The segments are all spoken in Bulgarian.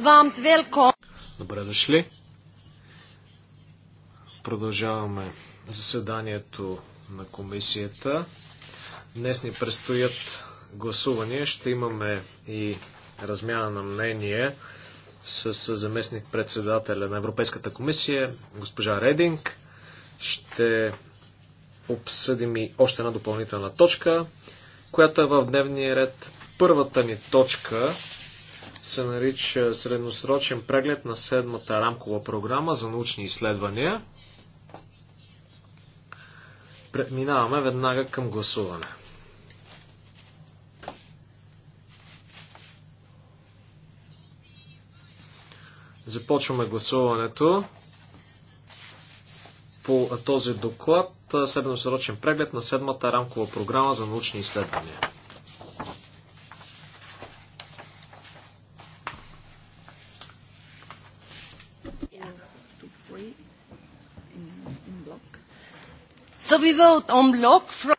Varmt велком. Добре дошли! Продължаваме заседанието на комисията. Днес ни предстоят гласувания. Ще имаме и размяна на мнение с заместник председателя на Европейската комисия, госпожа Рединг. Ще обсъдим и още една допълнителна точка, която е в дневния ред. Първата ни точка се нарича средносрочен преглед на седмата рамкова програма за научни изследвания. Преминаваме веднага към гласуване. Започваме гласуването по този доклад средносрочен преглед на седмата рамкова програма за научни изследвания. So we vote on block from...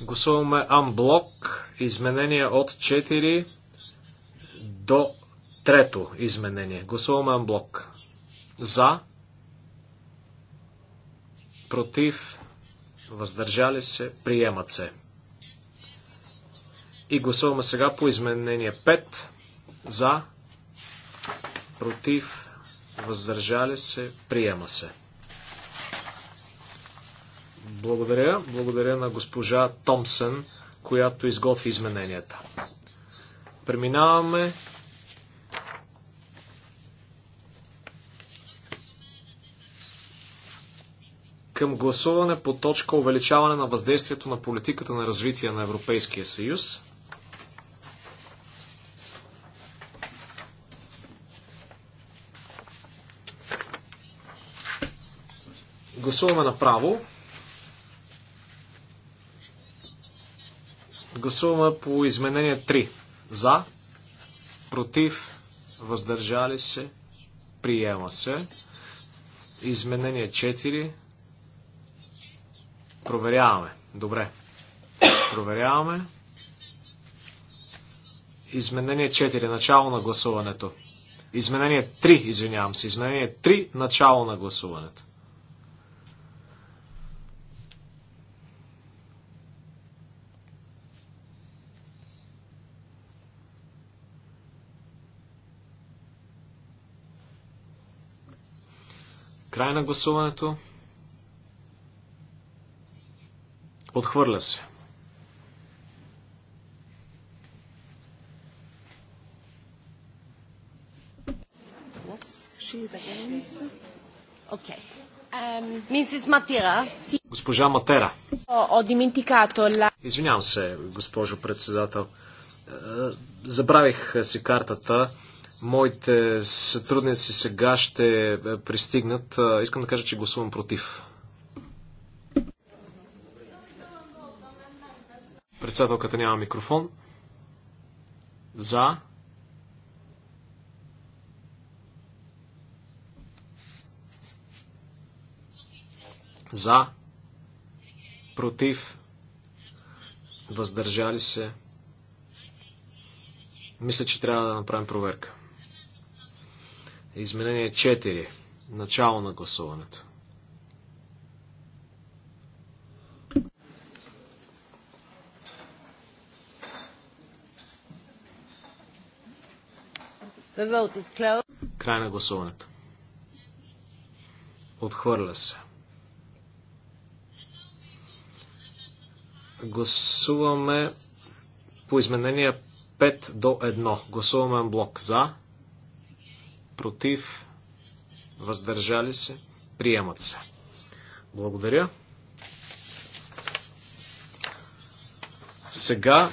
Гласуваме анблок, изменение от 4 до трето изменение. Гласуваме амблок. За, против, въздържали се, приемат се. И гласуваме сега по изменение 5. За, против, въздържали се, приема се. Благодаря. Благодаря на госпожа Томсън, която изготви измененията. Преминаваме към гласуване по точка увеличаване на въздействието на политиката на развитие на Европейския съюз. Гласуваме направо. Гласуваме по изменение 3. За, против, въздържали се, приема се. Изменение 4. Проверяваме. Добре. Проверяваме. Изменение 4. Начало на гласуването. Изменение 3, извинявам се. Изменение 3. Начало на гласуването. Край на гласуването. Отхвърля се. Um, Госпожа Матера. Извинявам се, госпожо председател. Е, забравих си картата Моите сътрудници сега ще е, пристигнат. Искам да кажа, че гласувам против. Председателката няма микрофон. За. За. Против. Въздържали се. Мисля, че трябва да направим проверка. Изменение 4. Начало на гласуването. Край на гласуването. Отхвърля се. Гласуваме по изменения 5 до 1. Гласуваме блок за, против, въздържали се, приемат се. Благодаря. Сега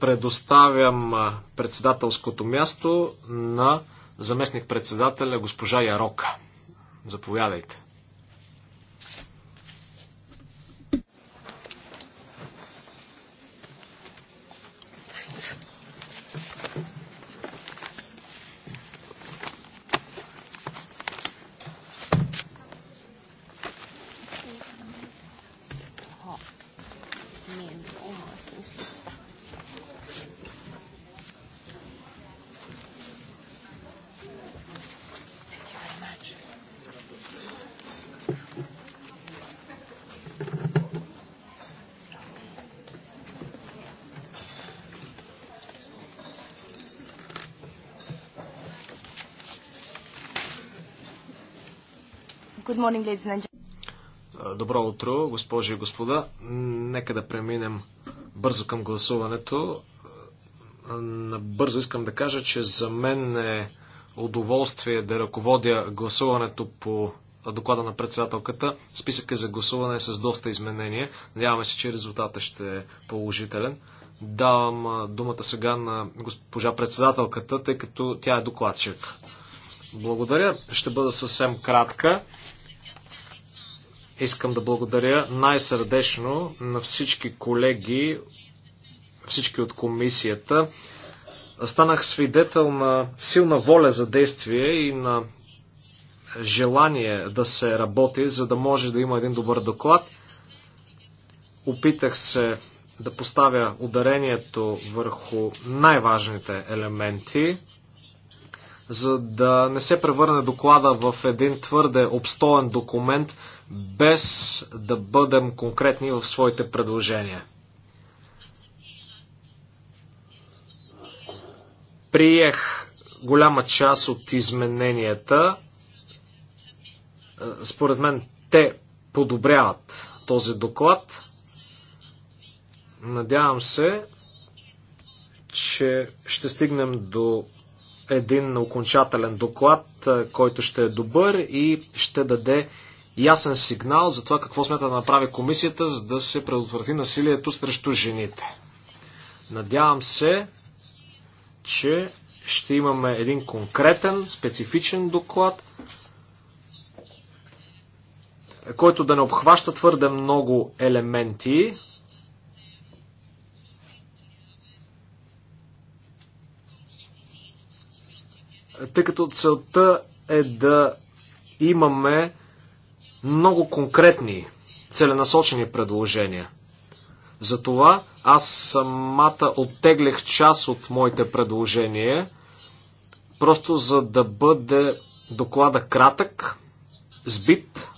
предоставям председателското място на заместник-председателя госпожа Ярока. Заповядайте. Morning, Добро утро, госпожи и господа. Нека да преминем бързо към гласуването. Бързо искам да кажа, че за мен е удоволствие да ръководя гласуването по доклада на председателката. Списъка за гласуване е с доста изменения. Надяваме се, че резултатът ще е положителен. Давам думата сега на госпожа председателката, тъй като тя е докладчик. Благодаря. Ще бъда съвсем кратка. Искам да благодаря най-сърдечно на всички колеги, всички от комисията. Станах свидетел на силна воля за действие и на желание да се работи, за да може да има един добър доклад. Опитах се да поставя ударението върху най-важните елементи, за да не се превърне доклада в един твърде обстоен документ – без да бъдем конкретни в своите предложения. Приех голяма част от измененията. Е, според мен те подобряват този доклад. Надявам се, че ще стигнем до един окончателен доклад, е, който ще е добър и ще даде ясен сигнал за това какво смята да направи комисията, за да се предотврати насилието срещу жените. Надявам се, че ще имаме един конкретен, специфичен доклад, който да не обхваща твърде много елементи. Тъй като целта е да имаме много конкретни, целенасочени предложения. Затова аз самата оттеглях част от моите предложения, просто за да бъде доклада кратък, сбит.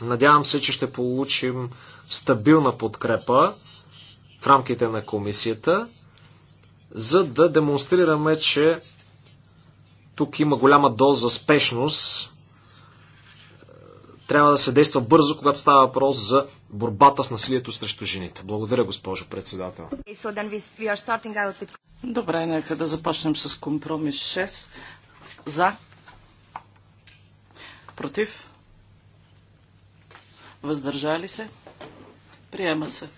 Надявам се, че ще получим стабилна подкрепа в рамките на комисията, за да демонстрираме, че тук има голяма доза спешност трябва да се действа бързо, когато става въпрос за борбата с насилието срещу жените. Благодаря, госпожо председател. Добре, нека да започнем с компромис 6. За. Против. Въздържали се. Приема се.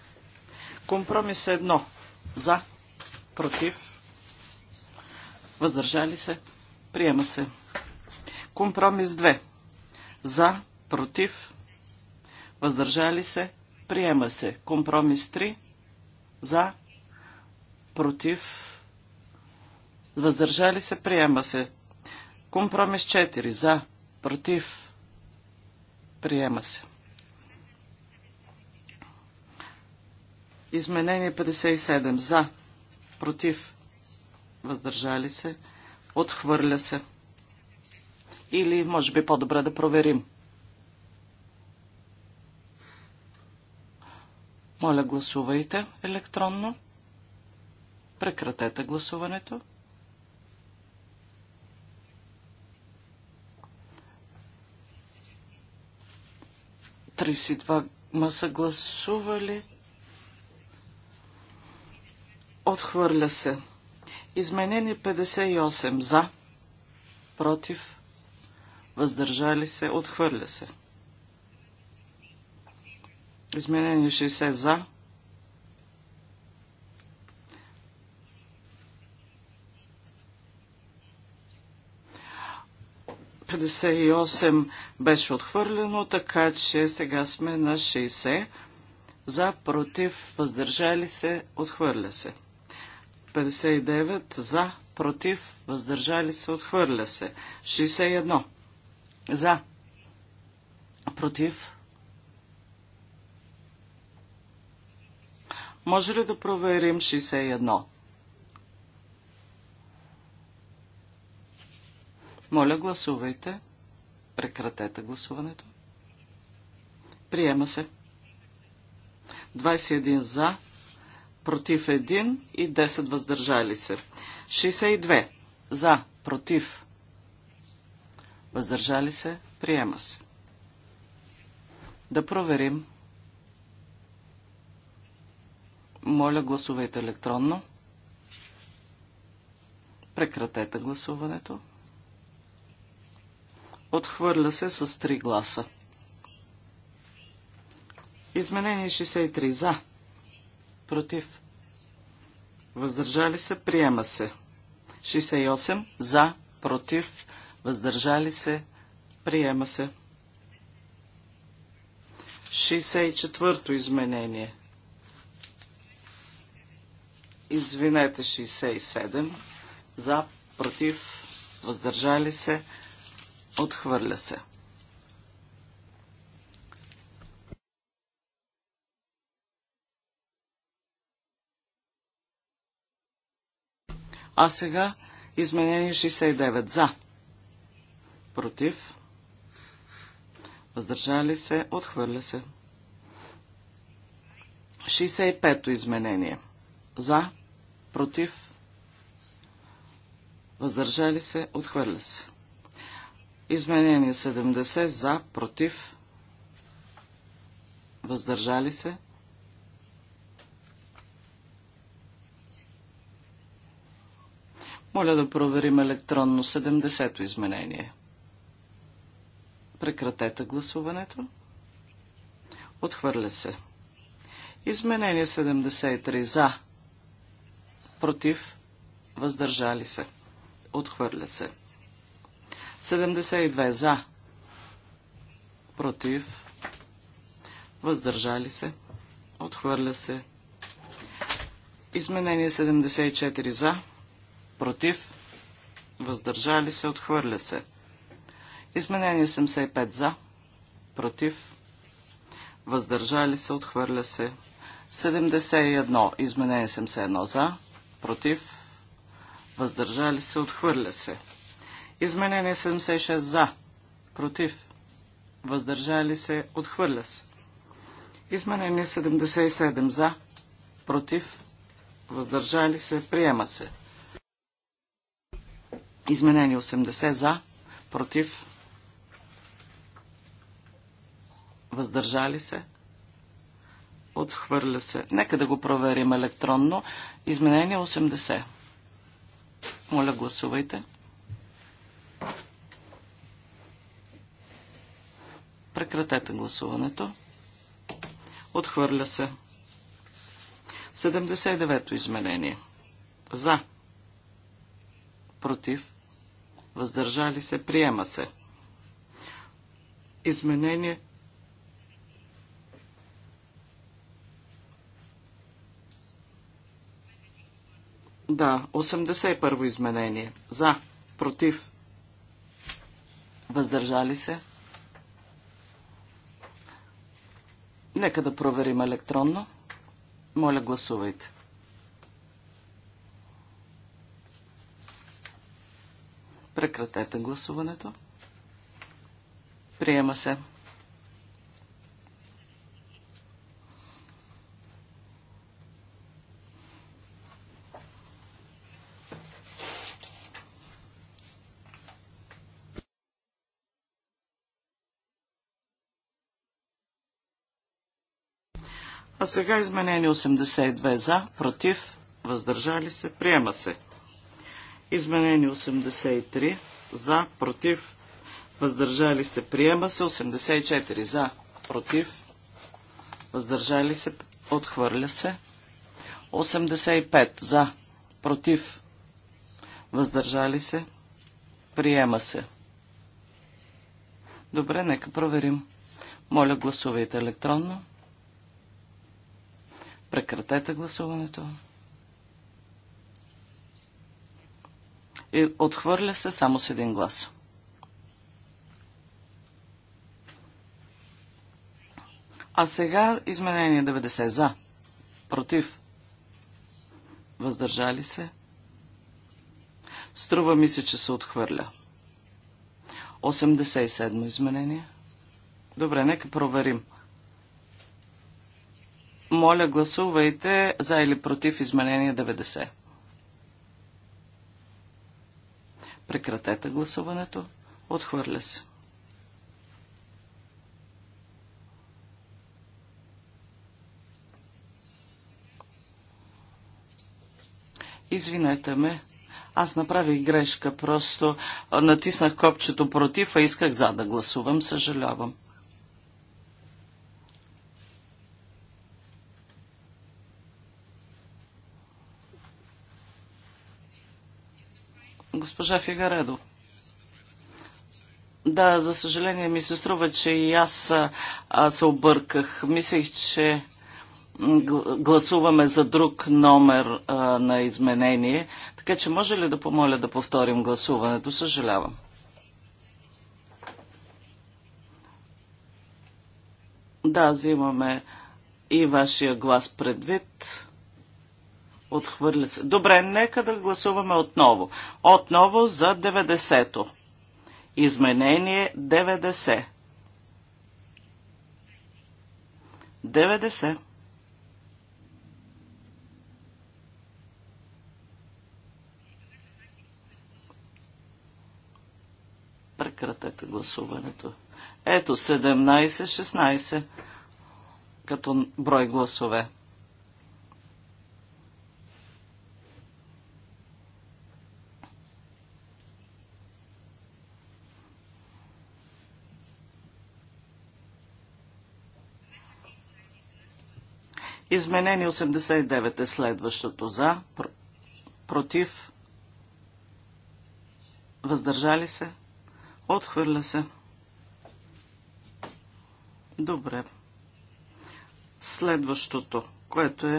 Компромис 1. За. Против. Въздържали се. Приема се. Компромис 2. За против, въздържали се, приема се. Компромис 3, за, против, въздържали се, приема се. Компромис 4, за, против, приема се. Изменение 57, за, против, въздържали се, отхвърля се. Или, може би, по-добре да проверим. Моля, гласувайте електронно. Прекратете гласуването. Тридесет два ма са гласували. Отхвърля се. Изменени 58 за, против, въздържали се, отхвърля се. Изменение 60 за. беше отхвърлено, така че сега сме на 60. За, против, въздържали се, отхвърля се. 59 за, против, въздържали се, отхвърля се. 61 за, против, Може ли да проверим 61? Моля, гласувайте. Прекратете гласуването. Приема се. 21 за, против 1 и 10 въздържали се. 62 за, против, въздържали се, приема се. Да проверим. Моля, гласувайте електронно. Прекратете гласуването. Отхвърля се с 3 гласа. Изменение 63 за. Против. Въздържали се. Приема се. 68 за. Против. Въздържали се. Приема се. 64-то изменение. Извинете, 67. За, против, въздържали се, отхвърля се. А сега изменение 69. За. Против. Въздържали се. Отхвърля се. 65-то изменение. За против, въздържали се, отхвърля се. Изменение 70 за, против, въздържали се. Моля да проверим електронно 70-то изменение. Прекратете гласуването. Отхвърля се. Изменение 73 за, против, въздържали се, отхвърля се. 72 за, против, въздържали се, отхвърля се. Изменение 74 за, против, въздържали се, отхвърля се. Изменение 75 за, против, въздържали се, отхвърля се. 71, изменение 71 за, против, въздържали се, отхвърля се. Изменение 76 за, против, въздържали се, отхвърля се. Изменение 77 за, против, въздържали се, приема се. Изменение 80 за, против, въздържали се, Отхвърля се. Нека да го проверим електронно. Изменение 80. Моля, гласувайте. Прекратете гласуването. Отхвърля се. 79-то изменение. За. Против. Въздържали се. Приема се. Изменение Да, 81-во изменение. За, против, въздържали се. Нека да проверим електронно. Моля, гласувайте. Прекратете гласуването. Приема се. А сега изменени 82 за, против, въздържали се, приема се. Изменени 83 за, против, въздържали се, приема се. 84 за, против, въздържали се, отхвърля се. 85 за, против, въздържали се, приема се. Добре, нека проверим. Моля, гласувайте електронно. Прекратете гласуването. И отхвърля се само с един глас. А сега изменение 90 за. Против. Въздържали се. Струва ми се, че се отхвърля. 87 изменение. Добре, нека проверим. Моля, гласувайте за или против изменение 90. Прекратете гласуването. Отхвърля се. Извинете ме. Аз направих грешка. Просто натиснах копчето против, а исках за да гласувам. Съжалявам. госпожа Фигаредо. Да, за съжаление ми се струва, че и аз а, се обърках. Мислех, че гласуваме за друг номер а, на изменение, така че може ли да помоля да повторим гласуването? Съжалявам. Да, взимаме и вашия глас предвид. Отхвърля се. Добре, нека да гласуваме отново. Отново за 90-то. Изменение 90. 90. Прекратете гласуването. Ето 17-16 като брой гласове. Изменение 89 е следващото за, пр против, въздържали се, отхвърля се. Добре. Следващото, което е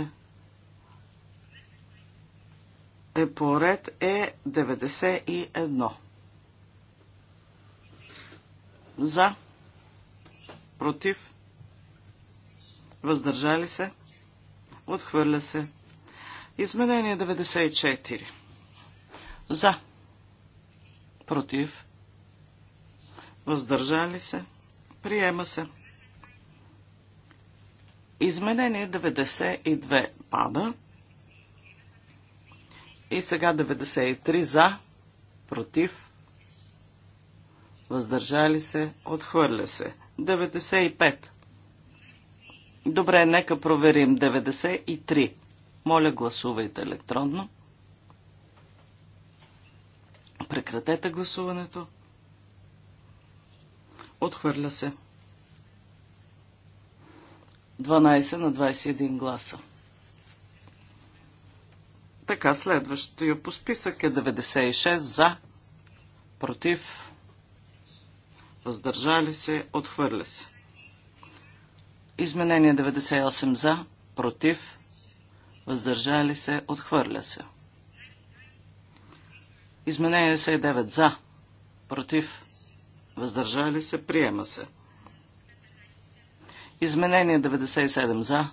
е ред е 91. За, против, въздържали се, Отхвърля се. Изменение 94. За. Против. Въздържали се. Приема се. Изменение 92 пада. И сега 93 за, против, въздържали се, отхвърля се. 95 Добре, нека проверим. 93. Моля, гласувайте електронно. Прекратете гласуването. Отхвърля се. 12 на 21 гласа. Така, следващото по списък е 96 за, против, въздържали се, отхвърля се. Изменение 98 за, против, въздържали се, отхвърля се. Изменение 69 за, против, въздържали се, приема се. Изменение 97 за.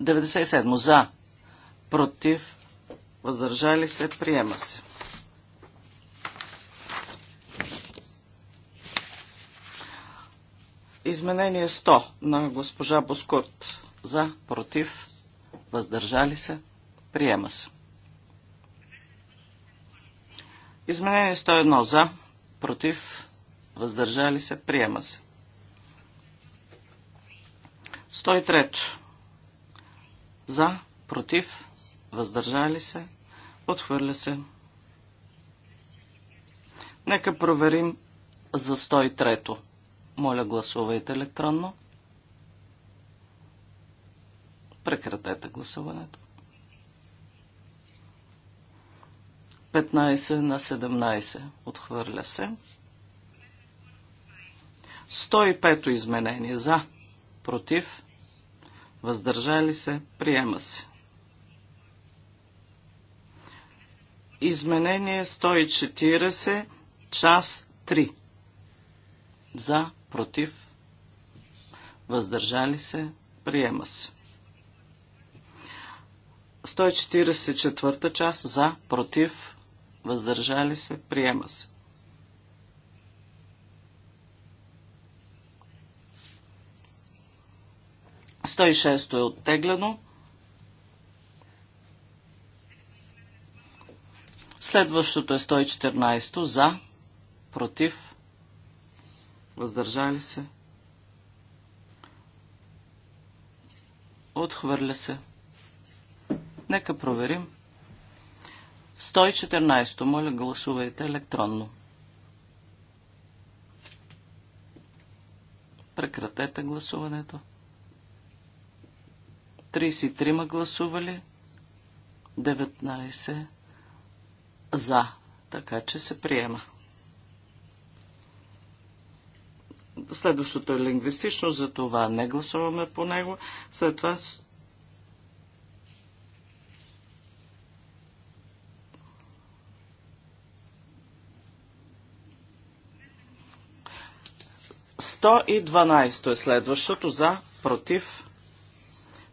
Деведесет седмо за, против, въздържали се, приема се. Изменение 100 на госпожа Боскурт. За, против, въздържали се, приема се. Изменение 101 за, против, въздържали се, приема се. 103 за, против, въздържали се, отхвърля се. Нека проверим за 103-то. Моля, гласувайте електронно. Прекратете гласуването. 15 на 17. Отхвърля се. 105-то изменение. За. Против. Въздържали се. Приема се. Изменение 140. Час 3. За против, въздържали се, приема се. 144 част за, против, въздържали се, приема се. Сто и шесто е оттеглено. Следващото е 114 за, против, въздържали се, отхвърля се. Нека проверим. 114. Моля, гласувайте електронно. Прекратете гласуването. 33 гласували, 19 за, така че се приема. Следващото е лингвистично, за това не гласуваме по него. След това Сто и дванайсто е следващото за, против,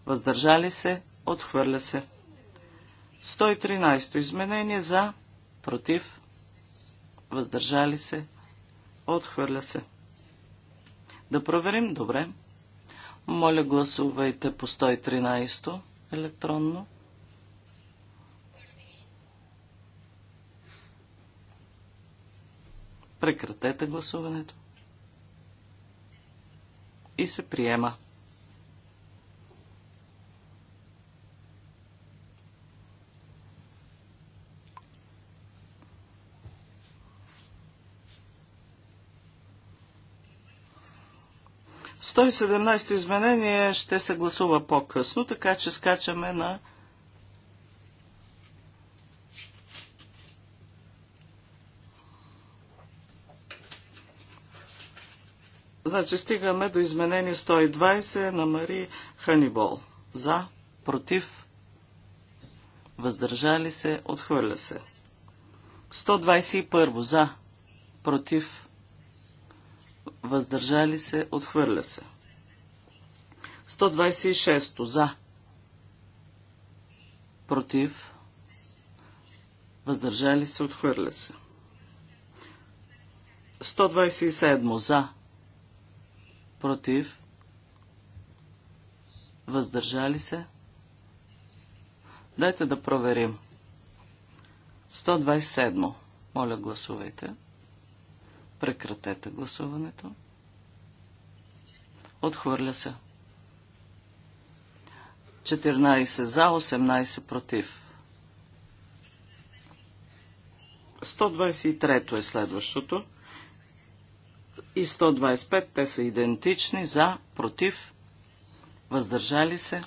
въздържали се, отхвърля се. 113 изменение за, против, въздържали се, отхвърля се. Да проверим? Добре. Моля, гласувайте по 113 електронно. Прекратете гласуването. И се приема. 117-то изменение ще се гласува по-късно, така че скачаме на Значи стигаме до изменение 120 на Мари Ханибол. За, против, въздържали се, отхвърля се. 121 за, против, въздържали се, отхвърля се. 126 за, против, въздържали се, отхвърля се. 127 за, против, въздържали се. Дайте да проверим. 127. Моля, гласувайте. Прекратете гласуването. Отхвърля се. 14 за, 18 против. 123 е следващото. И 125 те са идентични за, против, въздържали се,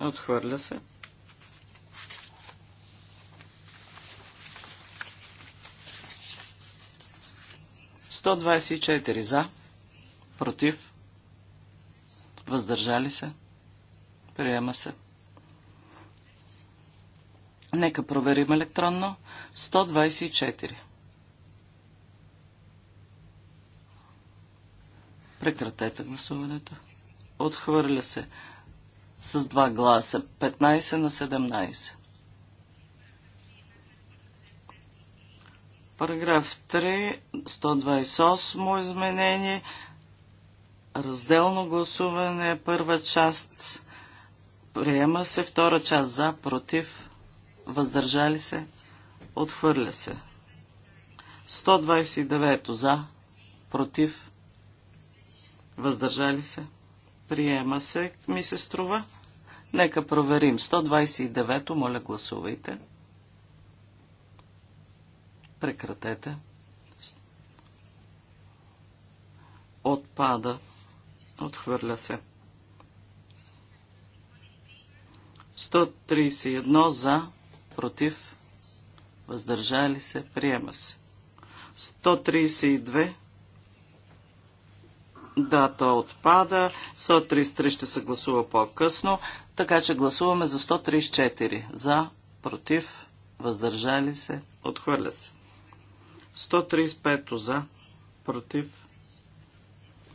отхвърля се. Сто двадесет за, против, Въздържали се? Приема се. Нека проверим електронно. 124. Прекратете гласуването. Отхвърля се с два гласа. 15 на 17. Параграф 3, 128 изменение разделно гласуване, първа част приема се, втора част за, против, въздържали се, отхвърля се. 129 за, против, въздържали се, приема се, ми се струва. Нека проверим. 129, моля гласувайте. Прекратете. Отпада. Отхвърля се. 131 за, против, въздържали се, приема се. 132 да, то отпада. 133 ще се гласува по-късно. Така че гласуваме за 134. За, против, въздържали се, отхвърля се. 135 за, против,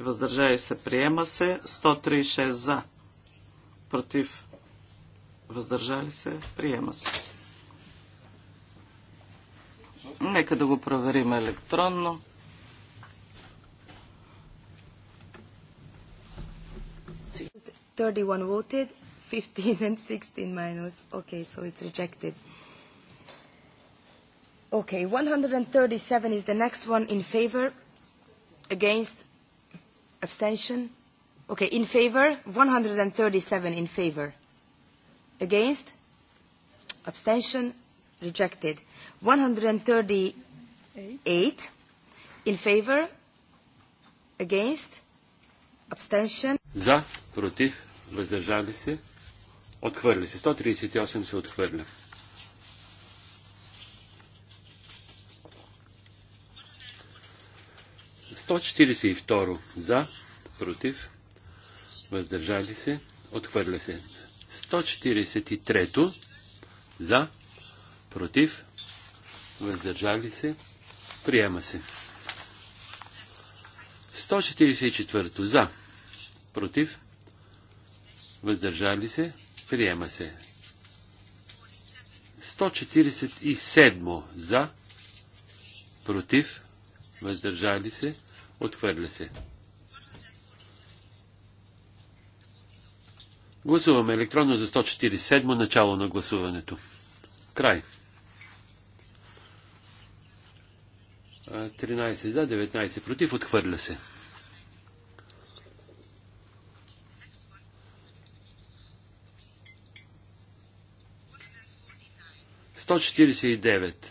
въздържали се, приема се. 136 за, против, въздържали се, приема се. Нека да го проверим електронно. Thirty-one voted, fifteen and sixteen minus. Okay, so it's rejected. Okay, 137 is the next one in favor, against, Abstention? Okay, in favor, 137 in favor. Against? Abstention? Rejected. 138 in favor? Against? Abstention? За, против, въздържали се, отхвърли се. 138 се отхвърля. 142 за, против, въздържали се, отхвърля се. 143 за, против, въздържали се, приема се. 144 за, против, въздържали се, приема се. 147 за, против, въздържали се, Отхвърля се. Гласуваме електронно за 147 начало на гласуването. Край. 13 за, 19 против, отхвърля се. Сто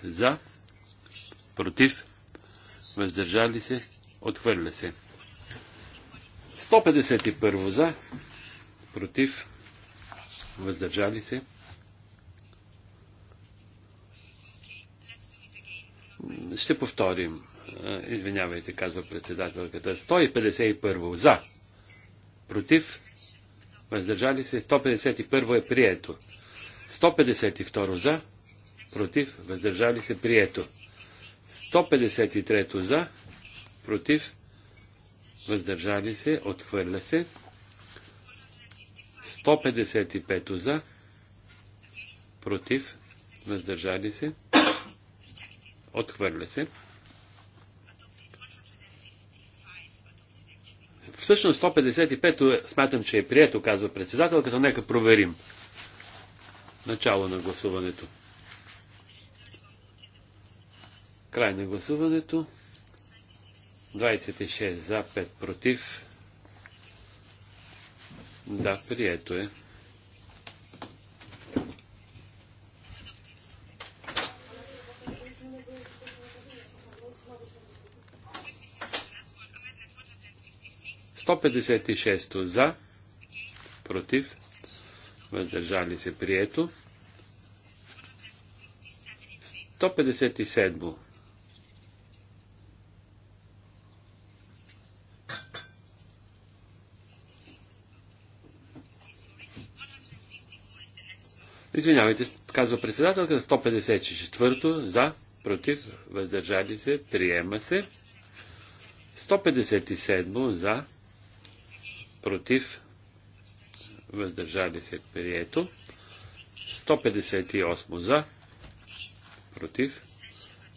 за, против, въздържали се, Отхвърля се. 151 за, против, въздържали се. Ще повторим. Извинявайте, казва председателката. 151 за, против, въздържали се. 151 е прието. 152 за, против, въздържали се, прието. 153 за, против, въздържали се, отхвърля се. 155 за, против, въздържали се, отхвърля се. Всъщност 155 е- смятам, че е прието, казва председател, като Нека проверим. Начало на гласуването. Край на гласуването. 26 за, 5 против. Да, прието е. Сто петдесет и за, против, въздържали се прието. 157 Извинявайте, казва председателка, 154 за, против, въздържали се, приема се. 157 за, против, въздържали се, прието. 158 за, против,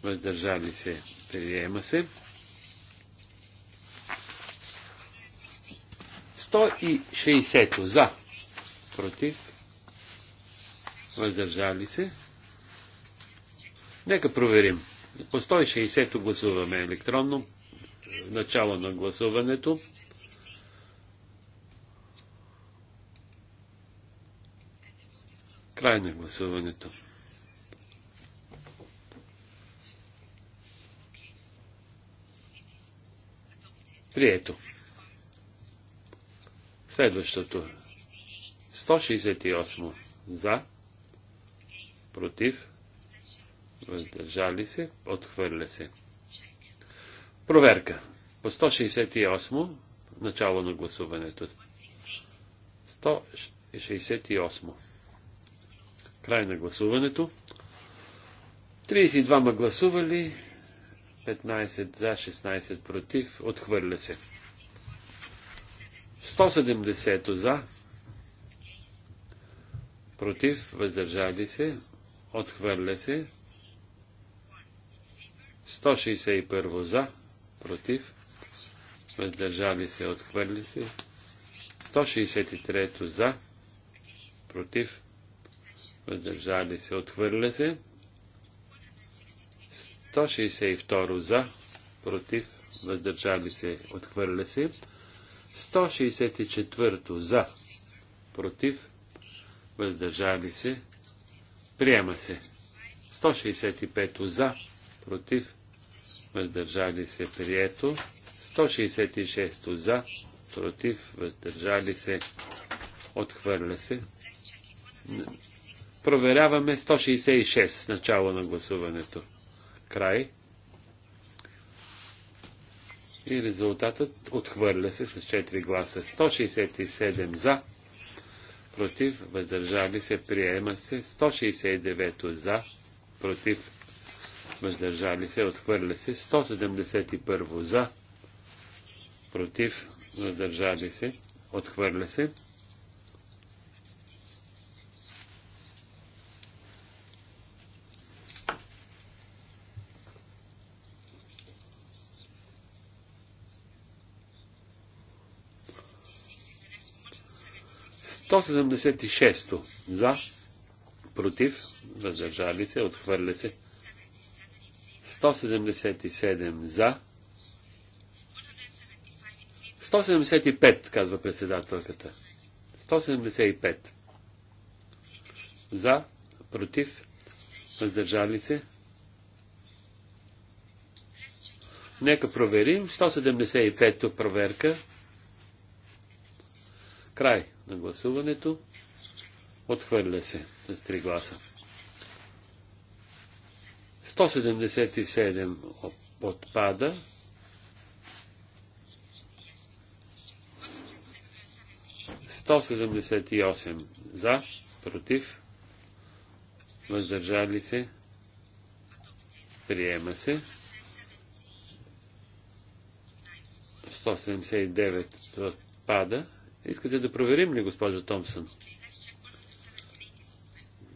въздържали се, приема се. 160 за, против, въздържали се. Нека проверим. По 160-то гласуваме електронно. Начало на гласуването. Край на гласуването. Прието. Следващото. 168. За против, въздържали се, отхвърля се. Проверка. По 168, начало на гласуването. 168. Край на гласуването. 32 гласували, 15 за, 16 против, отхвърля се. 170 за, против, въздържали се, Отхвърля се. 161 за, против, въздържали се, отхвърли се. 163 за, против, въздържали се, отхвърля се. 162 за, против, въздържали се, отхвърля се. 164 за, против, въздържали се, Приема се. 165 за, против, въздържали се, прието. 166 за, против, въздържали се, отхвърля се. Проверяваме 166 начало на гласуването. Край. И резултатът отхвърля се с 4 гласа. 167 за, против, въздържали се, приема се. 169 за, против, въздържали се, отхвърля се. 171 за, против, въздържали се, отхвърля се. 176 за, против, въздържали се, отхвърля се. 177 за. 175, казва председателката. 175 за, против, въздържали се. Нека проверим. 175-то проверка. Край на гласуването. Отхвърля се с 3 гласа. 177 отпада. 178 за, против, въздържали се, приема се. 179 отпада. Искате да проверим ли, госпожо Томсън?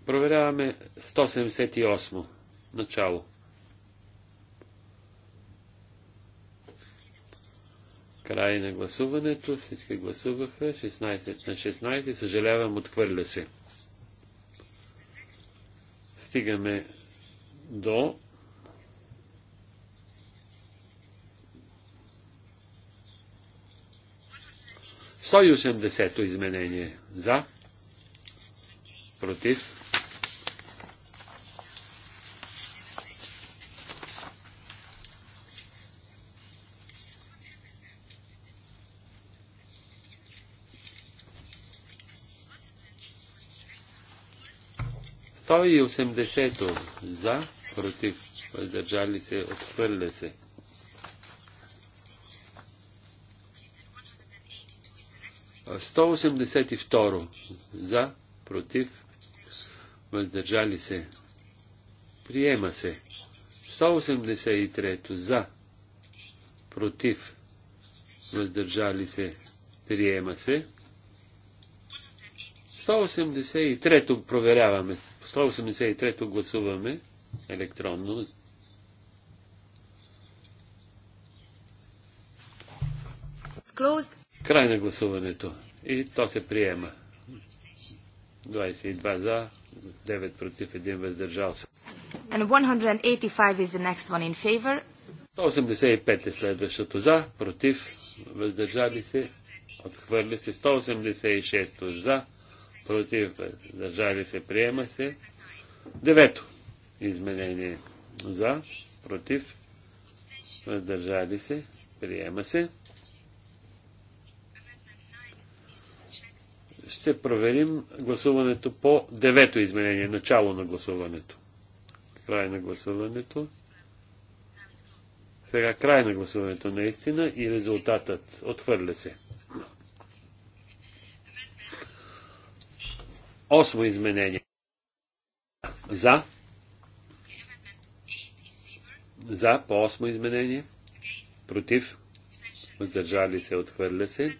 Проверяваме 178 начало. Край на гласуването. Всички гласуваха. 16 на 16. Съжалявам, отхвърля се. Стигаме до 180-то изменение. За. Против. Той и осемдесето за, против, въздържали се, отхвърля се. 182 за, против, въздържали се, приема се. 183 за, против, въздържали се, приема се. 183 проверяваме. 183 гласуваме електронно. Closed. Край на гласуването. И то се приема. 22 за, 9 против, 1 въздържал се. And 185 is the next one in favor. 185 е следващото за, против, въздържали се, отхвърли се. 186 за, против, въздържали се, приема се. Девето изменение за, против, въздържали се, приема се. ще проверим гласуването по девето изменение, начало на гласуването. Край на гласуването. Сега край на гласуването наистина и резултатът отхвърля се. Осмо изменение. За. За по осмо изменение. Против. Въздържали се, отхвърля се.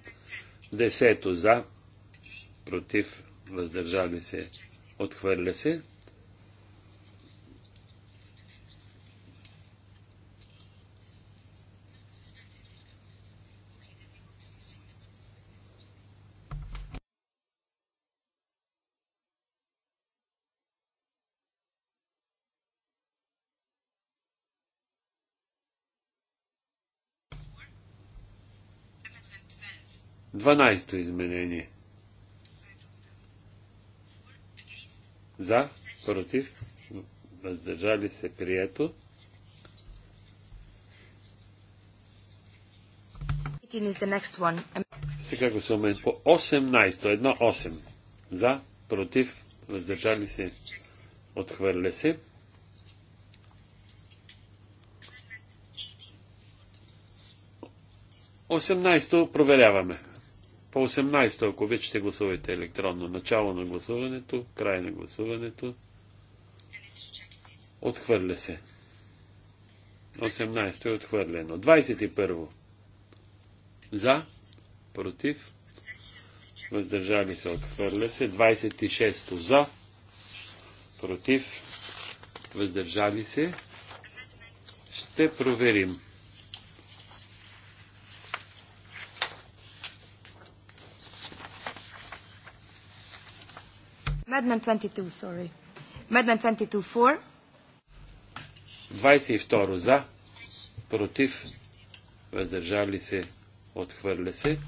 Десето за против, въздържали се, отхвърля се. Дванайсто изменение. За, против, въздържали се, прието. Сега гласуваме по 18, едно 8. За, против, въздържали се, отхвърля се. Осемнайсто проверяваме. По 18, ако обичате, гласувайте електронно. Начало на гласуването, край на гласуването. Отхвърля се. 18 е отхвърлено. 21. За, против, въздържали се, отхвърля се. 26 за, против, въздържали се. Ще проверим. Amendment 22, sorry. 22 for. 22 за, против, въздържали се, отхвърля се. 24.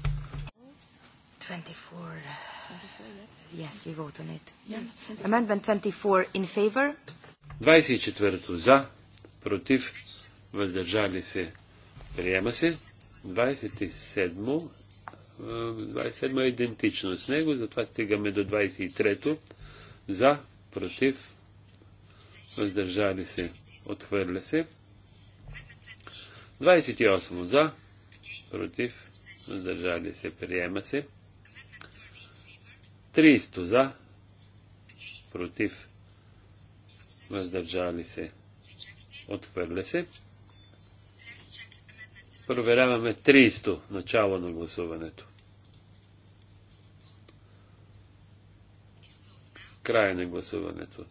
Yes, we vote on it. Yes. Amendment 24 in favor. 24 за, против, въздържали се, приема се. 27 27 е, е идентично с него, затова стигаме до 23-то. За, против, въздържали се, отхвърля се. 28 за, против, въздържали се, приема се. 300 за, против, въздържали се, отхвърля се. Проверяваме 300 начало на гласуването. Края на гласуването.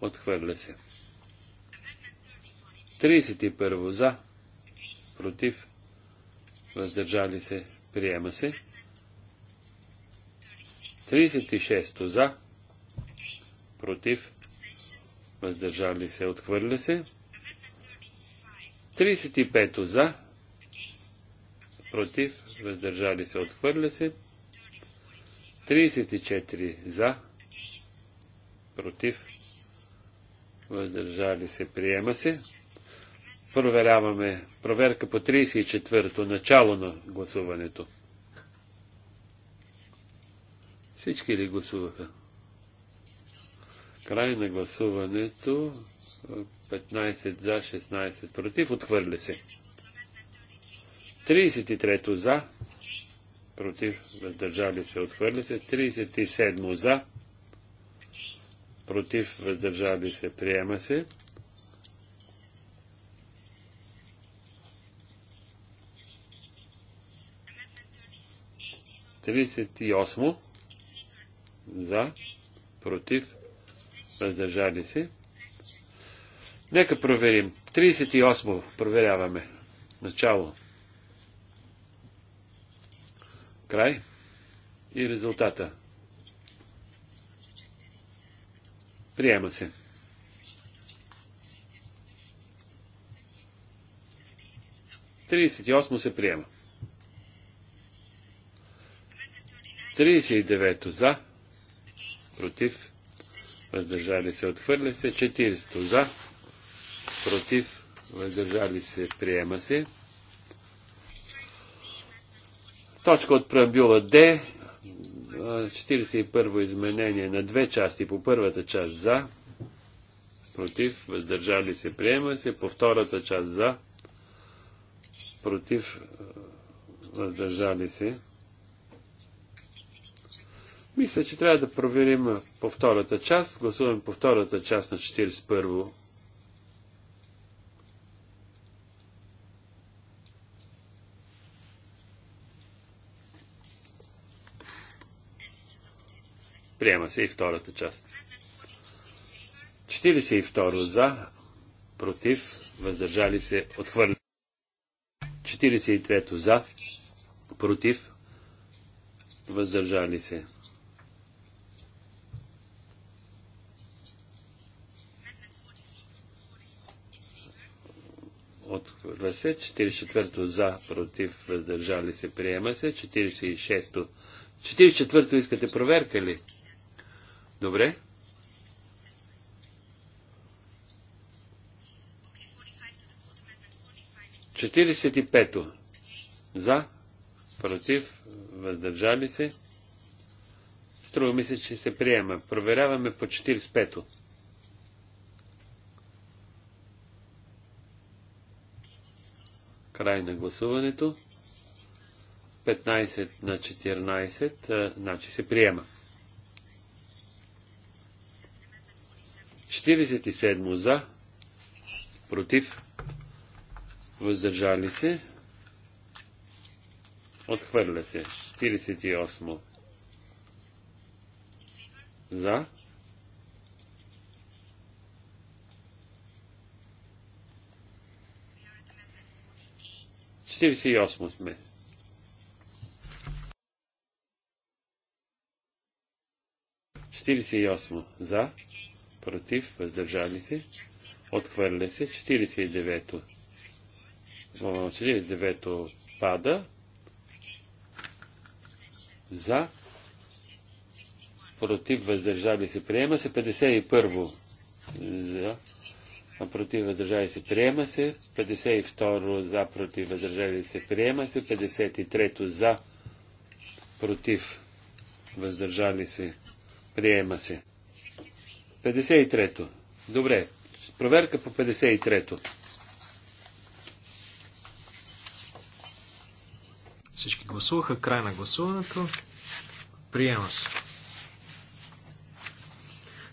Отхвърля се. 31 за, против, въздържали се, приема се. 36 за, против, въздържали се, отхвърля се. 35 за, против, въздържали се, отхвърля се. 34 за, против, въздържали се, приема се. Проверяваме проверка по 34-то, начало на гласуването. Всички ли гласуваха? Край на гласуването 15 за, 16 против, отхвърля се. 33-то за, против, въздържали се, отхвърля се. 37 за, против, въздържали се, приема се. Тридесет и осмо за, против, въздържали се. Нека проверим. 38 проверяваме. Начало. Край. И резултата. Приема се. Тридесет и осмо се приема. 39 за, против, въздържали се, отхвърля се, Четиристо за, против, въздържали се, приема се. Точка от преамбюла Д, 41-во изменение на две части. По първата част за, против, въздържали се, приема се. По втората част за, против, въздържали се. Мисля, че трябва да проверим по втората част. Гласуваме по втората част на 41-во Приема се и втората част. 42 за, против, въздържали се, отхвърля. 43 за, против, въздържали се. Отхвърля се. 44 за, против, въздържали се, приема се. 46 44 искате проверка ли? Добре. Четиридесет и пето. За, против, въздържали се. Струва ми се, че се приема. Проверяваме по 45-то. Край на гласуването. 15 на 14, значи се приема. 47 за, против, въздържали се, отхвърля се. 48 за, Четиридесет и осмо сме. Четиридесет и осмо. За против, въздържали се, отхвърля се, 49-то. 49-то пада, за, против, въздържали се, приема се, 51-во, за, против, въздържали се, приема се, 52-ро, за, против, въздържали се, приема се, 53-то, за, против, въздържали се, приема се. 53-то. Добре. Проверка по 53-то. Всички гласуваха. Край на гласуването. Приема се.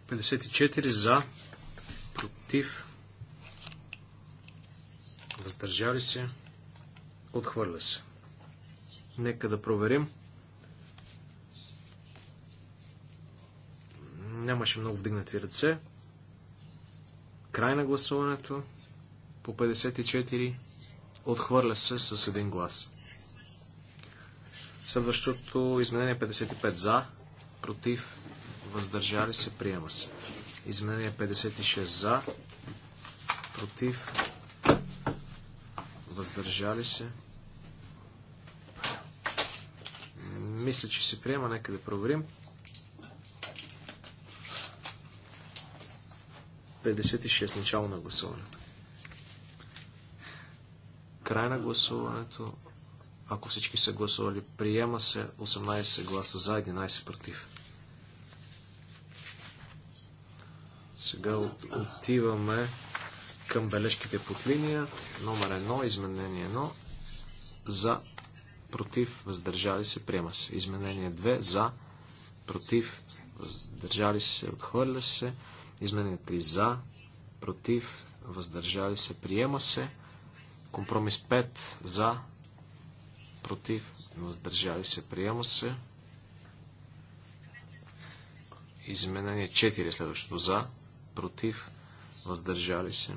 54 за, против, въздържали се, отхвърля се. Нека да проверим. Нямаше много вдигнати ръце. Край на гласуването по 54 отхвърля се с един глас. Следващото изменение 55 е за, против, въздържали се, приема се. Изменение 56 за, против, въздържали се. Мисля, че се приема, нека да проверим. 56. Начало на гласуването. Край на гласуването. Ако всички са гласували, приема се 18 гласа за, 11 против. Сега отиваме към бележките под линия. Номер 1, изменение 1. За, против, въздържали се, приема се. Изменение 2, за, против, въздържали се, отхвърля се. Изменение 3 за, против, въздържали се, приема се. Компромис 5 за, против, въздържали се, приема се. Изменение 4 е следващото за, против, въздържали се.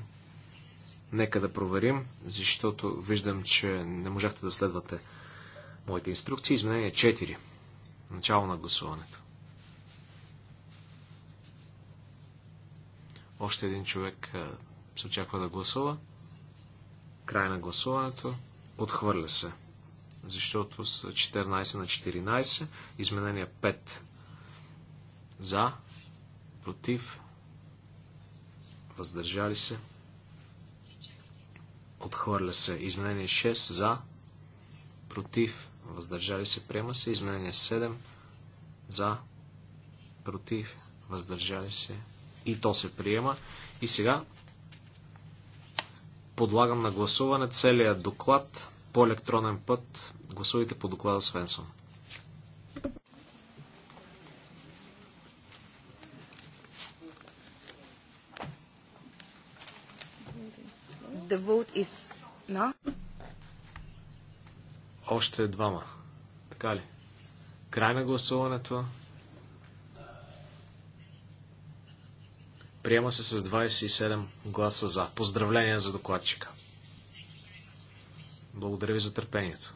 Нека да проверим, защото виждам, че не можахте да следвате моите инструкции. Изменение 4. Начало на гласуването. Още един човек се очаква да гласува. Край на гласуването. Отхвърля се. Защото с 14 на 14. Изменение 5. За. Против. Въздържали се. Отхвърля се. Изменение 6. За. Против. Въздържали се. Приема се. Изменение 7. За. Против. Въздържали се. И то се приема. И сега подлагам на гласуване целият доклад по електронен път. Гласувайте по доклада Свенсон. The vote is... No? Още двама. Така ли? Край на гласуването. Приема се с 27 гласа за. Поздравления за докладчика. Благодаря ви за търпението.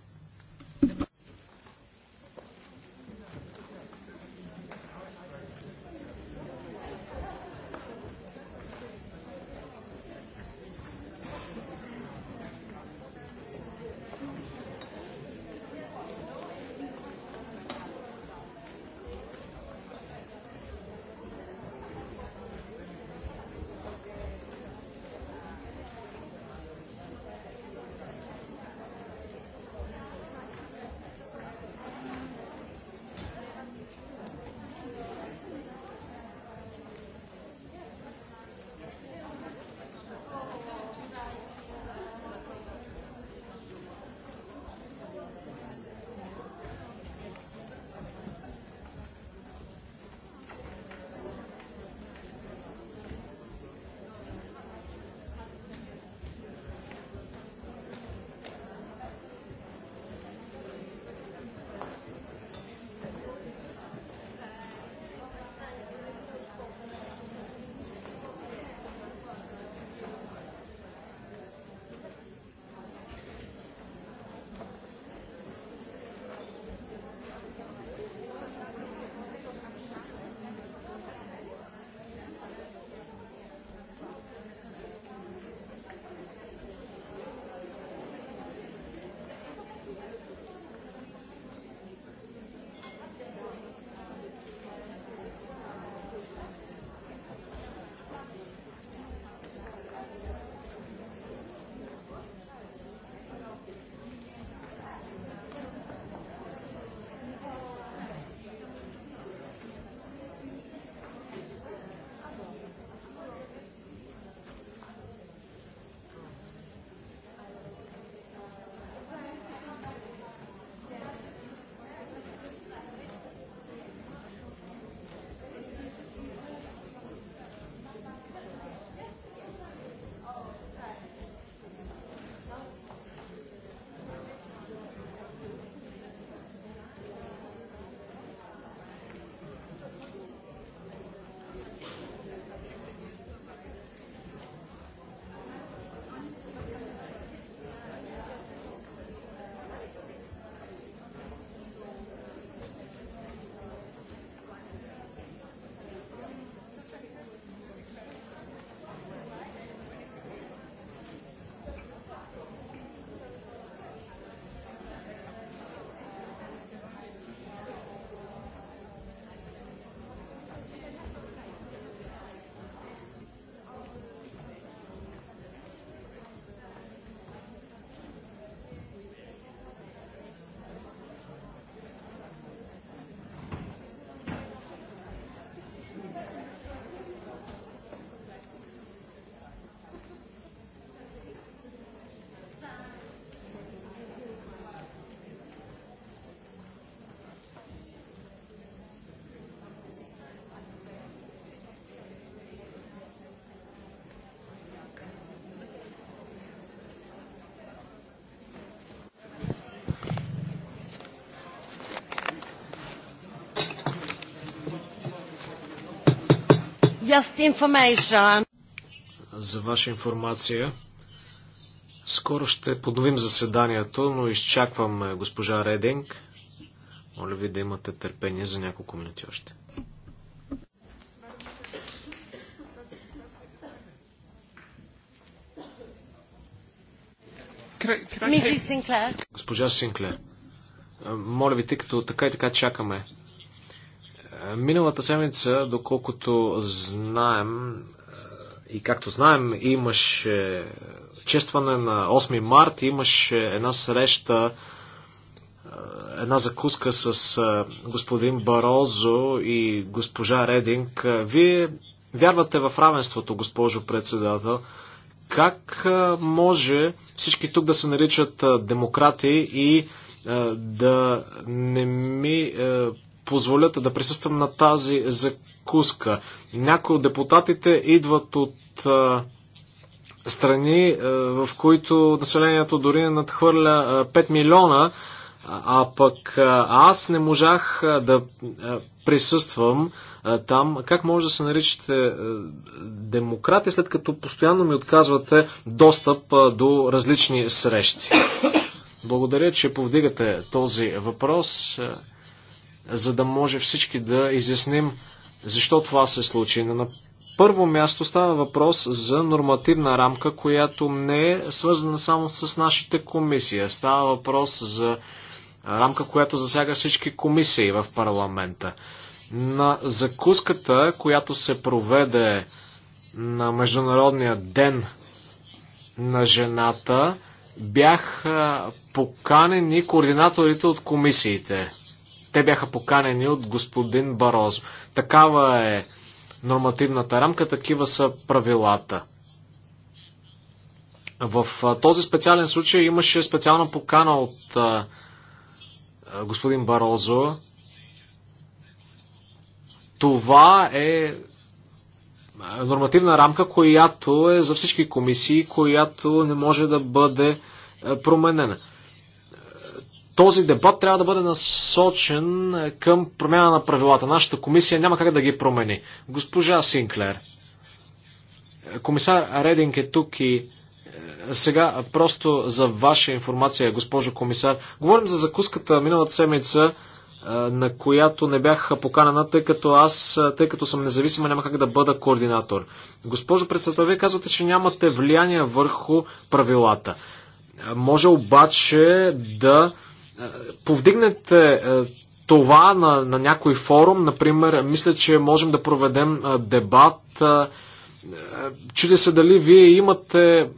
Just information. За ваша информация, скоро ще подновим заседанието, но изчаквам госпожа Рединг. Моля ви да имате търпение за няколко минути още. Мисис Синклер. Госпожа Синклер, моля ви, тъй като така и така чакаме Миналата седмица, доколкото знаем, и както знаем, имаше честване на 8 март, имаше една среща, една закуска с господин Барозо и госпожа Рединг. Вие вярвате в равенството, госпожо председател. Как може всички тук да се наричат демократи и да не ми позволят да присъствам на тази закуска. Някои от депутатите идват от а, страни, а, в които населението дори не надхвърля а, 5 милиона, а пък аз не можах да присъствам там. Как може да се наричате демократи, след като постоянно ми отказвате достъп до различни срещи? Благодаря, че повдигате този въпрос за да може всички да изясним защо това се случи. На първо място става въпрос за нормативна рамка, която не е свързана само с нашите комисии. Става въпрос за рамка, която засяга всички комисии в парламента. На закуската, която се проведе на Международния ден на жената, бяха поканени координаторите от комисиите те бяха поканени от господин Барозо. Такава е нормативната рамка, такива са правилата. В този специален случай имаше специална покана от господин Барозо. Това е нормативна рамка, която е за всички комисии, която не може да бъде променена този дебат трябва да бъде насочен е, към промяна на правилата. Нашата комисия няма как да ги промени. Госпожа Синклер, е, комисар Рединг е тук и е, сега просто за ваша информация, госпожо комисар. Говорим за закуската миналата седмица, на която не бях поканена, тъй като аз, тъй като съм независима, няма как да бъда координатор. Госпожо председател, вие казвате, че нямате влияние върху правилата. Може обаче да повдигнете е, това на, на някой форум, например, мисля, че можем да проведем е, дебат. Е, Чудя се дали вие имате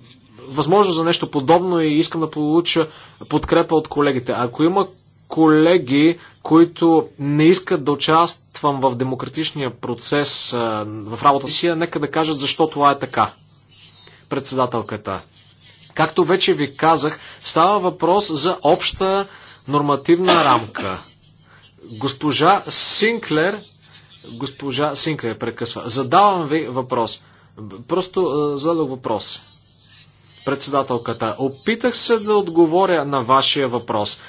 възможност за нещо подобно и искам да получа подкрепа от колегите. Ако има колеги, които не искат да участвам в демократичния процес в работа си, нека да кажат защо това е така. Председателката. Както вече ви казах, става въпрос за обща нормативна рамка. Госпожа Синклер, госпожа Синклер прекъсва. Задавам ви въпрос. Просто е, зададох въпрос. Председателката, опитах се да отговоря на вашия въпрос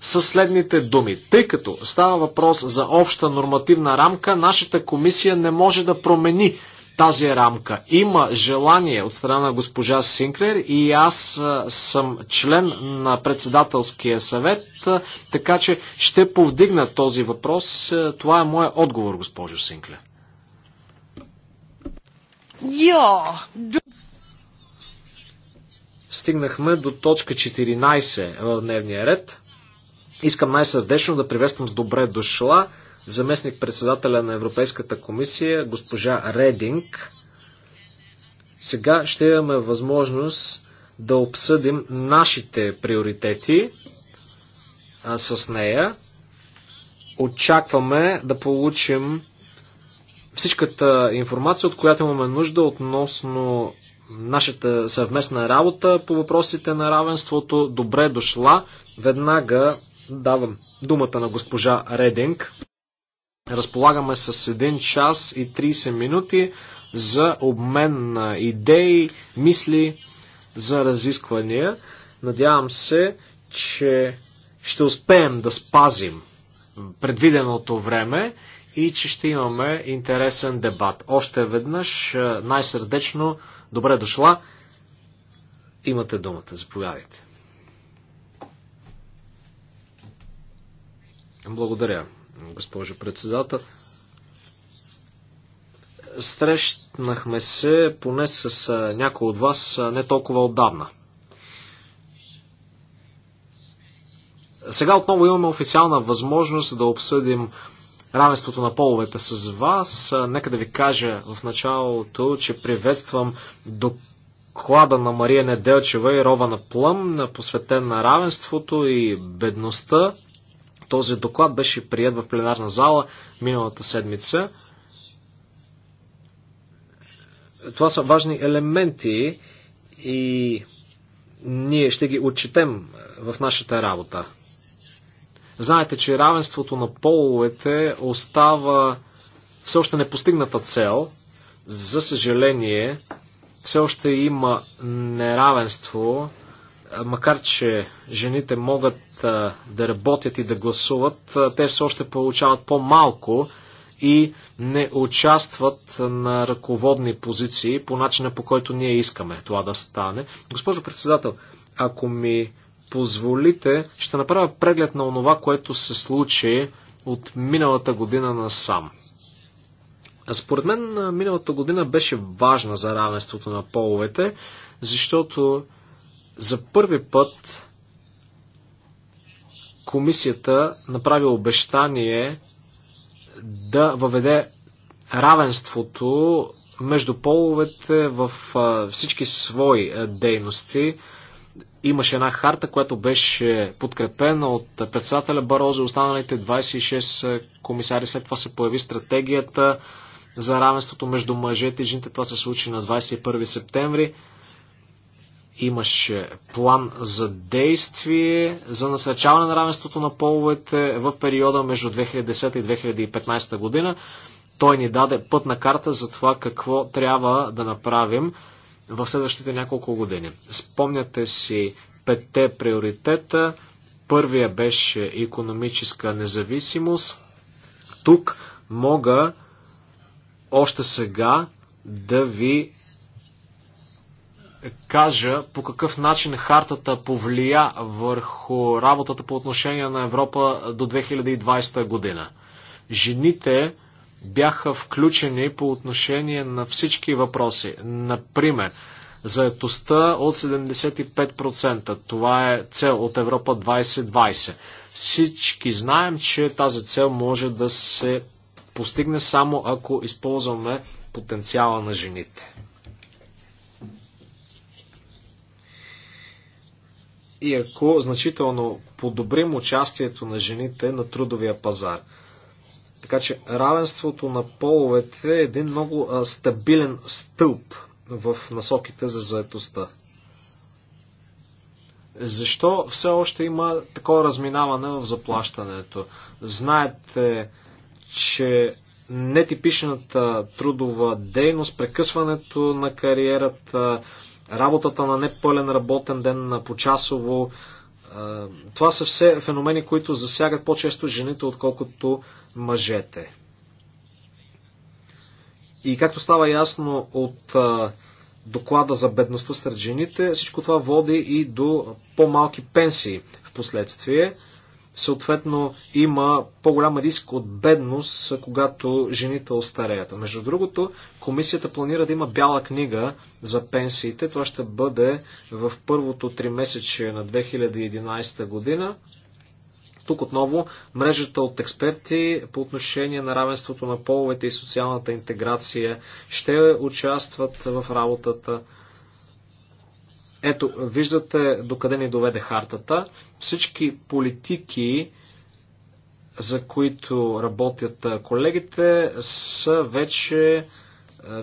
със следните думи. Тъй като става въпрос за обща нормативна рамка, нашата комисия не може да промени тази рамка. Има желание от страна на госпожа Синклер и аз съм член на председателския съвет, така че ще повдигна този въпрос. Това е моят отговор, госпожо Синклер. Стигнахме до точка 14 в дневния ред. Искам най-сърдечно да приветствам с добре дошла заместник председателя на Европейската комисия, госпожа Рединг. Сега ще имаме възможност да обсъдим нашите приоритети а, с нея. Очакваме да получим всичката информация, от която имаме нужда относно нашата съвместна работа по въпросите на равенството. Добре дошла. Веднага давам думата на госпожа Рединг. Разполагаме с 1 час и 30 минути за обмен на идеи, мисли, за разисквания. Надявам се, че ще успеем да спазим предвиденото време и че ще имаме интересен дебат. Още веднъж е, най-сърдечно добре дошла. Имате думата. Заповядайте. Благодаря госпожо председател. Срещнахме се поне с някой от вас не толкова отдавна. Сега отново имаме официална възможност да обсъдим равенството на половете с вас. Нека да ви кажа в началото, че приветствам доклада на Мария Неделчева и Рована Плъм, посветен на равенството и бедността. Този доклад беше прият в пленарна зала миналата седмица. Това са важни елементи и ние ще ги отчетем в нашата работа. Знаете, че равенството на половете остава все още непостигната цел. За съжаление, все още има неравенство, макар че жените могат да работят и да гласуват, те все още получават по-малко и не участват на ръководни позиции по начина по който ние искаме това да стане. Госпожо председател, ако ми позволите, ще направя преглед на онова, което се случи от миналата година насам. Според мен миналата година беше важна за равенството на половете, защото за първи път комисията направи обещание да въведе равенството между половете в всички свои дейности. Имаше една харта, която беше подкрепена от председателя Барозо, останалите 26 комисари. След това се появи стратегията за равенството между мъжете и жените. Това се случи на 21 септември. Имаше план за действие за насърчаване на равенството на половете в периода между 2010 и 2015 година. Той ни даде пътна карта за това какво трябва да направим в следващите няколко години. Спомняте си петте приоритета. Първия беше економическа независимост. Тук мога още сега да ви кажа по какъв начин хартата повлия върху работата по отношение на Европа до 2020 година. Жените бяха включени по отношение на всички въпроси. Например, заетостта от 75%. Това е цел от Европа 2020. Всички знаем, че тази цел може да се постигне само ако използваме потенциала на жените. и ако значително подобрим участието на жените на трудовия пазар. Така че равенството на половете е един много стабилен стълб в насоките за заетостта. Защо все още има такова разминаване в заплащането? Знаете, че нетипичната трудова дейност, прекъсването на кариерата, работата на непълен работен ден, на почасово. Е, това са все феномени, които засягат по-често жените, отколкото мъжете. И както става ясно от е, доклада за бедността сред жените, всичко това води и до по-малки пенсии в последствие съответно има по-голям риск от бедност, когато жените остареят. Между другото, комисията планира да има бяла книга за пенсиите. Това ще бъде в първото три месече на 2011 година. Тук отново мрежата от експерти по отношение на равенството на половете и социалната интеграция ще участват в работата. Ето, виждате докъде ни доведе хартата. Всички политики, за които работят колегите, са вече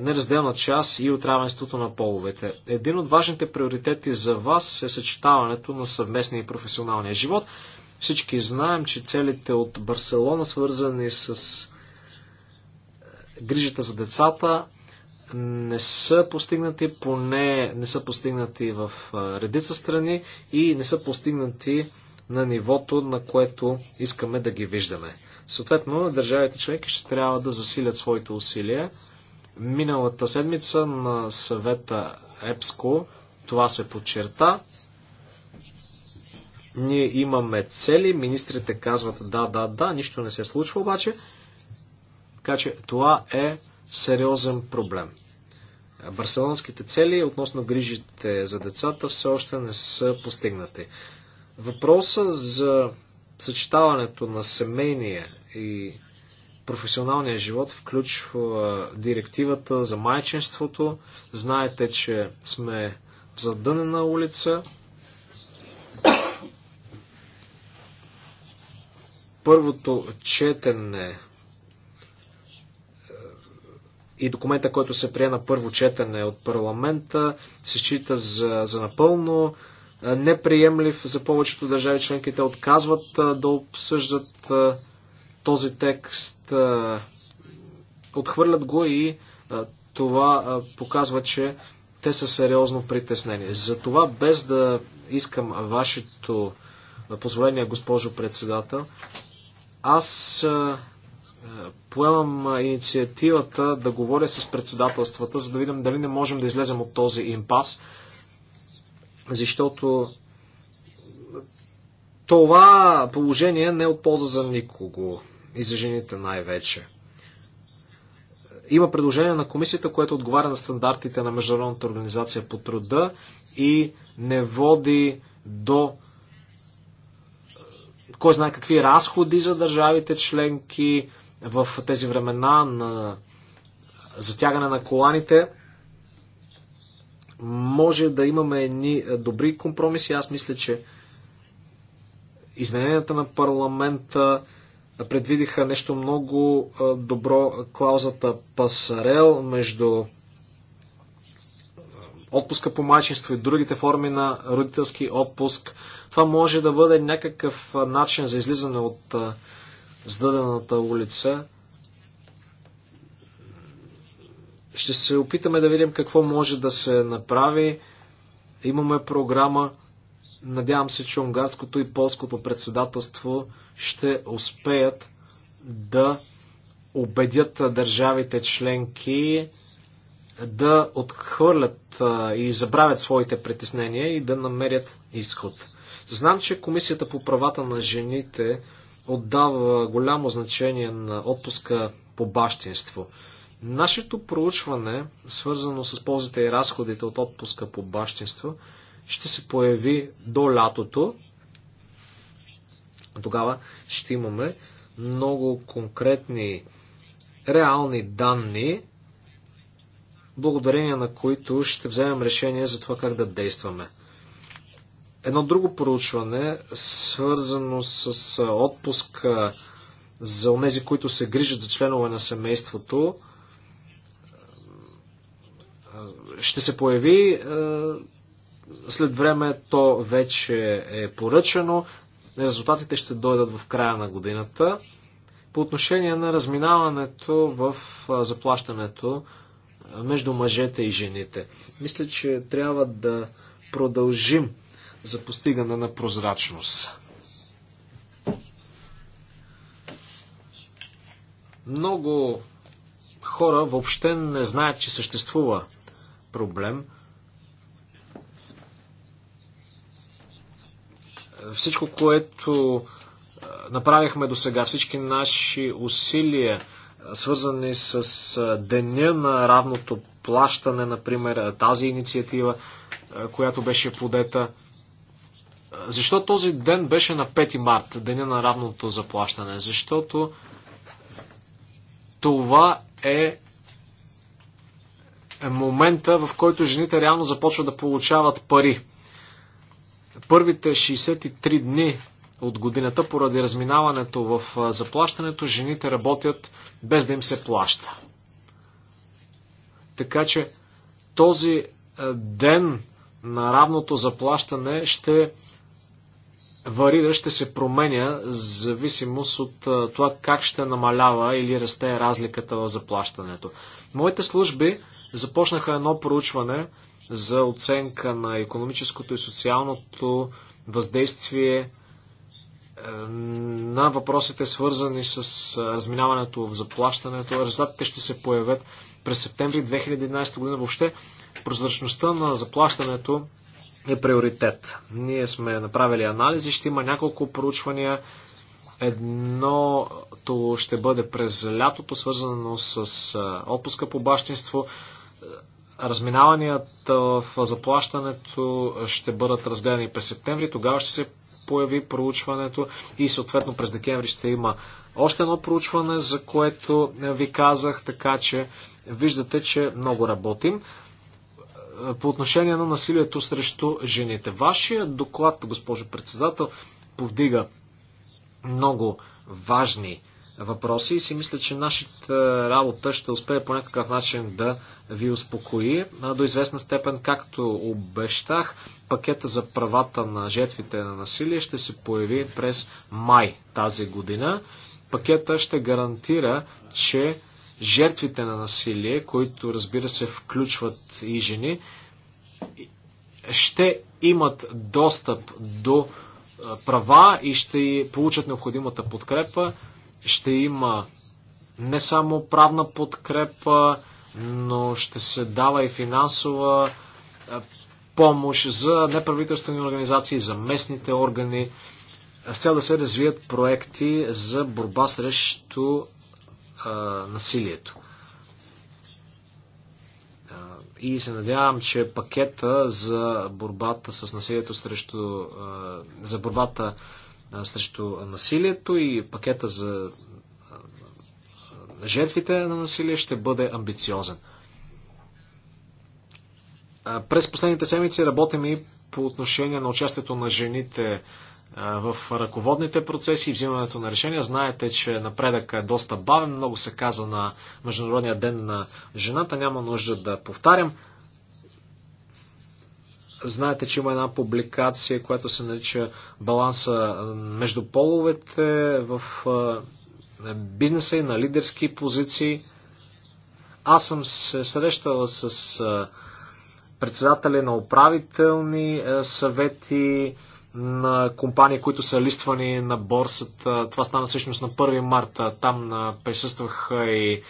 неразделна част и от равенството на половете. Един от важните приоритети за вас е съчетаването на съвместния и професионалния живот. Всички знаем, че целите от Барселона, свързани с грижата за децата, не са постигнати, поне не са постигнати в редица страни и не са постигнати на нивото, на което искаме да ги виждаме. Съответно, държавите членки ще трябва да засилят своите усилия. Миналата седмица на съвета ЕПСКО това се подчерта. Ние имаме цели, министрите казват да, да, да, нищо не се случва обаче. Така че това е сериозен проблем. Барселонските цели относно грижите за децата все още не са постигнати. Въпроса за съчетаването на семейния и професионалния живот включва директивата за майчинството. Знаете, че сме в задънена улица. Първото четене и документа, който се прие на първо четене от парламента, се счита за, за напълно неприемлив за повечето държави членки. Те отказват да обсъждат този текст, отхвърлят го и това показва, че те са сериозно притеснени. За това, без да искам вашето позволение, госпожо председател, аз е, поемам е, инициативата да говоря с председателствата, за да видим дали не можем да излезем от този импас, защото това положение не е от полза за никого и за жените най-вече. Има предложение на комисията, което отговаря на стандартите на Международната организация по труда и не води до е, кой знае какви разходи за държавите членки, в тези времена на затягане на коланите. Може да имаме едни е, добри компромиси. Аз мисля, че измененията на парламента предвидиха нещо много е, добро. Клаузата пасарел между е, отпуска по майчинство и другите форми на родителски отпуск. Това може да бъде някакъв начин за излизане от с дадената улица. Ще се опитаме да видим какво може да се направи. Имаме програма. Надявам се, че унгарското и полското председателство ще успеят да убедят държавите членки да отхвърлят и забравят своите притеснения и да намерят изход. Знам, че Комисията по правата на жените отдава голямо значение на отпуска по бащинство. Нашето проучване, свързано с ползите и разходите от отпуска по бащинство, ще се появи до лятото. Тогава ще имаме много конкретни, реални данни, благодарение на които ще вземем решение за това как да действаме едно друго проучване, свързано с отпуск за онези, които се грижат за членове на семейството, ще се появи. След време то вече е поръчано. Резултатите ще дойдат в края на годината. По отношение на разминаването в заплащането между мъжете и жените. Мисля, че трябва да продължим за постигане на прозрачност. Много хора въобще не знаят, че съществува проблем. Всичко, което направихме до сега, всички наши усилия, свързани с Деня на равното плащане, например, тази инициатива, която беше подета. Защо този ден беше на 5 март, деня на равното заплащане? Защото това е, е момента, в който жените реално започват да получават пари. Първите 63 дни от годината, поради разминаването в заплащането, жените работят без да им се плаща. Така че този ден на равното заплащане ще варира, ще се променя зависимост от това как ще намалява или расте разликата в заплащането. Моите служби започнаха едно проучване за оценка на економическото и социалното въздействие е, на въпросите свързани с разминаването в заплащането. Резултатите ще се появят през септември 2011 година. Въобще прозрачността на заплащането е приоритет. Ние сме направили анализи, ще има няколко проучвания. Едното ще бъде през лятото, свързано с отпуска по бащинство. Разминаванията в заплащането ще бъдат разгледани през септември. Тогава ще се появи проучването и съответно през декември ще има още едно проучване, за което ви казах, така че виждате, че много работим по отношение на насилието срещу жените. Вашия доклад, госпожо председател, повдига много важни въпроси и си мисля, че нашата работа ще успее по някакъв начин да ви успокои. До известна степен, както обещах, пакета за правата на жертвите на насилие ще се появи през май тази година. Пакета ще гарантира, че жертвите на насилие, които разбира се включват и жени, ще имат достъп до права и ще получат необходимата подкрепа. Ще има не само правна подкрепа, но ще се дава и финансова помощ за неправителствени организации, за местните органи, с цел да се развият проекти за борба срещу а, насилието. И се надявам, че пакета за борбата с насилието срещу, за борбата срещу насилието и пакета за жертвите на насилие ще бъде амбициозен. През последните седмици работим и по отношение на участието на жените в ръководните процеси и взимането на решения. Знаете, че напредък е доста бавен. Много се каза на Международния ден на жената. Няма нужда да повтарям. Знаете, че има една публикация, която се нарича Баланса между половете в бизнеса и на лидерски позиции. Аз съм се срещал с председатели на управителни съвети, на компании, които са листвани на борсата. Това стана всъщност на 1 марта. Там присъстваха и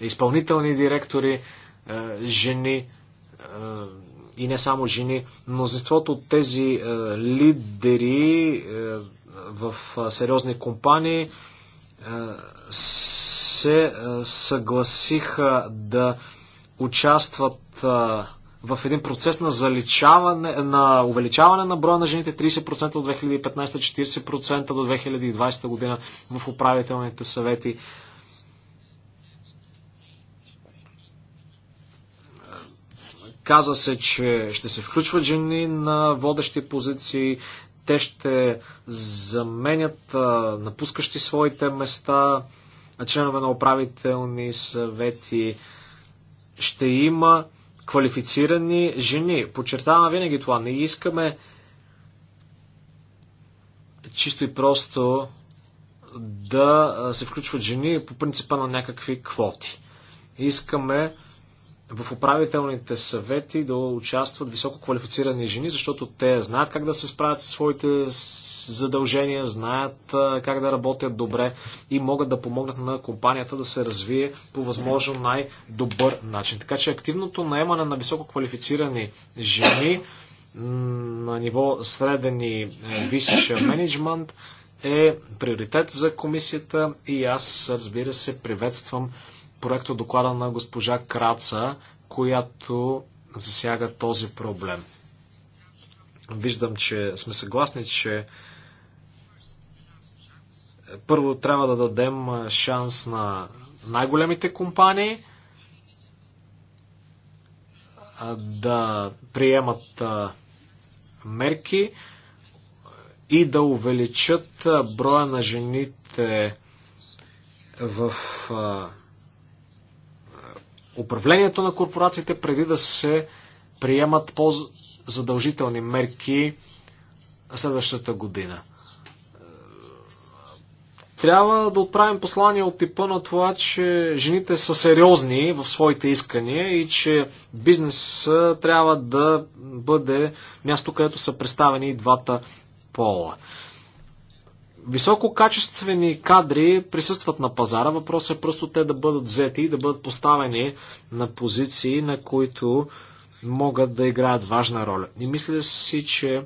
изпълнителни директори, жени и не само жени. Мнозинството от тези лидери в сериозни компании се съгласиха да участват в един процес на, заличаване, на увеличаване на броя на жените 30% от 2015, 40% до 2020 година в управителните съвети. Каза се, че ще се включват жени на водещи позиции, те ще заменят напускащи своите места, членове на управителни съвети. Ще има квалифицирани жени. Подчертавам винаги това. Не искаме чисто и просто да се включват жени по принципа на някакви квоти. Искаме в управителните съвети да участват високо квалифицирани жени, защото те знаят как да се справят с своите задължения, знаят как да работят добре и могат да помогнат на компанията да се развие по възможно най-добър начин. Така че активното наемане на високо квалифицирани жени на ниво среден и е, висш е, менеджмент е приоритет за комисията и аз, разбира се, приветствам проекто доклада на госпожа Краца, която засяга този проблем. Виждам, че сме съгласни, че първо трябва да дадем шанс на най-големите компании да приемат мерки и да увеличат броя на жените в управлението на корпорациите, преди да се приемат по-задължителни мерки следващата година. Трябва да отправим послание от типа на това, че жените са сериозни в своите искания и че бизнес трябва да бъде място, където са представени и двата пола. Висококачествени кадри присъстват на пазара. Въпросът е просто те да бъдат взети и да бъдат поставени на позиции, на които могат да играят важна роля. И мисля си, че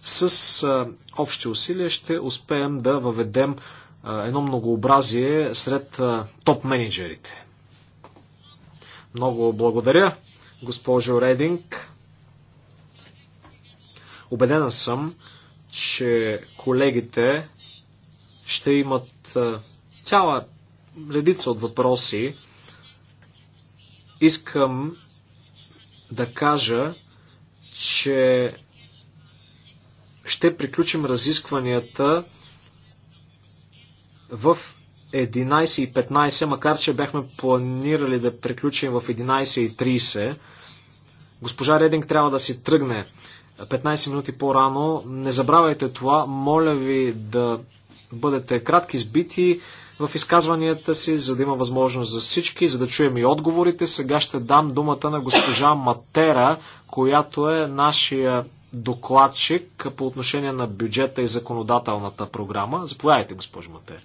с а, общи усилия ще успеем да въведем а, едно многообразие сред а, топ менеджерите. Много благодаря, госпожо Рединг. Обедена съм, че колегите ще имат цяла редица от въпроси. Искам да кажа, че ще приключим разискванията в 11.15, макар че бяхме планирали да приключим в 11.30. Госпожа Рединг трябва да си тръгне 15 минути по-рано. Не забравяйте това. Моля ви да бъдете кратки, сбити в изказванията си, за да има възможност за всички, за да чуем и отговорите. Сега ще дам думата на госпожа Матера, която е нашия докладчик по отношение на бюджета и законодателната програма. Заповядайте, госпожо Матера.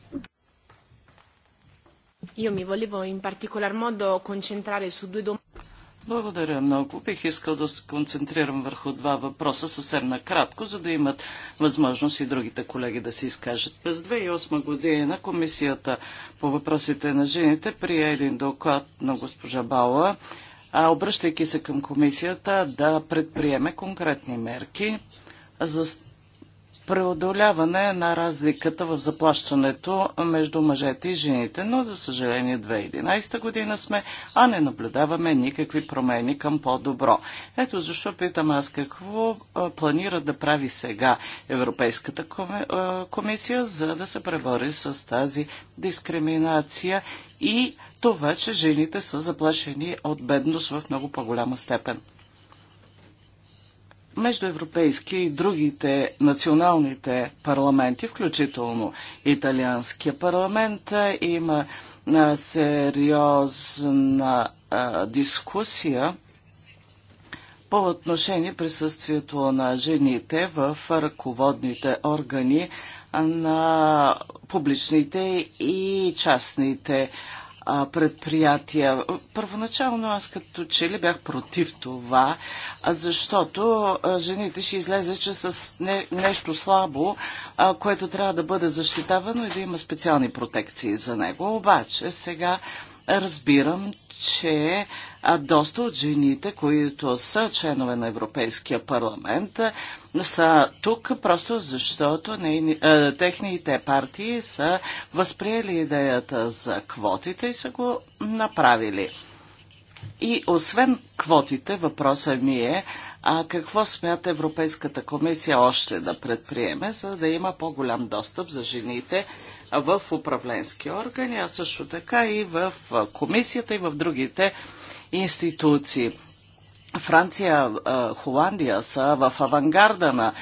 Io mi volevo in particolar modo concentrare su due domande. Благодаря много. Бих искал да се концентрирам върху два въпроса съвсем накратко, за да имат възможност и другите колеги да се изкажат. През 2008 година Комисията по въпросите на жените прие един доклад на госпожа а обръщайки се към комисията да предприеме конкретни мерки за преодоляване на разликата в заплащането между мъжете и жените, но за съжаление 2011 година сме, а не наблюдаваме никакви промени към по-добро. Ето защо питам аз какво планира да прави сега Европейската комисия, за да се превори с тази дискриминация и това, че жените са заплашени от бедност в много по-голяма степен между европейския и другите националните парламенти, включително италианския парламент, има сериозна а, дискусия по отношение присъствието на жените в ръководните органи на публичните и частните а, предприятия. Първоначално аз като че ли бях против това, защото а, жените ще излезе, че с не, нещо слабо, а, което трябва да бъде защитавано и да има специални протекции за него. Обаче сега разбирам, че доста от жените, които са членове на Европейския парламент, са тук просто защото нейни, а, техните партии са възприели идеята за квотите и са го направили. И освен квотите, въпросът ми е а какво смята Европейската комисия още да предприеме, за да има по-голям достъп за жените в управленски органи, а също така и в комисията и в другите институции. Франция, Холандия са в авангарда на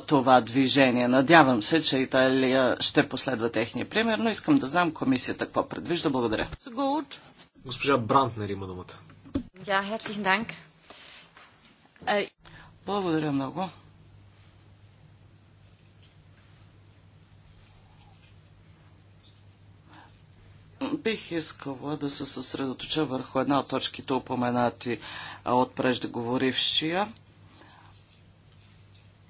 това движение. Надявам се, че Италия ще последва техния пример, но искам да знам комисията какво предвижда. Благодаря. Госпожа Брантнер има думата. Е, Благодаря много. Бих искала да се съсредоточа върху една от точките, упоменати от преждеговорившия.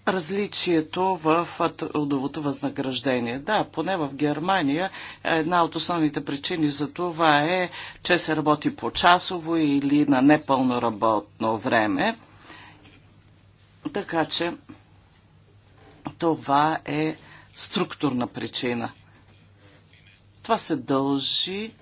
Различието в трудовото възнаграждение. Да, поне в Германия една от основните причини за това е, че се работи по-часово или на непълно работно време. Така че това е структурна причина. Това се дължи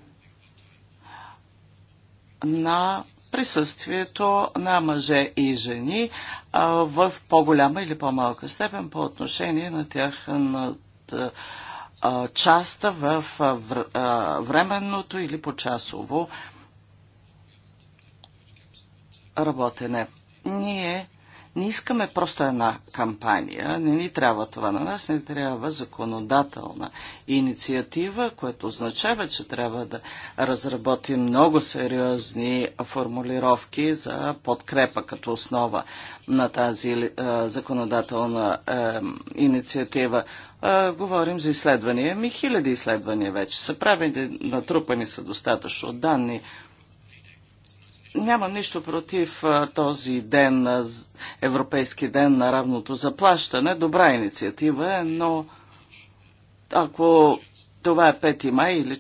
на присъствието на мъже и жени а, в по-голяма или по-малка степен по отношение на тяхната част в а, временното или по-часово работене. Ние не искаме просто една кампания, не ни трябва това. На нас не трябва законодателна инициатива, което означава, че трябва да разработим много сериозни формулировки за подкрепа като основа на тази е, законодателна е, инициатива. Е, говорим за изследвания. Ми хиляди изследвания вече са правени, натрупани са достатъчно данни Нямам нищо против този ден, Европейски ден на равното заплащане. Добра инициатива е, но ако това е 5 май или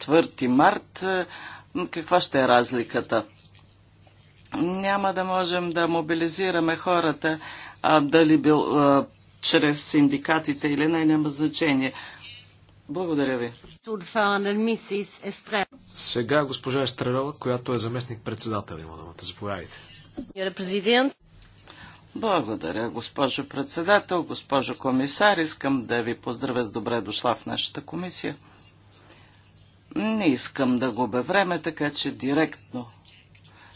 4 март, каква ще е разликата? Няма да можем да мобилизираме хората, а, дали бил а, чрез синдикатите или не, няма значение. Благодаря ви. Сега госпожа Естрелева, която е заместник председател, има думата. Заповядайте. Благодаря, госпожо председател, госпожо комисар. Искам да ви поздравя с добре дошла в нашата комисия. Не искам да губя време, така че директно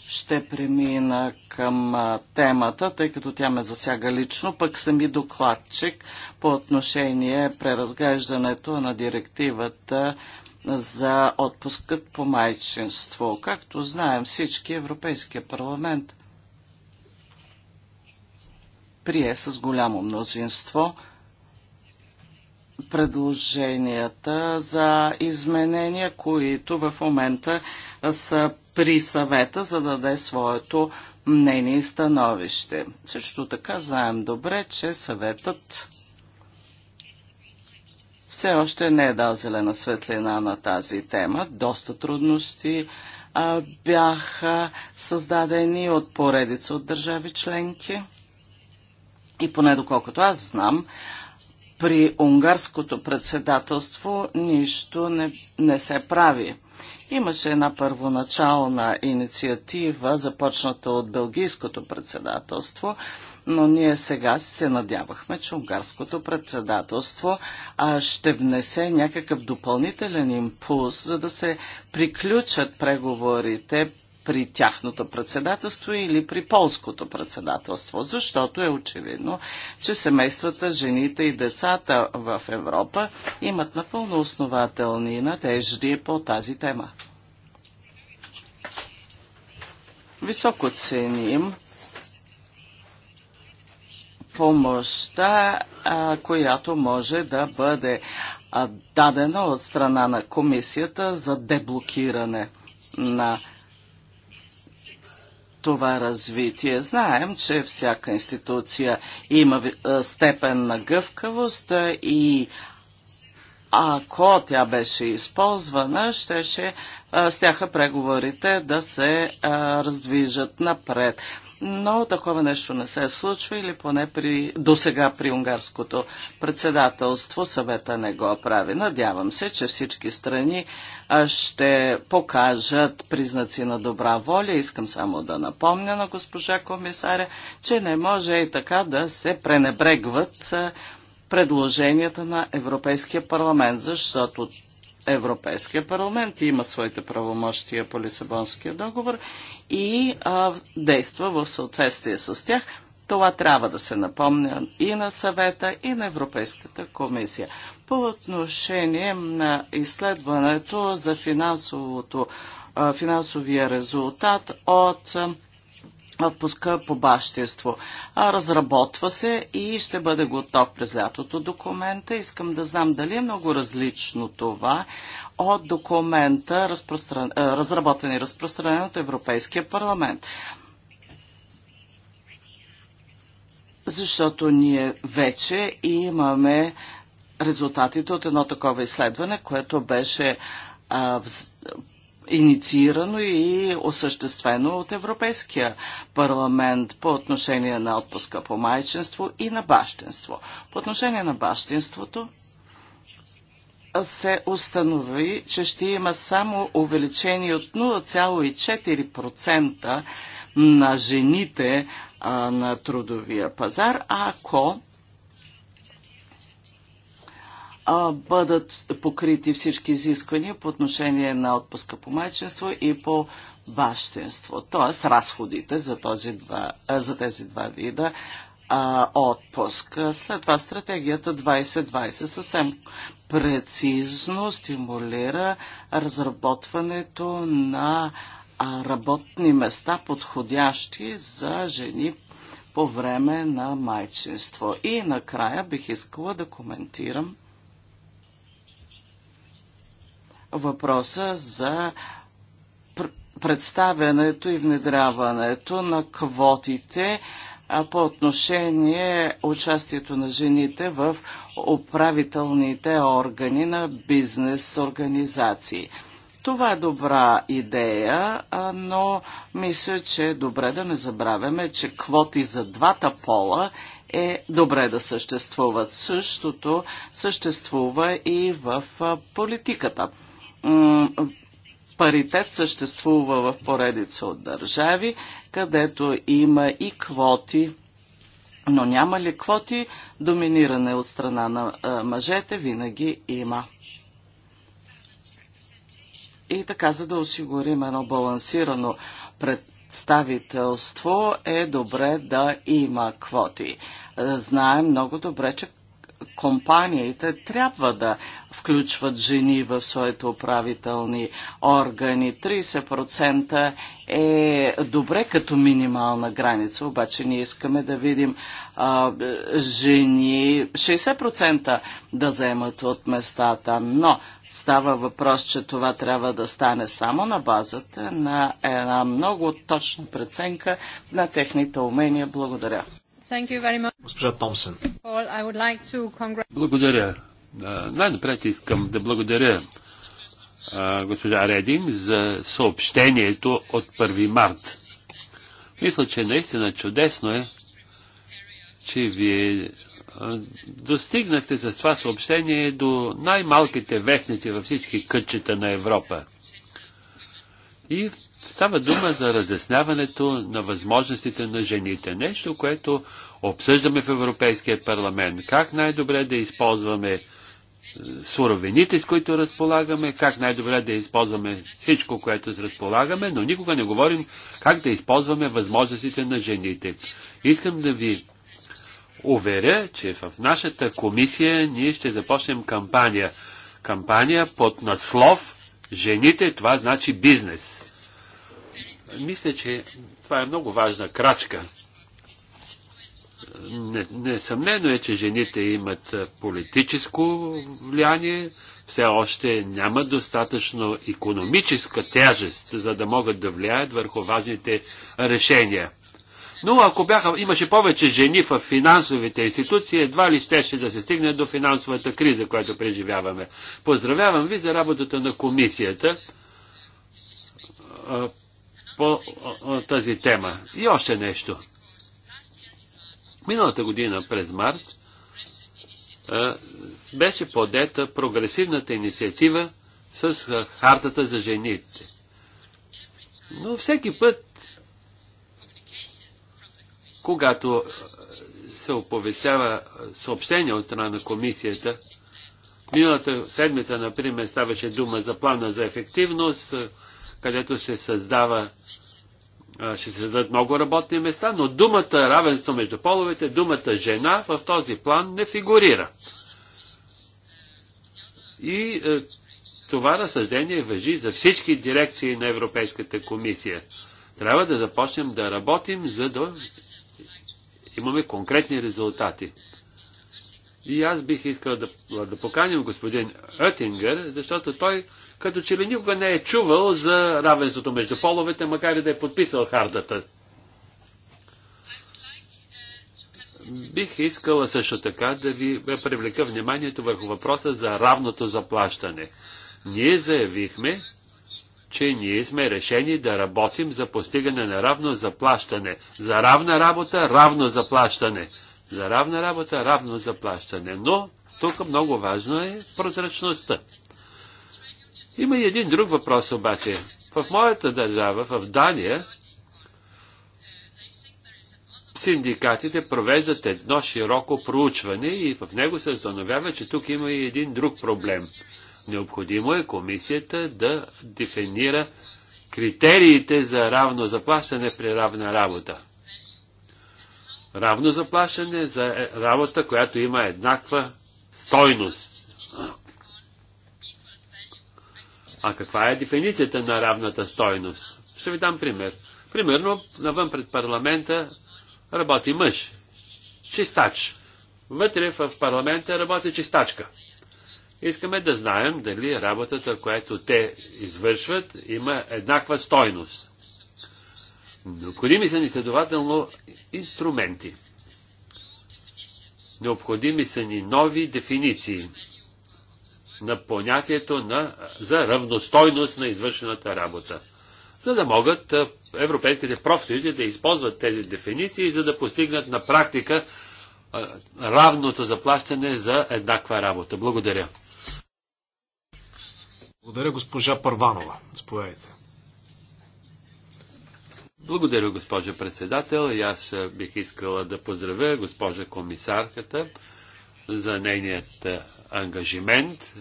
ще премина към темата, тъй като тя ме засяга лично, пък съм и докладчик по отношение преразглеждането на директивата за отпускът по майчинство. Както знаем всички, Европейския парламент прие с голямо мнозинство предложенията за изменения, които в момента са при съвета, за да даде своето мнение и становище. Също така знаем добре, че съветът все още не е дал зелена светлина на тази тема. Доста трудности а, бяха създадени от поредица от държави членки. И поне доколкото аз знам, при унгарското председателство нищо не, не се прави. Имаше една първоначална инициатива, започната от Белгийското председателство, но ние сега се надявахме, че унгарското председателство ще внесе някакъв допълнителен импулс, за да се приключат преговорите при тяхното председателство или при полското председателство, защото е очевидно, че семействата, жените и децата в Европа имат напълно основателни надежди по тази тема. Високо ценим помощта, която може да бъде дадена от страна на комисията за деблокиране на това развитие. Знаем, че всяка институция има е, степен на гъвкавост е, и ако тя беше използвана, щеше, ще, преговорите да се е, раздвижат напред но такова нещо не се случва или поне при, до сега при унгарското председателство съвета не го прави. Надявам се, че всички страни ще покажат признаци на добра воля. Искам само да напомня на госпожа комисаря, че не може и така да се пренебрегват предложенията на Европейския парламент, защото Европейския парламент има своите правомощия по Лисабонския договор и а, действа в съответствие с тях. Това трябва да се напомня и на съвета, и на Европейската комисия. По отношение на изследването за финансовото, а, финансовия резултат от отпуска по бащество. А разработва се и ще бъде готов през лятото документа. Искам да знам дали е много различно това от документа, разпростран... разработен и разпространен от Европейския парламент. Защото ние вече имаме резултатите от едно такова изследване, което беше а, в инициирано и осъществено от Европейския парламент по отношение на отпуска по майчинство и на бащинство. По отношение на бащинството се установи, че ще има само увеличение от 0,4% на жените на трудовия пазар, ако бъдат покрити всички изисквания по отношение на отпуска по майчинство и по бащинство, т.е. разходите за, този два, за тези два вида а, отпуск. След това стратегията 2020 съвсем прецизно стимулира разработването на работни места, подходящи за жени по време на майчинство. И накрая бих искала да коментирам въпроса за представянето и внедряването на квотите по отношение участието на жените в управителните органи на бизнес организации. Това е добра идея, но мисля, че е добре да не забравяме, че квоти за двата пола е добре да съществуват. Същото съществува и в политиката паритет съществува в поредица от държави, където има и квоти. Но няма ли квоти, доминиране от страна на мъжете винаги има. И така, за да осигурим едно балансирано представителство, е добре да има квоти. Знаем много добре, че компаниите трябва да включват жени в своите управителни органи. 30% е добре като минимална граница, обаче ние искаме да видим а, жени 60% да заемат от местата, но става въпрос, че това трябва да стане само на базата на една много точна преценка на техните умения. Благодаря. Госпожа Томсен. Благодаря. Най-напред искам да благодаря а, госпожа Редим за съобщението от 1 март. Мисля, че наистина чудесно е, че вие достигнахте с това съобщение до най-малките вестници във всички кътчета на Европа. И става дума за разясняването на възможностите на жените. Нещо, което обсъждаме в Европейския парламент. Как най-добре да използваме суровините, с които разполагаме, как най-добре да използваме всичко, което разполагаме, но никога не говорим как да използваме възможностите на жените. Искам да ви уверя, че в нашата комисия ние ще започнем кампания. Кампания под надслов Жените, това значи бизнес. Мисля, че това е много важна крачка Несъмнено е, че жените имат политическо влияние, все още няма достатъчно економическа тежест, за да могат да влияят върху важните решения. Но ако бяха, имаше повече жени в финансовите институции, едва ли щеше да се стигне до финансовата криза, която преживяваме. Поздравявам ви за работата на комисията по тази тема. И още нещо – Миналата година, през март, беше подета прогресивната инициатива с хартата за жените. Но всеки път, когато се оповестява съобщение от страна на комисията, миналата седмица, например, ставаше дума за плана за ефективност, където се създава ще се дадат много работни места, но думата равенство между половете, думата жена в този план не фигурира. И е, това разсъждение въжи за всички дирекции на Европейската комисия. Трябва да започнем да работим, за да имаме конкретни резултати. И аз бих искал да, да поканим господин Оттингър, защото той като че ли никога не е чувал за равенството между половете, макар и да е подписал хардата. Бих искала също така да ви привлека вниманието върху въпроса за равното заплащане. Ние заявихме, че ние сме решени да работим за постигане на равно заплащане. За равна работа, равно заплащане. За равна работа, равно заплащане. Но тук много важно е прозрачността. Има и един друг въпрос обаче. В моята държава, в Дания, синдикатите провеждат едно широко проучване и в него се установява, че тук има и един друг проблем. Необходимо е комисията да дефинира критериите за равно заплащане при равна работа. Равно заплащане за е, работа, която има еднаква стойност. А каква е дефиницията на равната стойност? Ще ви дам пример. Примерно, навън пред парламента работи мъж. Чистач. Вътре в парламента работи чистачка. Искаме да знаем дали работата, която те извършват, има еднаква стойност. Необходими са ни следователно инструменти. Необходими са ни нови дефиниции на понятието на, за равностойност на извършената работа, за да могат европейските профсъюзи да използват тези дефиниции, за да постигнат на практика равното заплащане за еднаква работа. Благодаря. Благодаря, госпожа Парванова. Споявайте. Благодаря, госпожа председател. И аз бих искала да поздравя госпожа комисарката за нейният ангажимент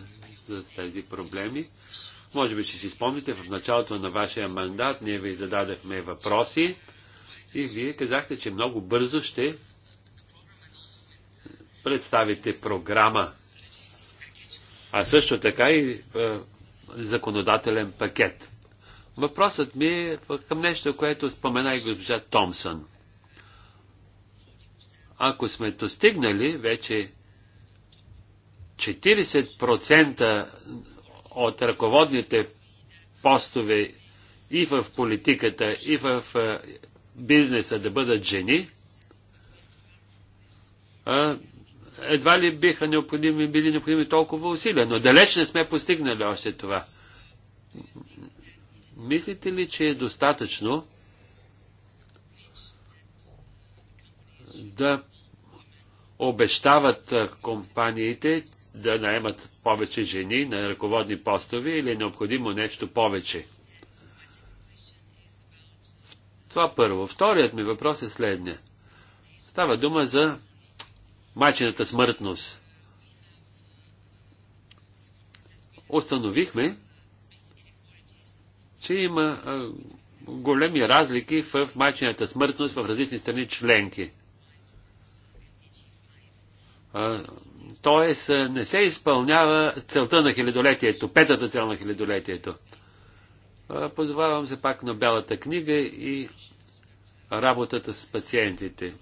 за тези проблеми. Може би ще си спомните, в началото на вашия мандат ние ви зададахме въпроси и вие казахте, че много бързо ще представите програма, а също така и е, законодателен пакет. Въпросът ми е към нещо, което спомена и госпожа Томсън. Ако сме достигнали вече 40% от ръководните постове и в политиката, и в бизнеса да бъдат жени, едва ли биха необходими, били необходими толкова усилия, но далеч не сме постигнали още това. Мислите ли, че е достатъчно да обещават компаниите, да наемат повече жени на ръководни постове или е необходимо нещо повече? Това първо. Вторият ми въпрос е следния. Става дума за майчината смъртност. Установихме, че има големи разлики в майчината смъртност в различни страни членки. Т.е. не се изпълнява целта на хилядолетието, петата цел на хилядолетието. Позовавам се пак на Бялата книга и работата с пациентите.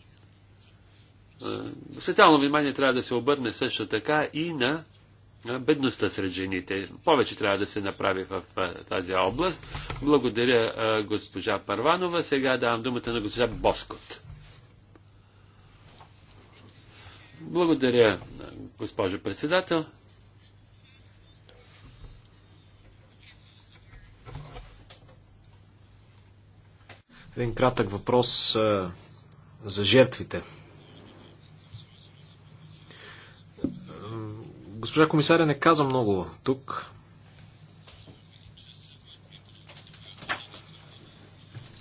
Специално внимание трябва да се обърне също така и на бедността сред жените. Повече трябва да се направи в тази област. Благодаря госпожа Парванова. Сега давам думата на госпожа Боскот. Благодаря, госпожо председател. Един кратък въпрос за жертвите. Госпожа комисаря не каза много тук.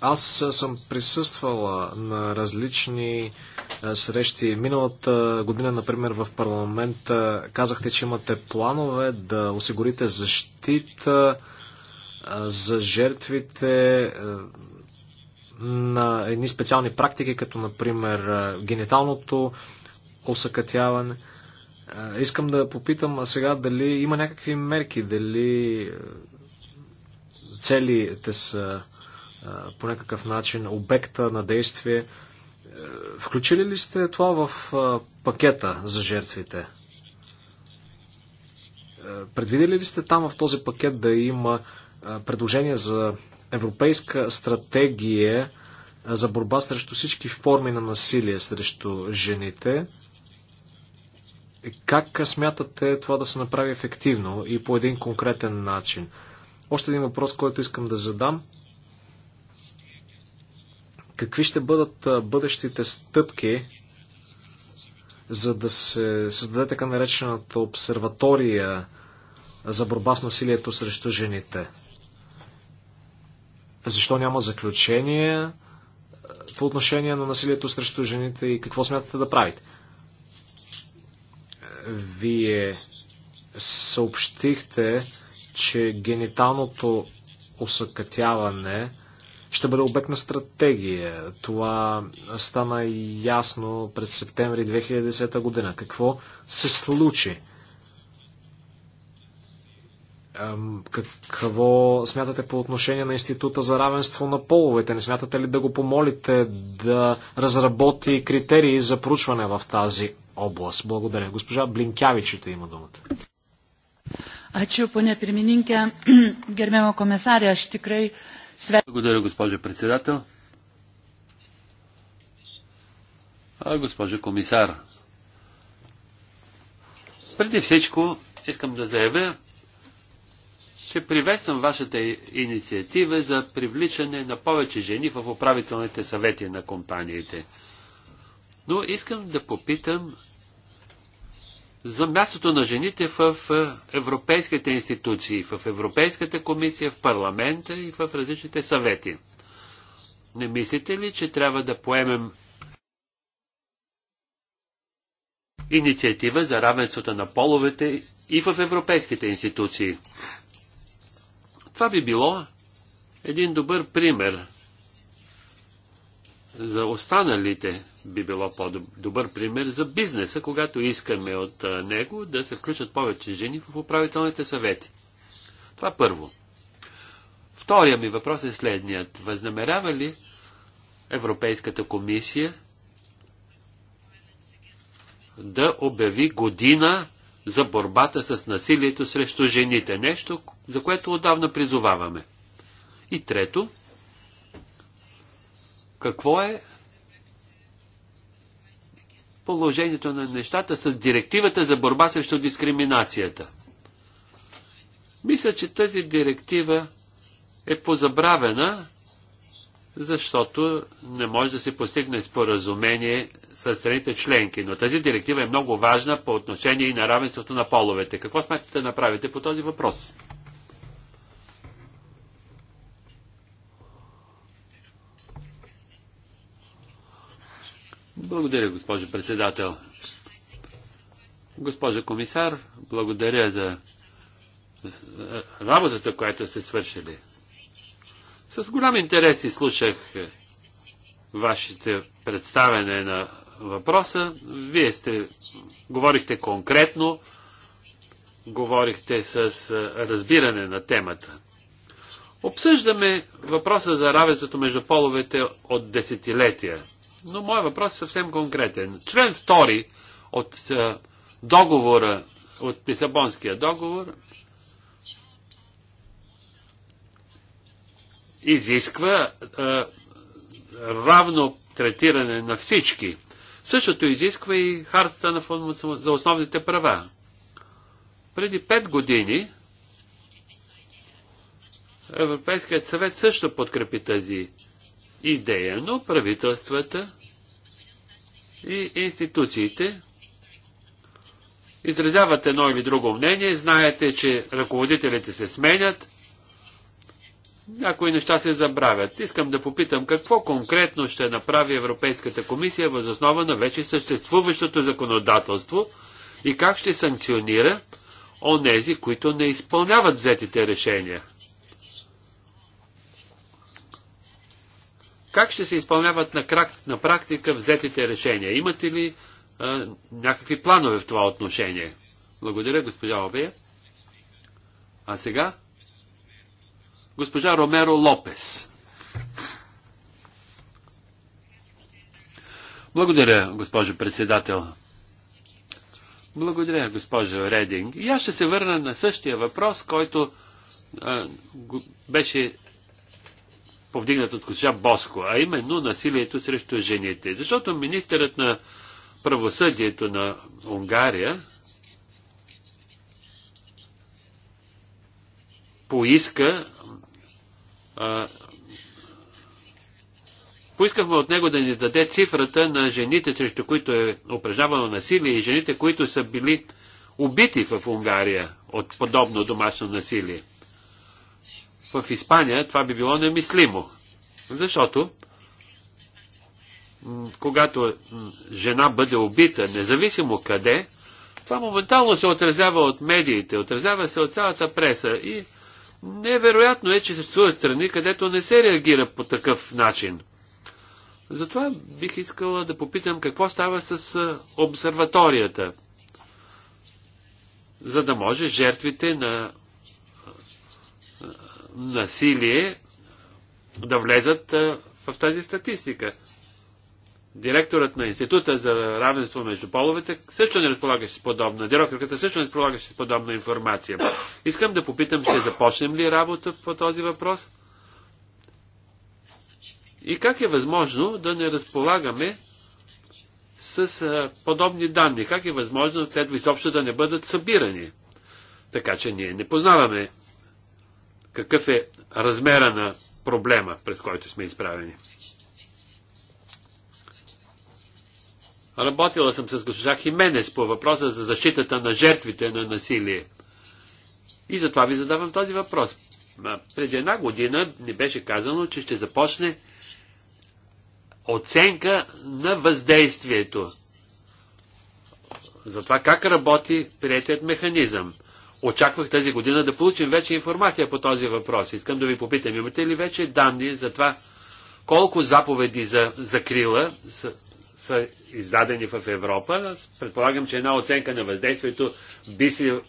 Аз съм присъствала на различни срещи. Миналата година, например, в парламента казахте, че имате планове да осигурите защита за жертвите на едни специални практики, като, например, гениталното осъкътяване. Искам да попитам сега дали има някакви мерки, дали целите са по някакъв начин обекта на действие. Е, включили ли сте това в пакета за жертвите? Е, предвидели ли сте там в този пакет да има предложение за европейска стратегия за борба срещу всички форми на насилие срещу жените? Как смятате това да се направи ефективно и по един конкретен начин? Още един въпрос, който искам да задам – Какви ще бъдат бъдещите стъпки, за да се създаде така наречената обсерватория за борба с насилието срещу жените? Защо няма заключение по отношение на насилието срещу жените и какво смятате да правите? Вие съобщихте, че гениталното осъкътяване ще бъде обект на стратегия. Това стана ясно през септември 2010 година. Какво се случи? Какво смятате по отношение на Института за равенство на половете? Не смятате ли да го помолите да разработи критерии за проучване в тази област? Благодаря. Госпожа Блинкявичите има думата. Ačiū, ponia pirmininkė, gerbiamo komisarė, aš tikrai благодаря, госпожо председател. А, госпожо комисар, преди всичко искам да заявя, че приветствам вашата инициатива за привличане на повече жени в управителните съвети на компаниите. Но искам да попитам за мястото на жените в европейските институции, в Европейската комисия, в парламента и в различните съвети. Не мислите ли, че трябва да поемем инициатива за равенството на половете и в европейските институции? Това би било един добър пример за останалите би било по-добър пример за бизнеса, когато искаме от него да се включат повече жени в управителните съвети. Това първо. Втория ми въпрос е следният. Възнамерява ли Европейската комисия да обяви година за борбата с насилието срещу жените? Нещо, за което отдавна призоваваме. И трето, какво е положението на нещата с директивата за борба срещу дискриминацията. Мисля, че тази директива е позабравена, защото не може да се постигне споразумение с страните членки. Но тази директива е много важна по отношение и на равенството на половете. Какво смятате да направите по този въпрос? Благодаря, госпожо председател. Госпожо комисар, благодаря за работата, която сте свършили. С голям интерес изслушах вашите представяне на въпроса. Вие сте, говорихте конкретно, говорихте с разбиране на темата. Обсъждаме въпроса за равенството между половете от десетилетия – но моят въпрос е съвсем конкретен. Член 2 от е, договора, от Лисабонския договор, изисква е, равно третиране на всички. Същото изисква и хартата на фонд за основните права. Преди 5 години Европейският съвет също подкрепи тази идея, но правителствата и институциите изразяват едно или друго мнение, знаете, че ръководителите се сменят, някои неща се забравят. Искам да попитам какво конкретно ще направи Европейската комисия въз основа на вече съществуващото законодателство и как ще санкционира онези, които не изпълняват взетите решения. Как ще се изпълняват на, крак, на практика взетите решения? Имате ли а, някакви планове в това отношение? Благодаря, госпожа Обея. А сега? Госпожа Ромеро Лопес. Благодаря, госпожо председател. Благодаря, госпожо Рединг. И аз ще се върна на същия въпрос, който а, беше повдигнат от госпожа Боско, а именно насилието срещу жените. Защото министърът на правосъдието на Унгария поиска а, Поискахме от него да ни даде цифрата на жените, срещу които е упражнявано насилие и жените, които са били убити в Унгария от подобно домашно насилие в Испания това би било немислимо. Защото когато жена бъде убита, независимо къде, това моментално се отразява от медиите, отразява се от цялата преса. И невероятно е, че съществуват страни, където не се реагира по такъв начин. Затова бих искала да попитам какво става с обсерваторията, за да може жертвите на насилие да влезат в тази статистика. Директорът на Института за равенство между половете също не разполагаше с подобна, директорката също не разполагаше с подобна информация. Искам да попитам, ще започнем ли работа по този въпрос? И как е възможно да не разполагаме с а, подобни данни? Как е възможно след изобщо да не бъдат събирани? Така че ние не познаваме какъв е размера на проблема, през който сме изправени. Работила съм с госпожа Хименес по въпроса за защитата на жертвите на насилие. И затова ви задавам този въпрос. Преди една година ни беше казано, че ще започне оценка на въздействието за това как работи приятият механизъм очаквах тази година да получим вече информация по този въпрос. Искам да ви попитам, имате ли вече данни за това колко заповеди за закрила са, са издадени в Европа? Предполагам, че една оценка на въздействието би се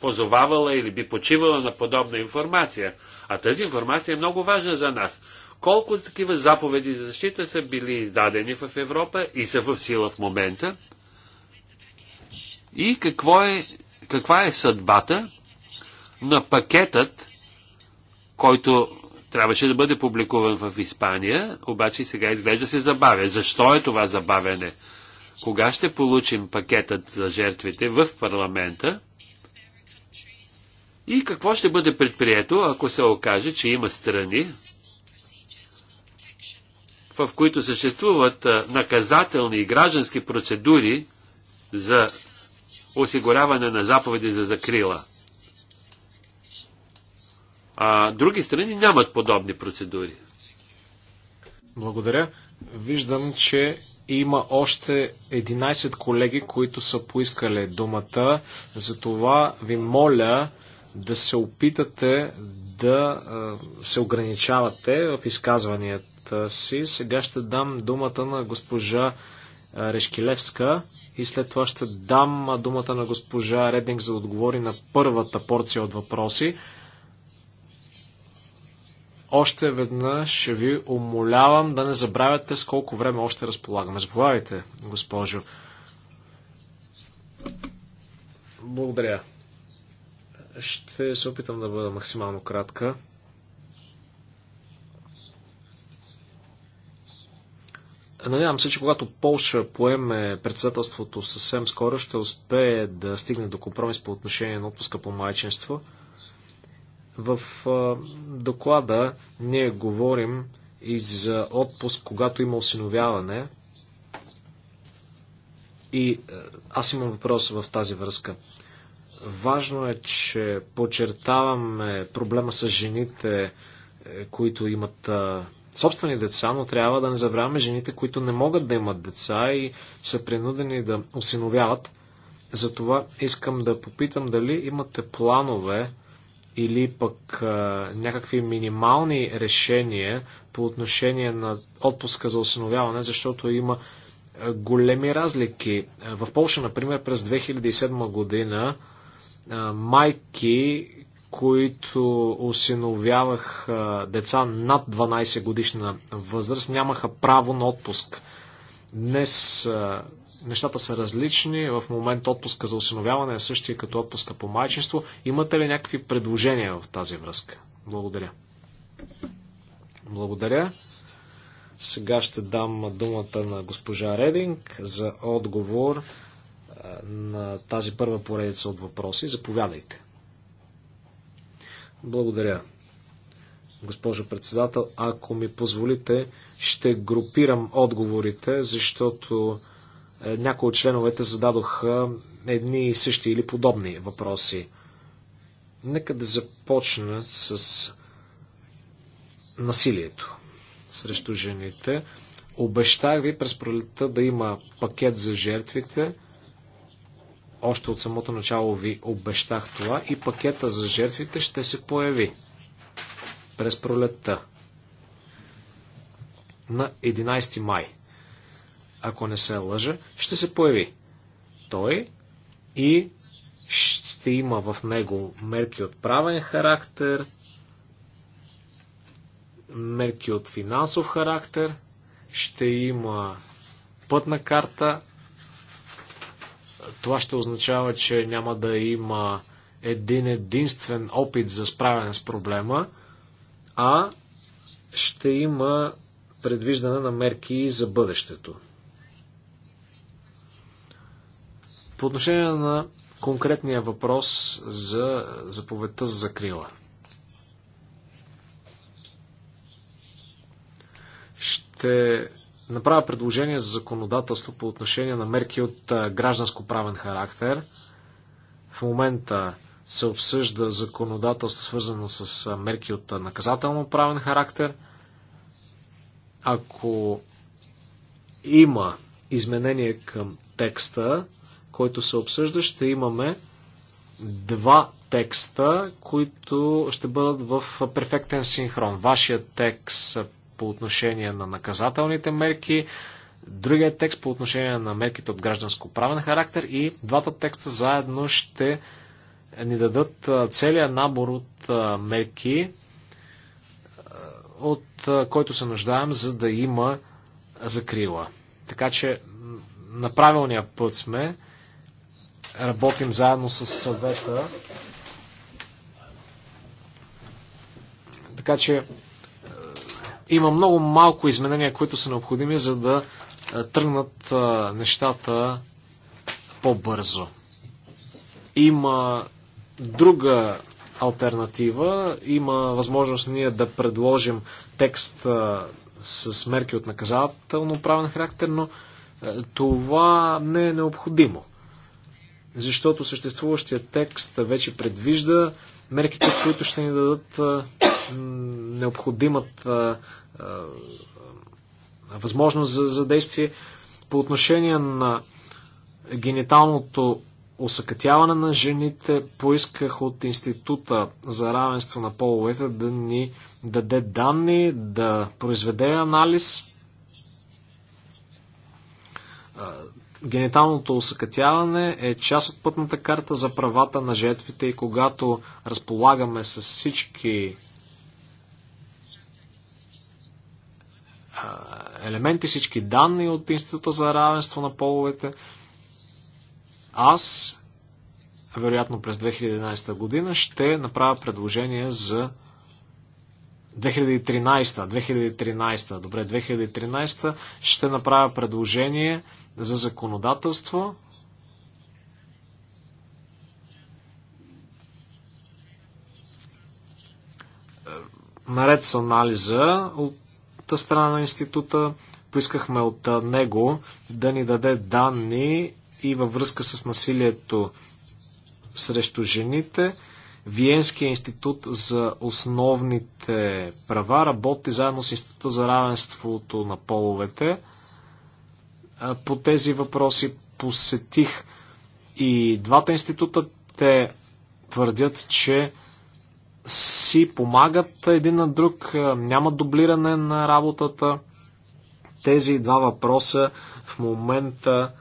позовавала или би почивала на подобна информация. А тази информация е много важна за нас. Колко такива заповеди за защита са били издадени в Европа и са в сила в момента? И какво е каква е съдбата на пакетът, който трябваше да бъде публикуван в Испания, обаче сега изглежда се забавя. Защо е това забавяне? Кога ще получим пакетът за жертвите в парламента? И какво ще бъде предприето, ако се окаже, че има страни, в които съществуват наказателни и граждански процедури за осигуряване на заповеди за закрила. А други страни нямат подобни процедури. Благодаря. Виждам, че има още 11 колеги, които са поискали думата. Затова ви моля да се опитате да се ограничавате в изказванията си. Сега ще дам думата на госпожа Решкилевска и след това ще дам думата на госпожа Рединг за да отговори на първата порция от въпроси. Още веднъж ще ви умолявам да не забравяте с колко време още разполагаме. Заповядайте, госпожо. Благодаря. Ще се опитам да бъда максимално кратка. Надявам се, че когато Полша поеме председателството съвсем скоро, ще успее да стигне до компромис по отношение на отпуска по майчинство. В доклада ние говорим и за отпуск, когато има осиновяване. И аз имам въпрос в тази връзка. Важно е, че подчертаваме проблема с жените, е, които имат собствени деца, но трябва да не забравяме жените, които не могат да имат деца и са принудени да осиновяват. Затова искам да попитам дали имате планове или пък а, някакви минимални решения по отношение на отпуска за осиновяване, защото има големи разлики. В Польша, например, през 2007 година майки, които осиновявах деца над 12 годишна възраст, нямаха право на отпуск. Днес нещата са различни. В момента отпуска за осиновяване е същия като отпуска по майчество. Имате ли някакви предложения в тази връзка? Благодаря. Благодаря. Сега ще дам думата на госпожа Рединг за отговор на тази първа поредица от въпроси. Заповядайте. Благодаря. Госпожо председател, ако ми позволите, ще групирам отговорите, защото е, някои от членовете зададоха едни и същи или подобни въпроси. Нека да започна с насилието срещу жените. Обещах ви през пролетта да има пакет за жертвите. Още от самото начало ви обещах това и пакета за жертвите ще се появи през пролетта на 11 май. Ако не се лъжа, ще се появи той и ще има в него мерки от правен характер, мерки от финансов характер, ще има пътна карта това ще означава, че няма да има един единствен опит за справяне с проблема, а ще има предвиждане на мерки за бъдещето. По отношение на конкретния въпрос за заповедта за закрила. Ще направя предложение за законодателство по отношение на мерки от гражданско-правен характер. В момента се обсъжда законодателство, свързано с мерки от наказателно-правен характер. Ако има изменение към текста, който се обсъжда, ще имаме два текста, които ще бъдат в перфектен синхрон. Вашия текст по отношение на наказателните мерки, другия текст по отношение на мерките от гражданско-правен характер и двата текста заедно ще ни дадат целият набор от мерки, от който се нуждаем, за да има закрила. Така че на правилния път сме. Работим заедно с съвета. Така че има много малко изменения, които са необходими, за да е, тръгнат е, нещата по-бързо. Има друга альтернатива. Има възможност ние да предложим текст е, с мерки от наказателно правен характер, но това не е необходимо. Защото съществуващия текст вече предвижда мерките, които ще ни дадат необходимата възможност за, за действие по отношение на гениталното осъкътяване на жените поисках от Института за равенство на половете да ни даде данни, да произведе анализ. Гениталното усъкътяване е част от пътната карта за правата на жертвите и когато разполагаме с всички елементи, всички данни от Института за равенство на половете, аз, вероятно през 2011 година, ще направя предложение за 2013, 2013, добре, 2013 ще направя предложение за законодателство. Наред с анализа от страна на института, поискахме от него да ни даде данни и във връзка с насилието срещу жените. Виенския институт за основните права работи заедно с Института за равенството на половете. По тези въпроси посетих и двата института. Те твърдят, че си помагат един на друг, няма дублиране на работата. Тези два въпроса в момента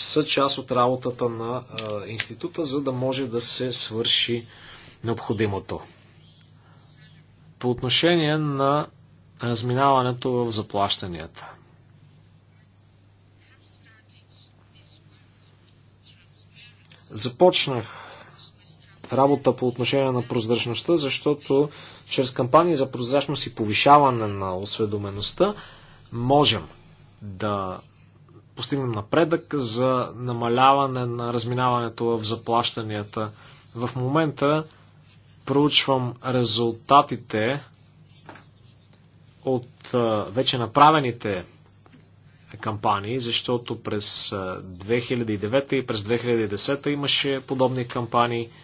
са част от работата на института, за да може да се свърши необходимото. По отношение на разминаването в заплащанията. Започнах работа по отношение на прозрачността, защото чрез кампании за прозрачност и повишаване на осведомеността можем да постигнем напредък за намаляване на разминаването в заплащанията. В момента проучвам резултатите от вече направените кампании, защото през 2009 и през 2010 имаше подобни кампании –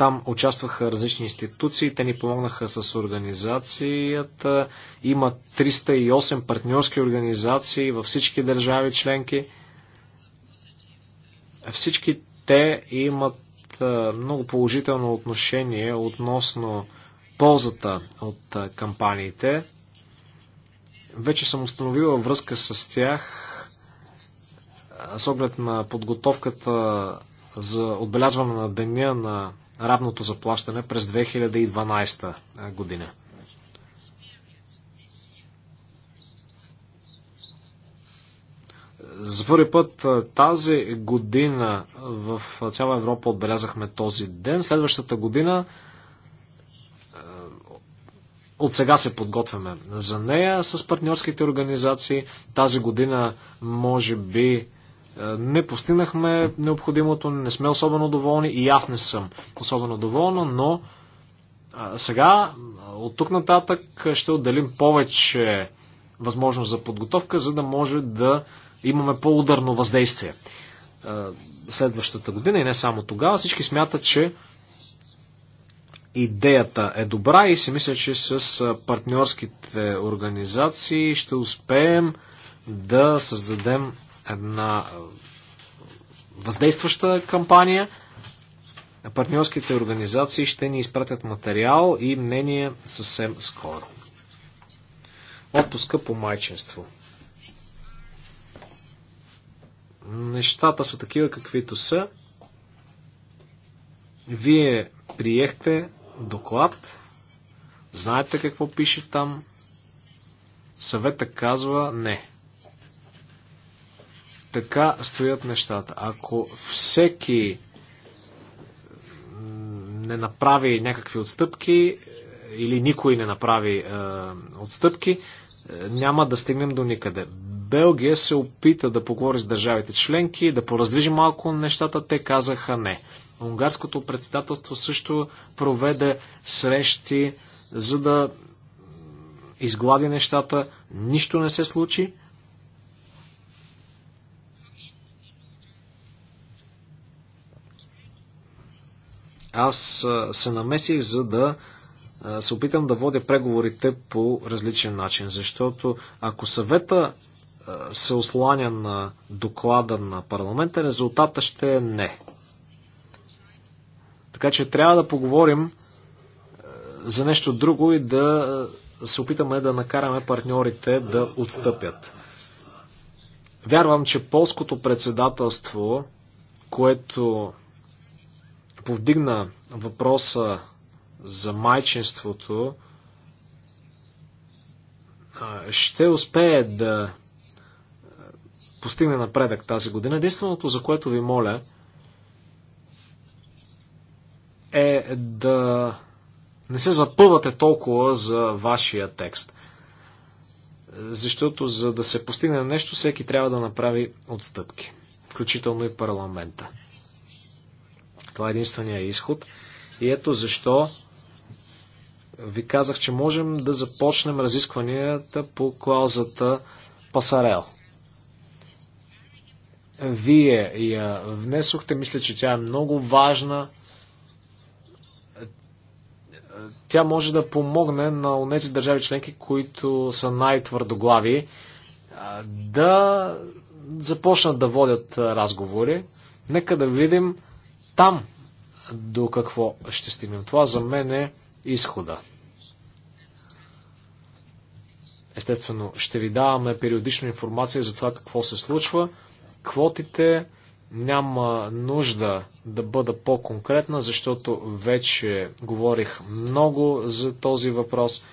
Там участваха различни институции, те ни помогнаха с организацията. Има 308 партньорски организации във всички държави членки. Всички те имат много положително отношение относно ползата от кампаниите. Вече съм установила връзка с тях с оглед на подготовката за отбелязване на деня на равното заплащане през 2012 година. За първи път тази година в цяла Европа отбелязахме този ден. Следващата година от сега се подготвяме за нея с партньорските организации. Тази година може би е, не постигнахме необходимото, не сме особено доволни и аз не съм особено доволна, но сега от тук нататък ще отделим повече възможност за подготовка, за да може да имаме по-ударно въздействие е, следващата година и не само тогава. Всички смятат, че идеята е добра и си мисля, че с партньорските организации ще успеем да създадем една въздействаща кампания. Партньорските организации ще ни изпратят материал и мнение съвсем скоро. Отпуска по майчинство. Нещата са такива каквито са. Вие приехте доклад, знаете какво пише там. съветът казва не. Така стоят нещата. Ако всеки не направи някакви отстъпки или никой не направи е, отстъпки, е, няма да стигнем до никъде. Белгия се опита да поговори с държавите членки, да пораздвижи малко нещата, те казаха не. Унгарското председателство също проведе срещи, за да изглади нещата. Нищо не се случи. Аз се намесих, за да се опитам да водя преговорите по различен начин, защото ако съвета се осланя на доклада на парламента, резултата ще е не. Така че трябва да поговорим за нещо друго и да се опитаме да накараме партньорите да отстъпят. Вярвам, че полското председателство, което повдигна въпроса за майчинството, ще успее да постигне напредък тази година. Единственото, за което ви моля, е да не се запъвате толкова за вашия текст. Защото за да се постигне нещо, всеки трябва да направи отстъпки, включително и парламента. Това е единствения изход. И ето защо ви казах, че можем да започнем разискванията по клаузата Пасарел. Вие я внесохте, мисля, че тя е много важна. Тя може да помогне на тези държави членки, които са най-твърдоглави, да започнат да водят разговори. Нека да видим там до какво ще стигнем. Това за мен е изхода. Естествено, ще ви даваме периодично информация за това какво се случва. Квотите няма нужда да бъда по-конкретна, защото вече говорих много за този въпрос.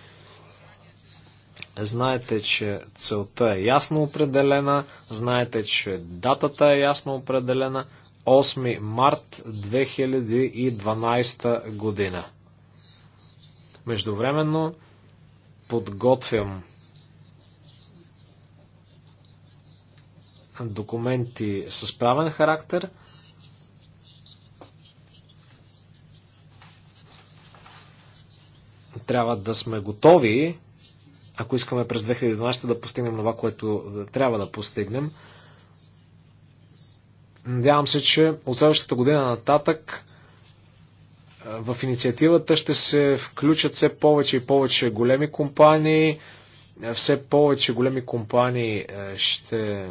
Знаете, че целта е ясно определена, знаете, че датата е ясно определена, 8 март 2012 година. Междувременно подготвям документи с правен характер. Трябва да сме готови, ако искаме през 2012 да постигнем това, което трябва да постигнем. Надявам се, че от следващата година нататък е, в инициативата ще се включат все повече и повече големи компании. Е, все повече големи компании е, ще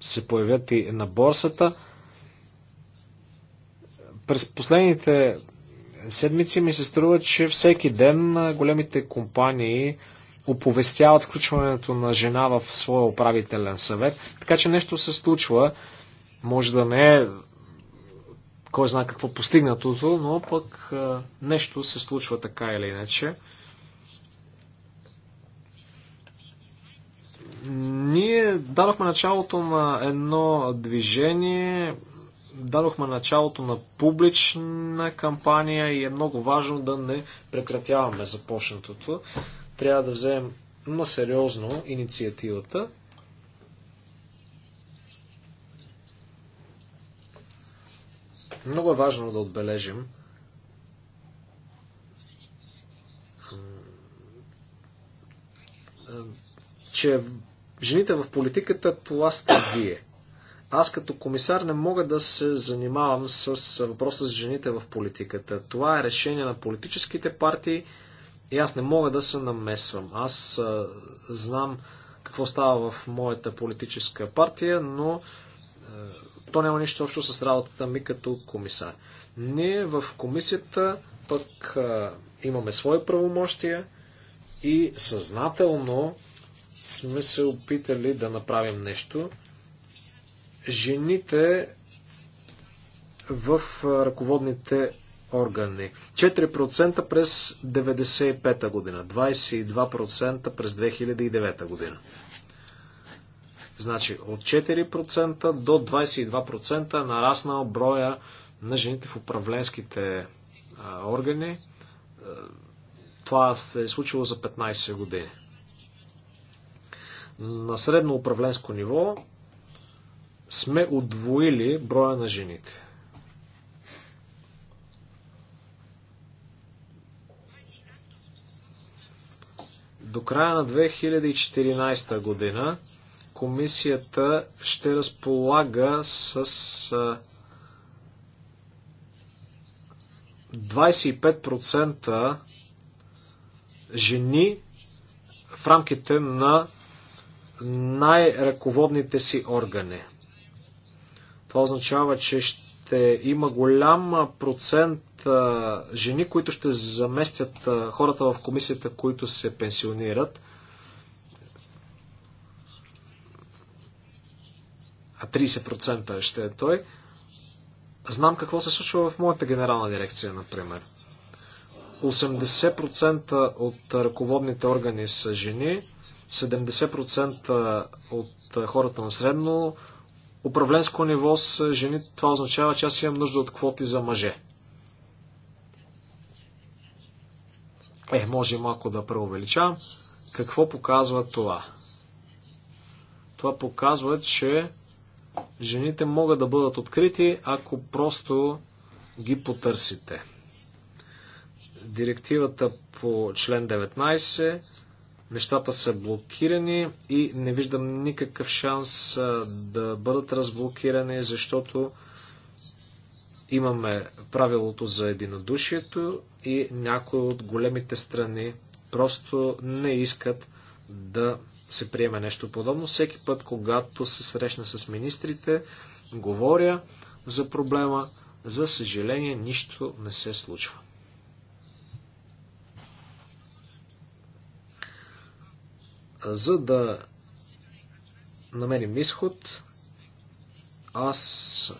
се появят и на борсата. През последните седмици ми се струва, че всеки ден големите компании оповестяват включването на жена в своя управителен съвет. Така че нещо се случва. Може да не е кой знае какво постигнатото, но пък нещо се случва така или иначе. Ние дадохме началото на едно движение, дадохме началото на публична кампания и е много важно да не прекратяваме започнатото. Трябва да вземем на сериозно инициативата. Много е важно да отбележим, че жените в политиката това сте вие. Аз като комисар не мога да се занимавам с въпроса с жените в политиката. Това е решение на политическите партии, и аз не мога да се намесвам. Аз а, знам какво става в моята политическа партия, но а, то няма нищо общо с работата ми като комисар. Ние в комисията пък а, имаме свои правомощия и съзнателно сме се опитали да направим нещо. Жените в ръководните органи. 4% през 1995 година, 22% през 2009 година. Значи от 4% до 22% е нараснал броя на жените в управленските органи. Е, това се е случило за 15 години. На средно управленско ниво сме удвоили броя на жените. До края на 2014 година комисията ще разполага с 25% жени в рамките на най-ръководните си органи. Това означава, че ще има голям процент жени, които ще заместят хората в комисията, които се пенсионират. А 30% ще е той. Знам какво се случва в моята генерална дирекция, например. 80% от ръководните органи са жени, 70% от хората на средно управленско ниво са жени. Това означава, че аз имам нужда от квоти за мъже. Е, може малко да преувеличавам. Какво показва това? Това показва, че жените могат да бъдат открити, ако просто ги потърсите. Директивата по член 19, нещата са блокирани и не виждам никакъв шанс да бъдат разблокирани, защото имаме правилото за единодушието и някои от големите страни просто не искат да се приеме нещо подобно. Всеки път, когато се срещна с министрите, говоря за проблема. За съжаление, нищо не се случва. За да намерим изход, аз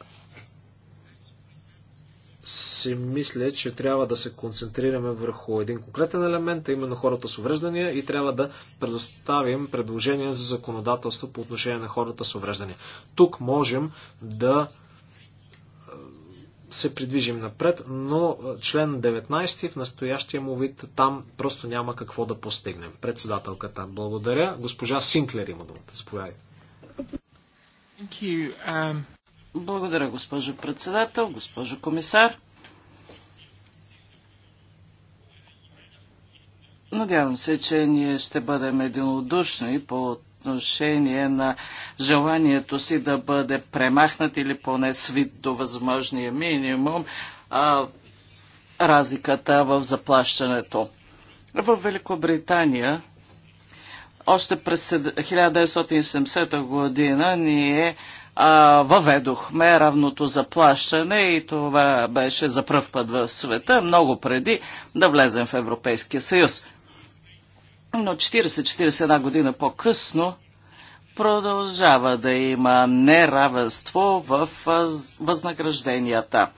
си мисля, че трябва да се концентрираме върху един конкретен елемент, а именно хората с увреждания и трябва да предоставим предложения за законодателство по отношение на хората с увреждания. Тук можем да се придвижим напред, но член 19 в настоящия му вид там просто няма какво да постигнем. Председателката, благодаря. Госпожа Синклер има думата. Заповядайте. Um, благодаря, госпожо председател, госпожо комисар. Надявам се, че ние ще бъдем единодушни по отношение на желанието си да бъде премахнат или поне свит до възможния минимум а, разликата в заплащането. В Великобритания още през 1970 година ние а, въведохме равното заплащане и това беше за пръв път в света, много преди да влезем в Европейския съюз но 40-41 година по-късно продължава да има неравенство в възнагражденията.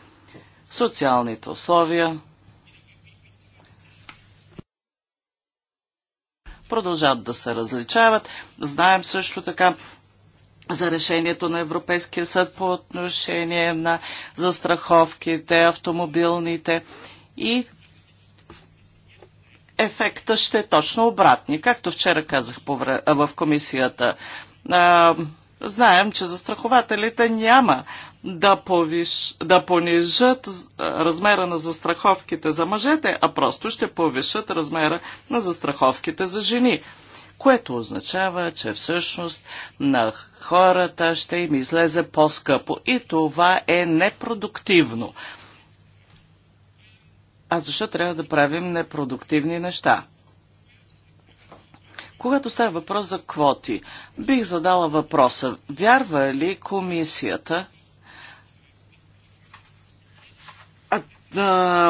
Социалните условия продължават да се различават. Знаем също така за решението на Европейския съд по отношение на застраховките, автомобилните и ефекта ще е точно обратни. Както вчера казах в комисията, знаем, че застрахователите няма да, повиш, да понижат размера на застраховките за мъжете, а просто ще повишат размера на застраховките за жени което означава, че всъщност на хората ще им излезе по-скъпо и това е непродуктивно а защо трябва да правим непродуктивни неща. Когато става въпрос за квоти, бих задала въпроса, вярва ли комисията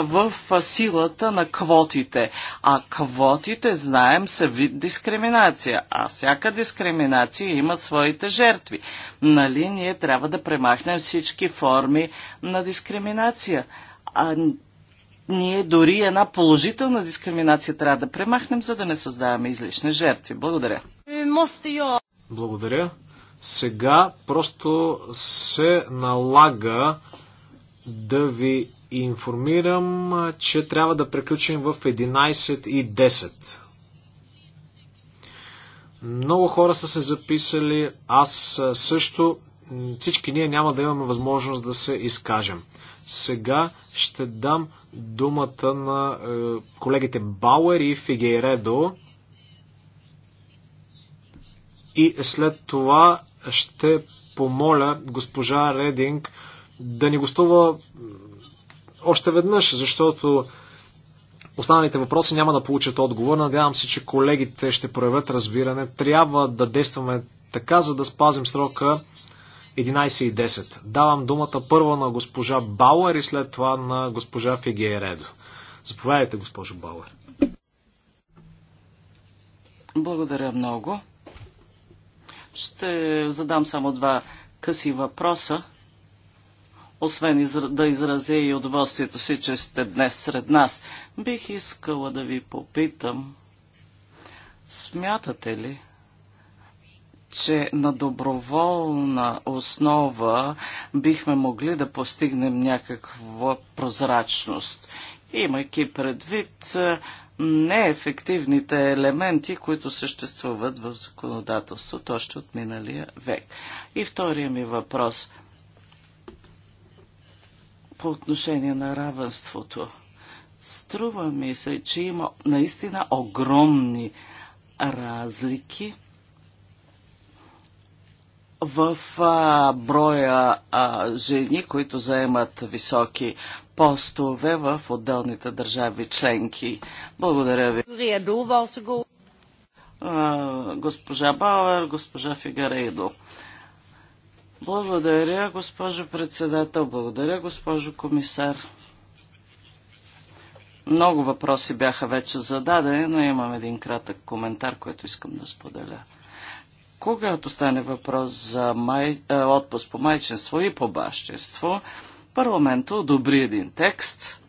в силата на квотите. А квотите, знаем, са вид дискриминация. А всяка дискриминация има своите жертви. Нали ние трябва да премахнем всички форми на дискриминация? А ние дори една положителна дискриминация трябва да премахнем, за да не създаваме излишни жертви. Благодаря. Благодаря. Сега просто се налага да ви информирам, че трябва да приключим в 11 и 10. Много хора са се записали, аз също. Всички ние няма да имаме възможност да се изкажем. Сега ще дам думата на е, колегите Бауер и Фигейредо. И след това ще помоля госпожа Рединг да ни гостува още веднъж, защото останалите въпроси няма да получат отговор. Надявам се, че колегите ще проявят разбиране. Трябва да действаме така, за да спазим срока 11.10. Давам думата първо на госпожа Бауер и след това на госпожа Фигиередо. Заповядайте, госпожо Бауер. Благодаря много. Ще задам само два къси въпроса, освен да изразя и удоволствието си, че сте днес сред нас. Бих искала да ви попитам, смятате ли, че на доброволна основа бихме могли да постигнем някаква прозрачност, имайки предвид е, неефективните елементи, които съществуват в законодателството още от миналия век. И втория ми въпрос по отношение на равенството. Струва ми се, че има наистина огромни разлики – в а, броя а, жени, които заемат високи постове в отделните държави членки. Благодаря ви. А, госпожа Бауер, госпожа Фигарейдо. Благодаря, госпожо председател. Благодаря, госпожо комисар. Много въпроси бяха вече зададени, но имам един кратък коментар, който искам да споделя. Когато стане въпрос за май, е, отпуск по майчинство и по бащинство, парламента одобри един текст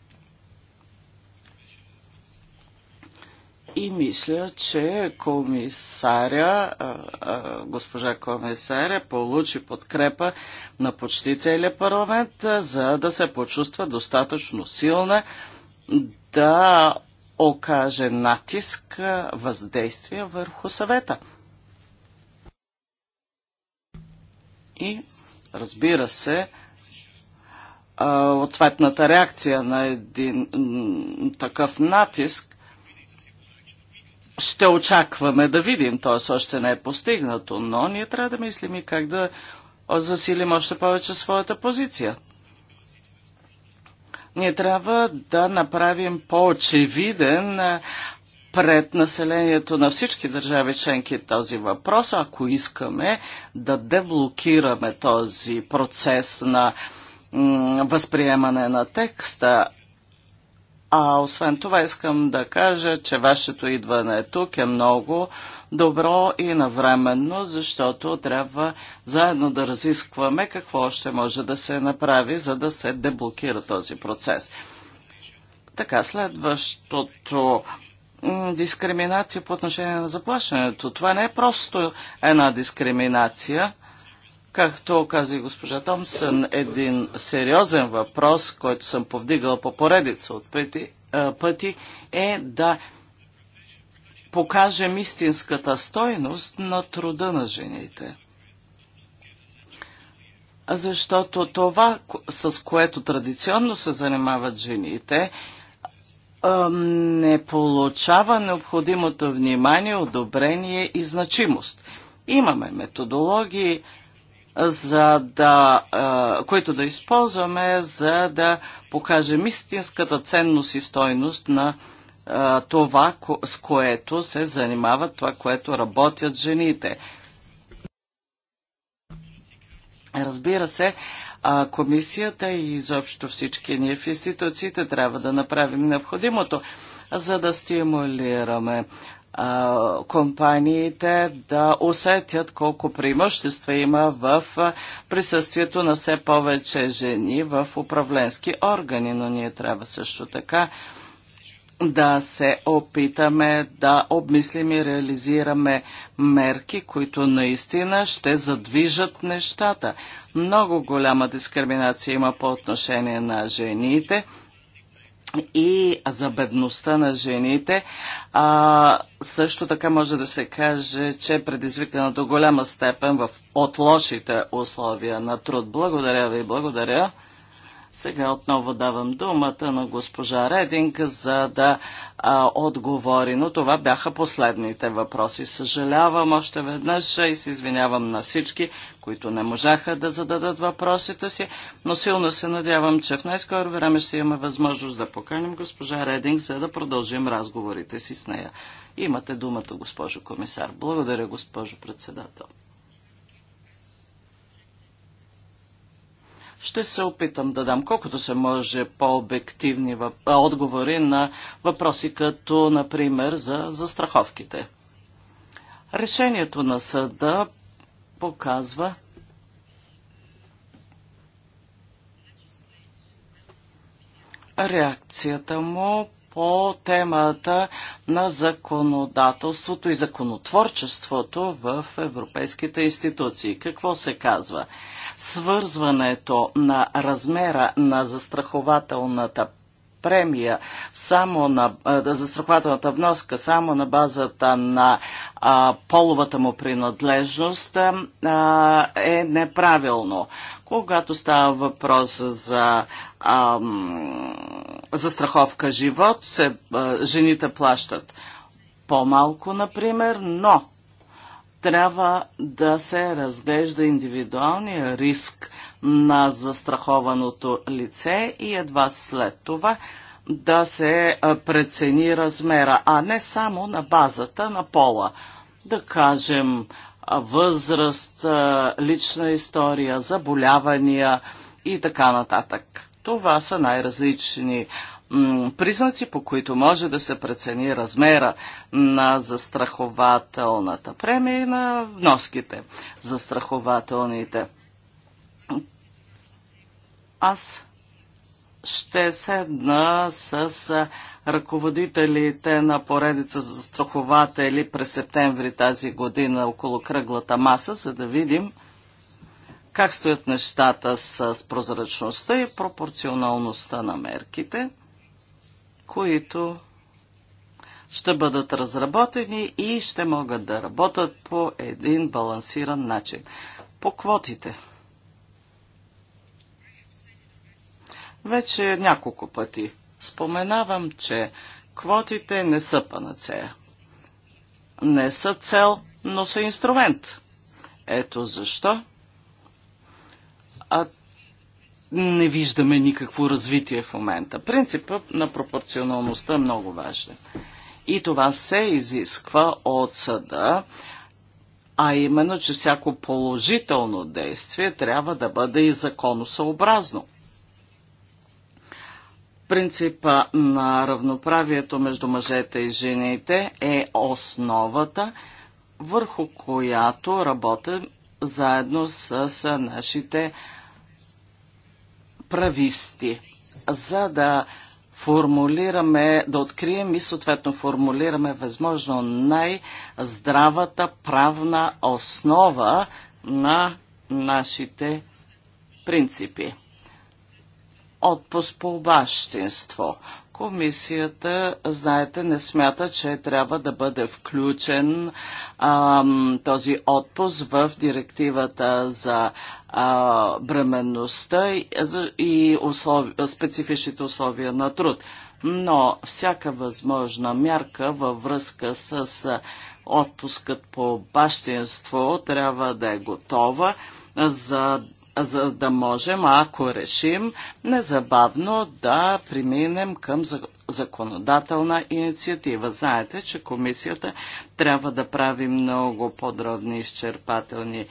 и мисля, че комисаря, е, е, госпожа комисаря, получи подкрепа на почти целия парламент, за да се почувства достатъчно силна да окаже натиск, въздействие върху съвета. и, разбира се, ответната реакция на един такъв натиск, ще очакваме да видим, т.е. още не е постигнато, но ние трябва да мислим и как да засилим още повече своята позиция. Ние трябва да направим по-очевиден пред населението на всички държави членки този въпрос, ако искаме да деблокираме този процес на възприемане на текста. А освен това искам да кажа, че вашето идване тук е много добро и навременно, защото трябва заедно да разискваме какво още може да се направи, за да се деблокира този процес. Така, следващото дискриминация по отношение на заплащането. Това не е просто една дискриминация. Както каза и госпожа Томсън, един сериозен въпрос, който съм повдигал по поредица от пъти, пъти е да покажем истинската стойност на труда на жените. Защото това, с което традиционно се занимават жените, не получава необходимото внимание, одобрение и значимост. Имаме методологии, за да, които да използваме, за да покажем истинската ценност и стойност на това, с което се занимават, това, което работят жените. Разбира се, а комисията и изобщо всички ние в институциите трябва да направим необходимото, за да стимулираме а, компаниите да усетят колко преимущества има в присъствието на все повече жени в управленски органи, но ние трябва също така да се опитаме да обмислим и реализираме мерки, които наистина ще задвижат нещата. Много голяма дискриминация има по отношение на жените и за бедността на жените. А, също така може да се каже, че е предизвикана до голяма степен в, от лошите условия на труд. Благодаря ви, благодаря. Сега отново давам думата на госпожа Рединг, за да а, отговори, но това бяха последните въпроси. Съжалявам още веднъж и се извинявам на всички, които не можаха да зададат въпросите си, но силно се надявам, че в най-скоро време ще имаме възможност да поканим госпожа Рединг, за да продължим разговорите си с нея. Имате думата, госпожо комисар. Благодаря, госпожо председател. Ще се опитам да дам колкото се може по-обективни отговори на въпроси като, например, за застраховките. Решението на съда показва, реакцията му по темата на законодателството и законотворчеството в европейските институции. Какво се казва? свързването на размера на застрахователната премия само на застрахователната вноска само на базата на а, половата му принадлежност а, е неправилно. Когато става въпрос за а, застраховка живот, се, а, жените плащат по-малко, например, но трябва да се разглежда индивидуалния риск на застрахованото лице и едва след това да се прецени размера, а не само на базата на пола. Да кажем възраст, лична история, заболявания и така нататък. Това са най-различни признаци, по които може да се прецени размера на застрахователната премия и на вноските застрахователните. Аз ще седна с ръководителите на поредица за страхователи през септември тази година около кръглата маса, за да видим как стоят нещата с прозрачността и пропорционалността на мерките – които ще бъдат разработени и ще могат да работят по един балансиран начин. По квотите. Вече няколко пъти споменавам, че квотите не са панацея. Не са цел, но са инструмент. Ето защо. А не виждаме никакво развитие в момента. Принципът на пропорционалността е много важен. И това се изисква от съда, а именно, че всяко положително действие трябва да бъде и законосъобразно. Принципа на равноправието между мъжете и жените е основата, върху която работим заедно с нашите прависти, за да формулираме, да открием и съответно формулираме възможно най-здравата правна основа на нашите принципи. Отпуск по бащинство – Комисията, знаете, не смята, че трябва да бъде включен ам, този отпуск в директивата за а, бременността и, и услов, специфичните условия на труд. Но всяка възможна мярка във връзка с отпускът по бащинство трябва да е готова за за да можем, ако решим, незабавно да преминем към законодателна инициатива. Знаете, че комисията трябва да прави много подробни изчерпателни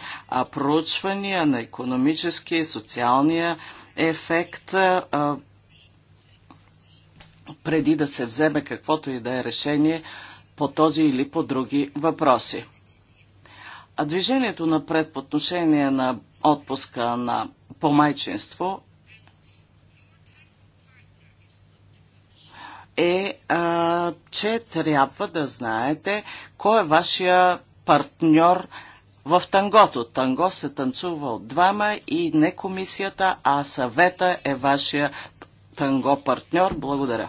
проучвания на економическия и социалния ефект преди да се вземе каквото и да е решение по този или по други въпроси. А движението напред по отношение на отпуска на, по майчинство е, а, че трябва да знаете кой е вашия партньор в тангото. Танго се танцува от двама и не комисията, а съвета е вашия танго партньор. Благодаря.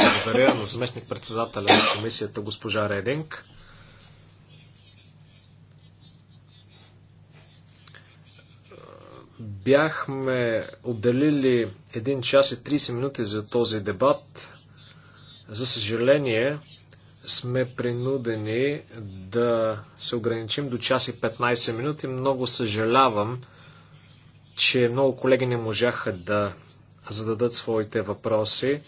Благодаря на заместник председателя на комисията госпожа Рединг. бяхме отделили 1 час и 30 минути за този дебат. За съжаление, сме принудени да се ограничим до час и 15 минути. Много съжалявам, че много колеги не можаха да зададат своите въпроси.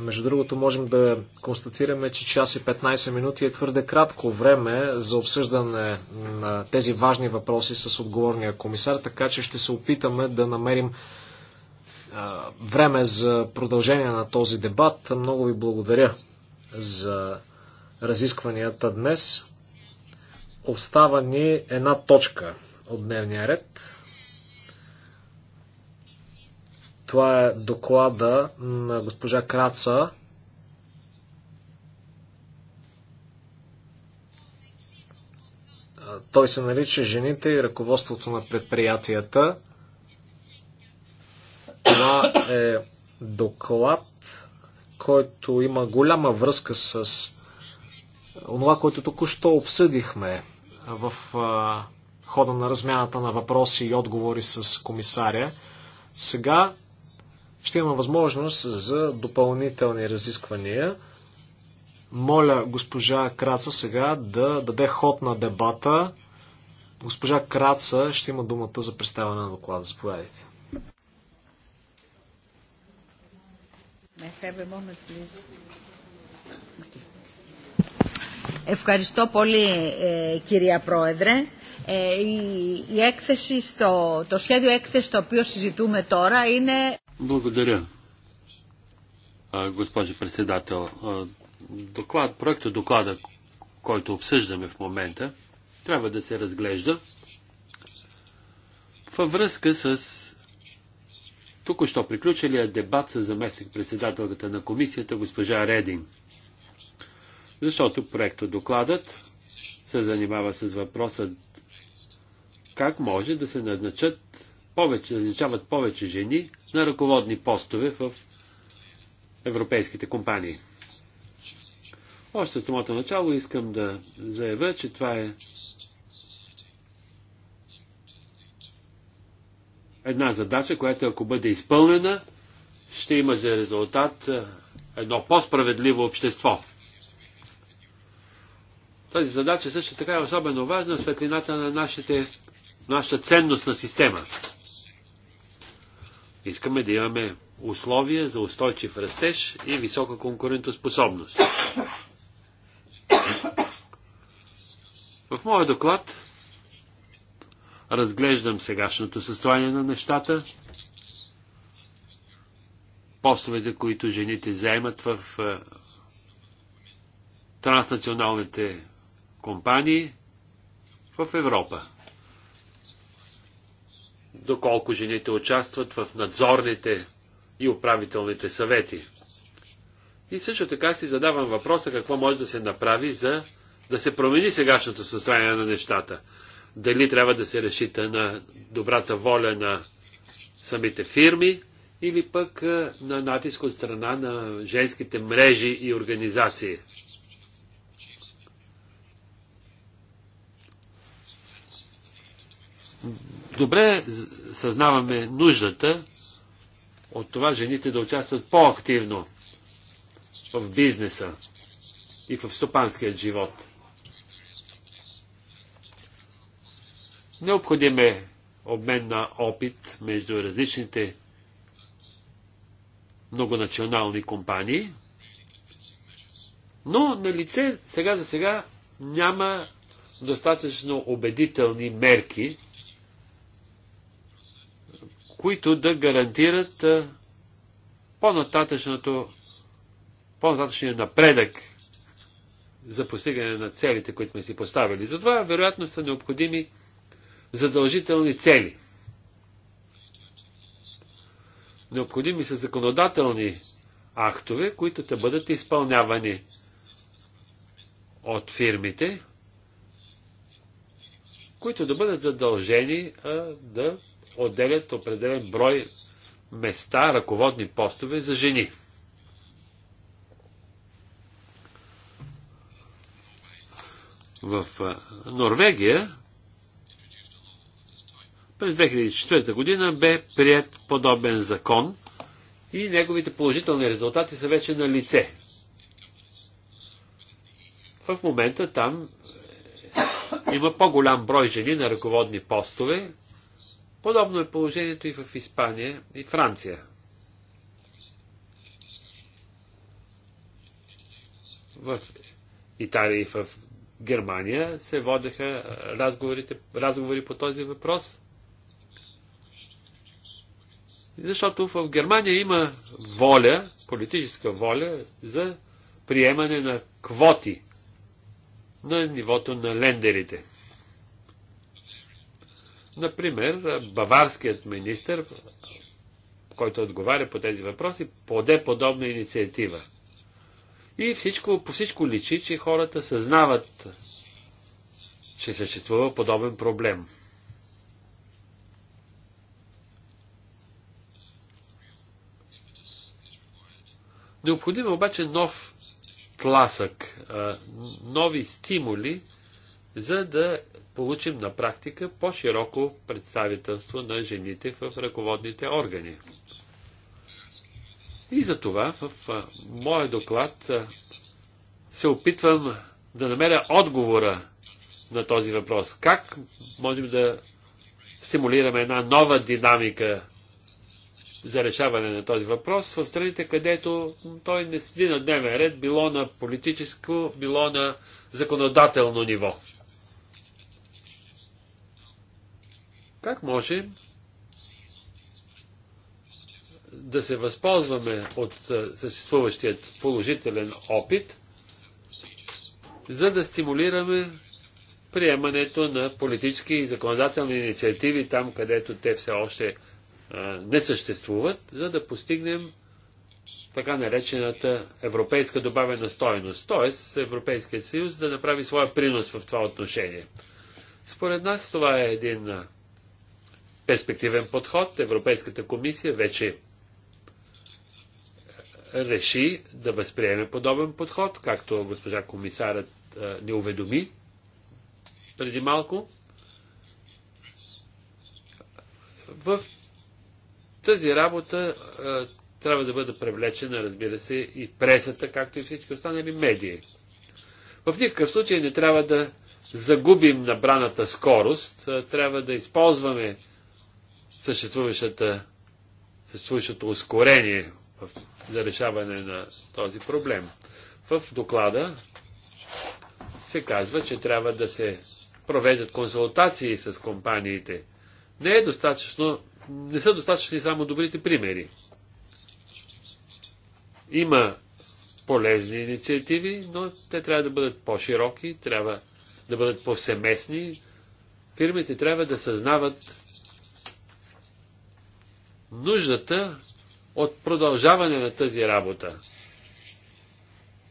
Между другото, можем да констатираме, че час и 15 минути е твърде кратко време за обсъждане на тези важни въпроси с отговорния комисар, така че ще се опитаме да намерим време за продължение на този дебат. Много ви благодаря за разискванията днес. Остава ни една точка от дневния ред. Това е доклада на госпожа Краца. Той се нарича Жените и ръководството на предприятията. Това е доклад, който има голяма връзка с онова, което току-що обсъдихме в хода на размяната на въпроси и отговори с комисаря. Сега ще има възможност за допълнителни разисквания. Моля госпожа Краца сега да даде ход на дебата. Госпожа Краца ще има думата за представяне на доклада. Заповядайте. Ευχαριστώ πολύ ε, κυρία Πρόεδρε. Ε, η, η έκθεση στο, το σχέδιο έκθεση το οποίο συζητούμε τώρα είναι... Благодаря, госпожо председател. Доклад, проектът доклада, който обсъждаме в момента, трябва да се разглежда във връзка с току-що приключилия дебат с заместник-председателката на комисията госпожа Редин. Защото проектът докладът се занимава с въпроса как може да се назначат повече, назначават повече жени на ръководни постове в европейските компании. Още от самото начало искам да заявя, че това е една задача, която ако бъде изпълнена, ще има за резултат е, едно по-справедливо общество. Тази задача е също така е особено важна в светлината на нашите, нашата ценностна система. Искаме да имаме условия за устойчив растеж и висока конкурентоспособност. В моя доклад разглеждам сегашното състояние на нещата, постовете, които жените заемат в е, транснационалните компании в Европа доколко жените участват в надзорните и управителните съвети. И също така си задавам въпроса какво може да се направи за да се промени сегашното състояние на нещата. Дали трябва да се решита на добрата воля на самите фирми или пък на натиск от страна на женските мрежи и организации. Добре съзнаваме нуждата от това жените да участват по-активно в бизнеса и в стопанския живот. Необходим е обмен на опит между различните многонационални компании, но на лице сега за сега няма достатъчно убедителни мерки, които да гарантират по-нататъчното, по-нататъчния напредък за постигане на целите, които сме си поставили. Затова, вероятно, са необходими задължителни цели. Необходими са законодателни актове, които да бъдат изпълнявани от фирмите, които да бъдат задължени а, да отделят определен брой места, ръководни постове за жени. В Норвегия през 2004 година бе прият подобен закон и неговите положителни резултати са вече на лице. В момента там има по-голям брой жени на ръководни постове, Подобно е положението и в Испания и Франция. В Италия и в Германия се водеха разговорите, разговори по този въпрос. Защото в Германия има воля, политическа воля за приемане на квоти на нивото на лендерите. Например, баварският министр, който отговаря по тези въпроси, поде подобна инициатива. И всичко, по всичко личи, че хората съзнават, че съществува подобен проблем. Необходим е обаче нов тласък, нови стимули, за да получим на практика по-широко представителство на жените в ръководните органи. И за това в моя доклад се опитвам да намеря отговора на този въпрос. Как можем да стимулираме една нова динамика за решаване на този въпрос в страните, където той не седи на дневен ред, било на политическо, било на законодателно ниво. Как може да се възползваме от съществуващият положителен опит, за да стимулираме приемането на политически и законодателни инициативи там, където те все още а, не съществуват, за да постигнем така наречената европейска добавена стоеност, т.е. Европейския съюз да направи своя принос в това отношение. Според нас това е един перспективен подход. Европейската комисия вече е, реши да възприеме подобен подход, както госпожа комисарът е, ни уведоми преди малко. В тази работа е, трябва да бъде привлечена, разбира се, и пресата, както и всички останали медии. В никакъв случай не трябва да загубим набраната скорост, трябва да използваме съществуващата, съществуващото ускорение в, за решаване на този проблем. В доклада се казва, че трябва да се провеждат консултации с компаниите. Не е достатъчно, не са достатъчни само добрите примери. Има полезни инициативи, но те трябва да бъдат по-широки, трябва да бъдат повсеместни. Фирмите трябва да съзнават нуждата от продължаване на тази работа.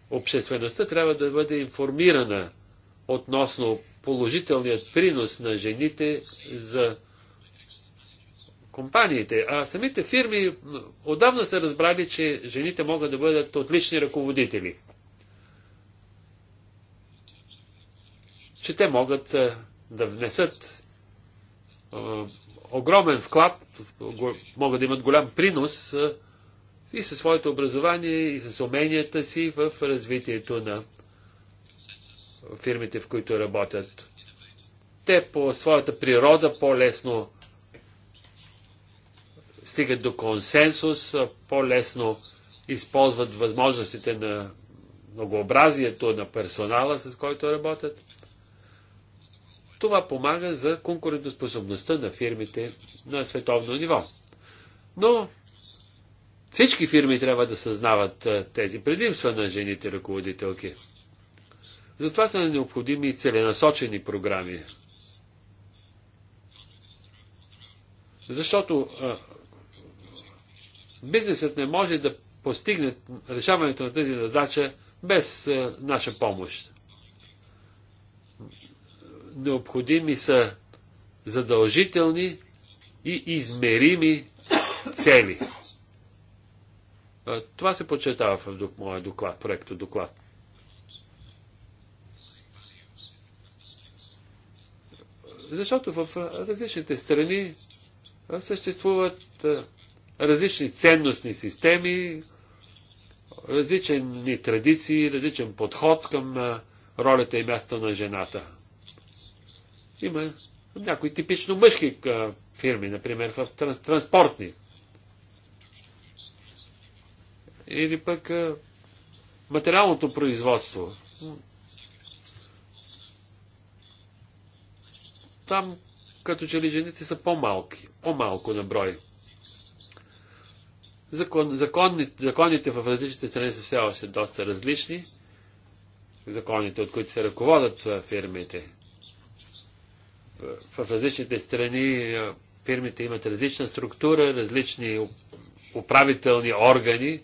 Обществеността трябва да бъде информирана относно положителният принос на жените за компаниите, а самите фирми отдавна са разбрали, че жените могат да бъдат отлични ръководители. Че те могат да внесат огромен вклад, могат да имат голям принос и със своето образование, и с уменията си в развитието на фирмите, в които работят. Те по своята природа по-лесно стигат до консенсус, по-лесно използват възможностите на многообразието на персонала, с който работят. Това помага за конкурентоспособността на фирмите на световно ниво. Но всички фирми трябва да съзнават тези предимства на жените ръководителки. Затова са необходими целенасочени програми. Защото а, бизнесът не може да постигне решаването на тази задача без а, наша помощ необходими са задължителни и измерими цели. Това се подчертава в моя доклад, проекто доклад. Защото в различните страни съществуват различни ценностни системи, различни традиции, различен подход към ролята и място на жената. Има някои типично мъжки фирми, например в транспортни. Или пък материалното производство. Там като че ли жените са по-малки, по-малко на брой. Закон, законните, законите в различните страни са все още доста различни. Законите, от които се ръководят фирмите в различните страни фирмите имат различна структура, различни управителни органи,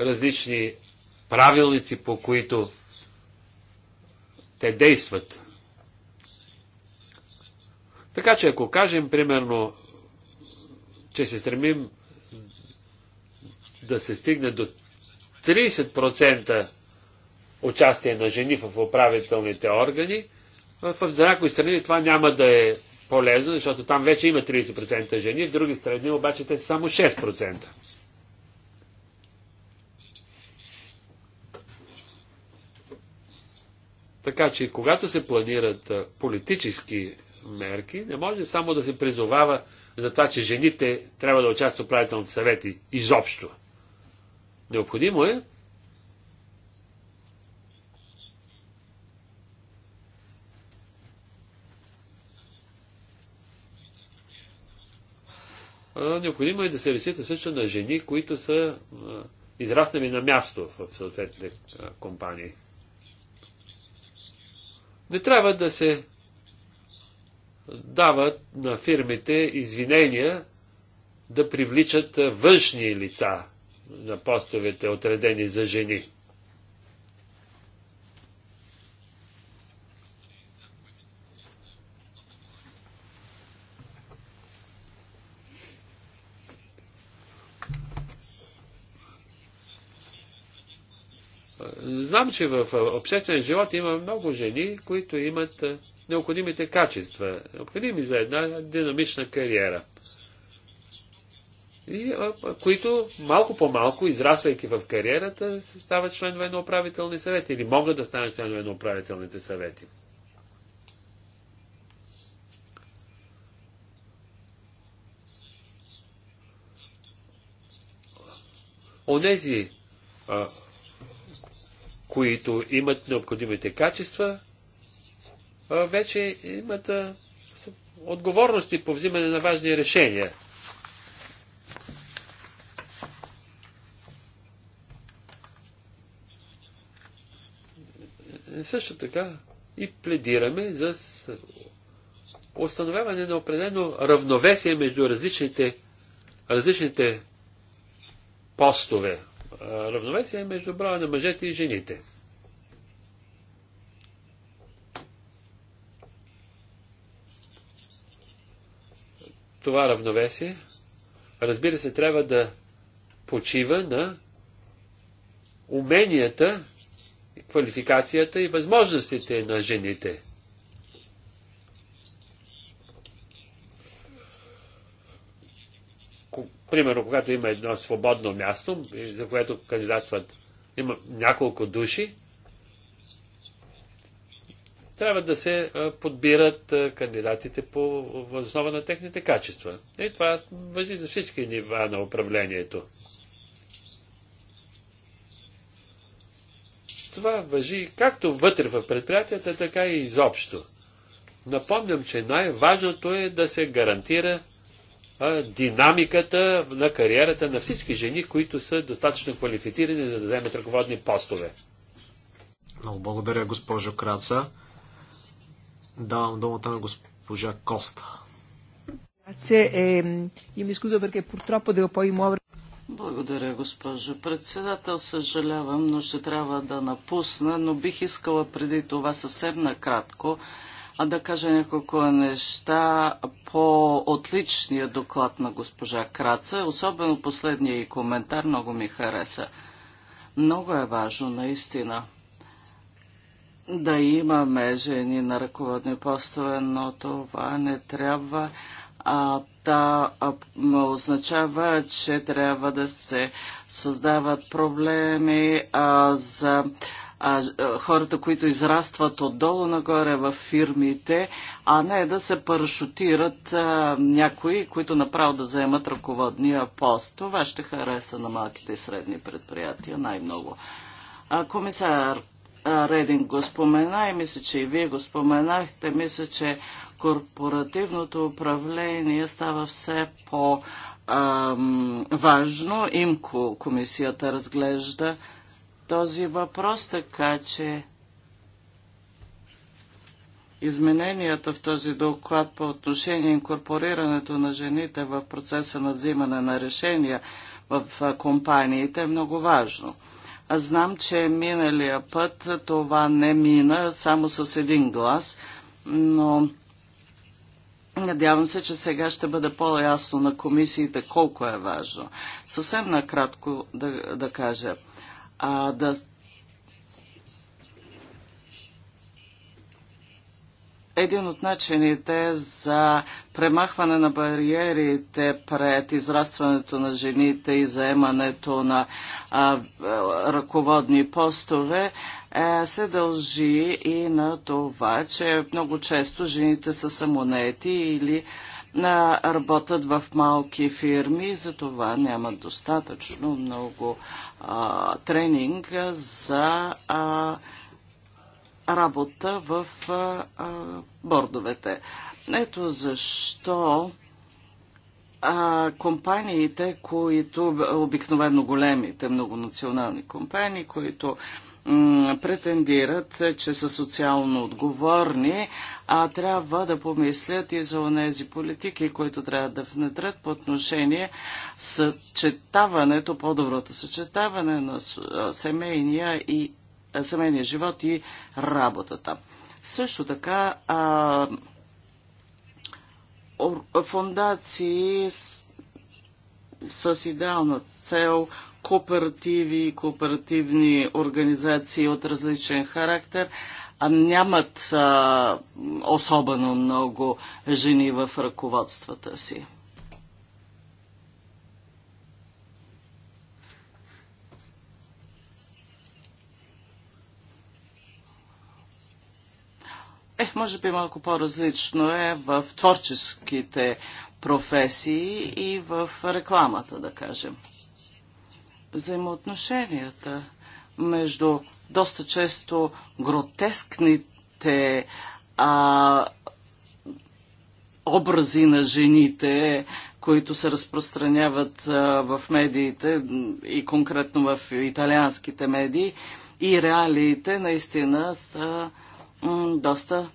различни правилници, по които те действат. Така че ако кажем, примерно, че се стремим да се стигне до 30% участие на жени в управителните органи, в някои страни това няма да е полезно, защото там вече има 30% жени, в други страни обаче те са само 6%. Така че, когато се планират политически мерки, не може само да се призовава за това, че жените трябва да участват в управителните съвети изобщо. Необходимо е Необходимо е да се решите също на жени, които са израснали на място в съответните компании. Не трябва да се дават на фирмите извинения да привличат външни лица на постовете, отредени за жени. Знам, че в обществен живот има много жени, които имат необходимите качества, необходими за една динамична кариера. И които малко по малко, израствайки в кариерата, стават членове на управителни съвети или могат да станат членове на управителните съвети. Онези които имат необходимите качества, вече имат отговорности по взимане на важни решения. Също така и пледираме за установяване на определено равновесие между различните, различните постове, равновесие между броя на мъжете и жените. Това равновесие, разбира се, трябва да почива на уменията, квалификацията и възможностите на жените – Примерно, когато има едно свободно място, за което кандидатстват има няколко души, трябва да се подбират кандидатите по основа на техните качества. И това въжи за всички нива на управлението. Това въжи както вътре в предприятията, така и изобщо. Напомням, че най-важното е да се гарантира динамиката на кариерата на всички жени, които са достатъчно квалифицирани за да вземат ръководни постове. Много благодаря, госпожо Краца. Давам думата на госпожа Коста. Е благодаря, госпожо председател. Съжалявам, но ще трябва да напусна, но бих искала преди това съвсем накратко да кажа няколко неща по отличния доклад на госпожа Краца. Особено последния и коментар много ми хареса. Много е важно, наистина, да имаме жени на ръководни постове, но това не трябва а, да а, означава, че трябва да се създават проблеми а, за а, а, хората, които израстват отдолу нагоре в фирмите, а не да се парашутират а, някои, които направо да вземат ръководния пост. Това ще хареса на малките и средни предприятия най-много. комисар Редин го спомена и мисля, че и вие го споменахте. Мисля, че корпоративното управление става все по-важно. Имко комисията разглежда този въпрос, така че измененията в този доклад по отношение инкорпорирането на жените в процеса на взимане на решения в компаниите е много важно. Аз знам, че миналия път това не мина само с един глас, но надявам се, че сега ще бъде по-ясно на комисиите колко е важно. Съвсем накратко да, да кажа – а, да един от начините за премахване на бариерите пред израстването на жените и заемането на а, ръководни постове е, се дължи и на това, че много често жените са самонети или работят в малки фирми, затова нямат достатъчно много а, тренинг за а, работа в а, а, бордовете. Ето защо а, компаниите, които обикновено големите многонационални компании, които а, претендират, че са социално отговорни, а трябва да помислят и за онези политики, които трябва да внедрят по отношение съчетаването, по-доброто съчетаване на семейния, и, семейния живот и работата. Също така а, фундации с, с идеална цел – кооперативи и кооперативни организации от различен характер нямат а, особено много жени в ръководствата си. Е, може би малко по-различно е в творческите професии и в рекламата, да кажем взаимоотношенията между доста често гротескните а, образи на жените, които се разпространяват а, в медиите и конкретно в италианските медии, и реалиите наистина са м, доста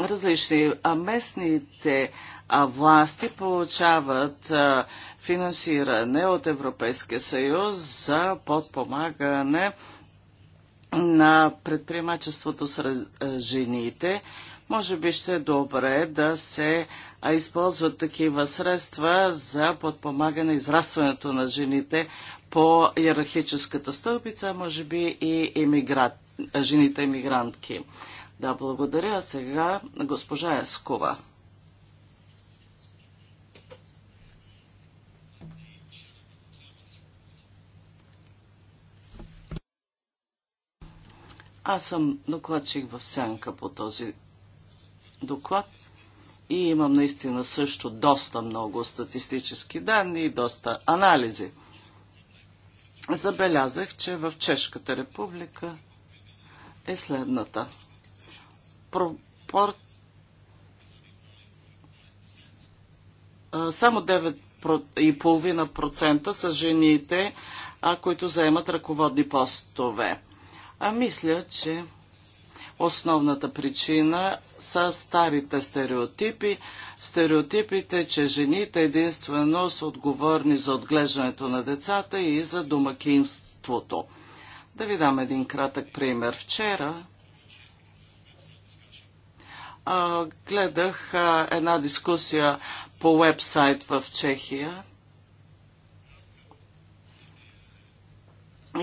различни. А местните а власти получават а, финансиране от Европейския съюз за подпомагане на предприемачеството с жените. Може би ще е добре да се използват такива средства за подпомагане израстването на жените по иерархическата стълбица, може би и емигрант, жените емигрантки. Да, благодаря. Сега госпожа Ескова. Аз съм докладчик в сянка по този доклад и имам наистина също доста много статистически данни и доста анализи. Забелязах, че в Чешката република е следната. Пропорт Само 9,5% са жените, които заемат ръководни постове. А мисля, че основната причина са старите стереотипи. Стереотипите, че жените единствено са отговорни за отглеждането на децата и за домакинството. Да ви дам един кратък пример. Вчера а, гледах а, една дискусия по вебсайт в Чехия.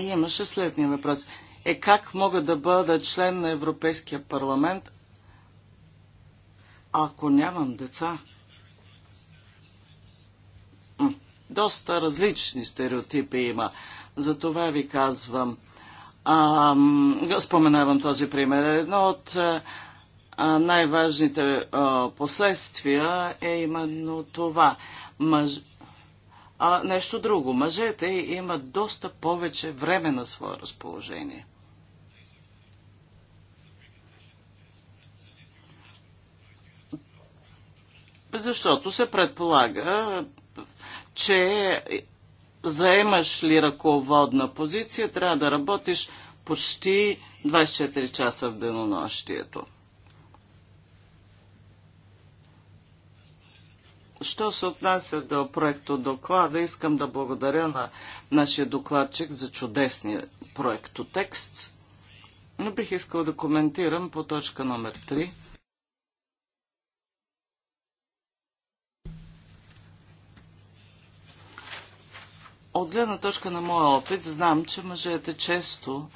И имаше следния въпрос е как мога да бъда член на Европейския парламент, ако нямам деца. Доста различни стереотипи има. Затова ви казвам. А, споменавам този пример. Едно от най-важните последствия е именно това. Мъж... А, нещо друго. Мъжете имат доста повече време на свое разположение. защото се предполага, че заемаш ли ръководна позиция, трябва да работиш почти 24 часа в денонощието. Що се отнася до проекто доклада, искам да благодаря на нашия докладчик за чудесния проекто текст, но бих искал да коментирам по точка номер 3. От гледна точка на моя опит, знам, че мъжете често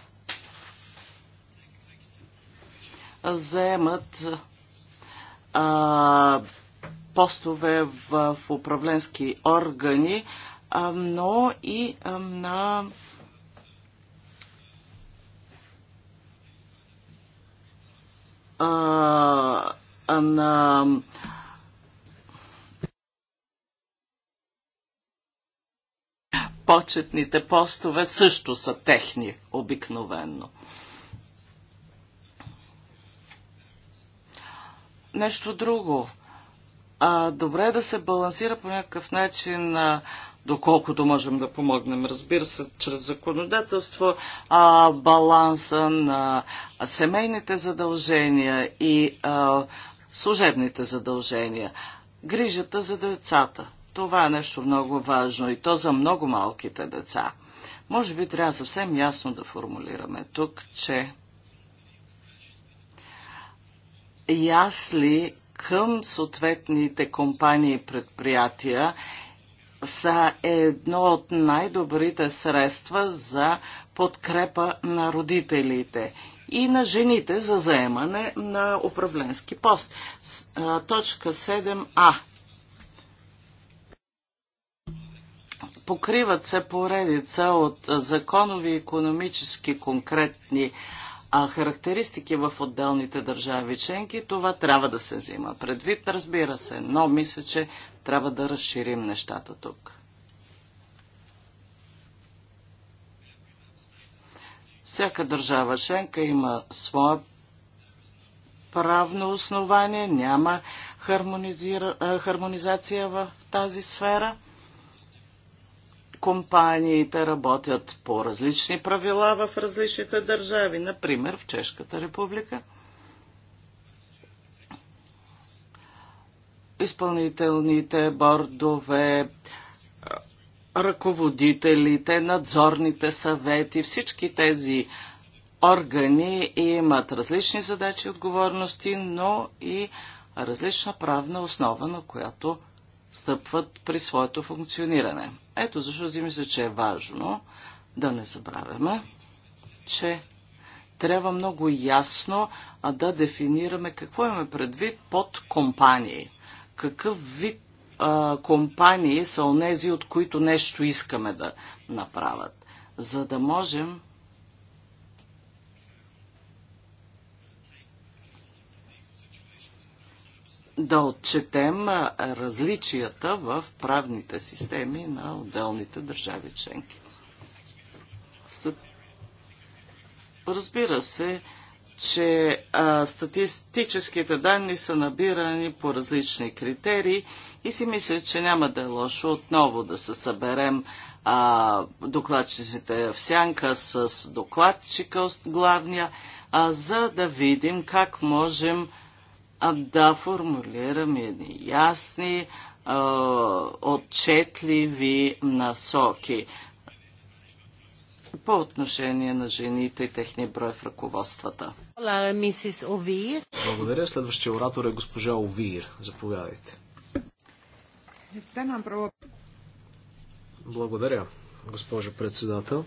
заемат а, постове в, в управленски органи, а, но и а, на а, на почетните постове също са техни обикновенно. Нещо друго. А, добре е да се балансира по някакъв начин, а, доколкото можем да помогнем, разбира се, чрез законодателство, а, баланса на семейните задължения и а, служебните задължения, грижата за децата – това е нещо много важно и то за много малките деца. Може би трябва съвсем ясно да формулираме тук, че ясли към съответните компании и предприятия са едно от най-добрите средства за подкрепа на родителите и на жените за заемане на управленски пост. Точка 7а покриват се поредица от законови, економически, конкретни а характеристики в отделните държави членки, това трябва да се взима предвид, разбира се, но мисля, че трябва да разширим нещата тук. Всяка държава членка има своя правно основание, няма хармонизация в тази сфера – компаниите работят по различни правила в различните държави, например в Чешката република. Изпълнителните бордове, ръководителите, надзорните съвети, всички тези органи имат различни задачи и отговорности, но и различна правна основа, на която стъпват при своето функциониране. Ето защо си мисля, че е важно да не забравяме, че трябва много ясно да дефинираме какво имаме предвид под компании. Какъв вид а, компании са онези, от които нещо искаме да направят. За да можем да отчетем различията в правните системи на отделните държави членки. Разбира се, че а, статистическите данни са набирани по различни критерии и си мисля, че няма да е лошо отново да се съберем а, докладчиците в сянка с докладчика главния, а, за да видим как можем да формулираме ясни, отчетливи насоки по отношение на жените и техния брой в ръководствата. Благодаря. Следващия оратор е госпожа Овир. Заповядайте. Благодаря, госпожа председател.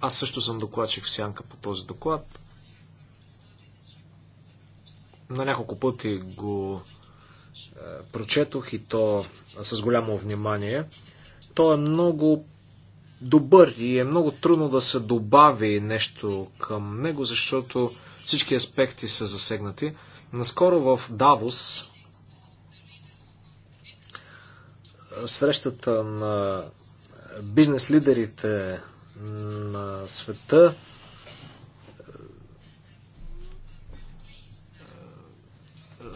Аз също съм докладчик в сянка по този доклад. На няколко пъти го е, прочетох и то с голямо внимание. Той е много добър и е много трудно да се добави нещо към него, защото всички аспекти са засегнати. Наскоро в Давос е, срещата на е, бизнес лидерите на света.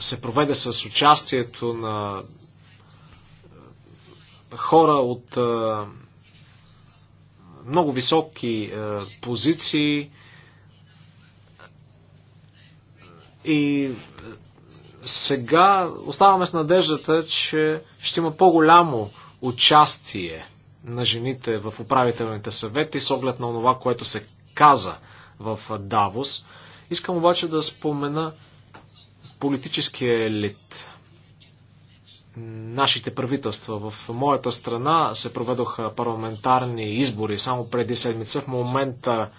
се проведе с участието на е, хора от е, много високи е, позиции и сега оставаме с надеждата, че ще има по-голямо участие на жените в управителните съвети с оглед на това, което се каза в Давос. Искам обаче да спомена политическия елит. Нашите правителства в моята страна се проведоха парламентарни избори само преди седмица. В момента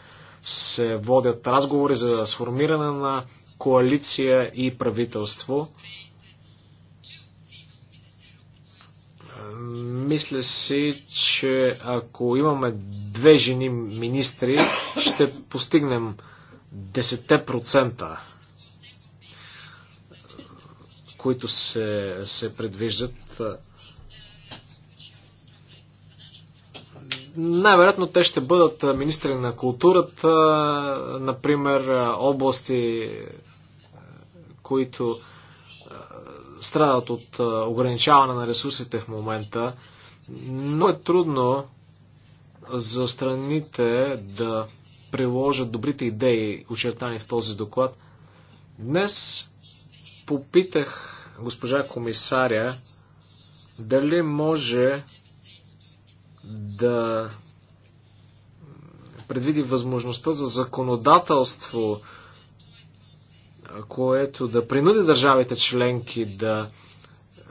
се водят разговори за сформиране на коалиция и правителство. Мисля си, че ако имаме две жени министри, ще постигнем 10%, които се, се предвиждат. Най-вероятно те ще бъдат министри на културата, например, области, които страдат от ограничаване на ресурсите в момента. Но е трудно за страните да приложат добрите идеи, очертани в този доклад. Днес попитах госпожа комисаря дали може да предвиди възможността за законодателство което да принуди държавите членки да е,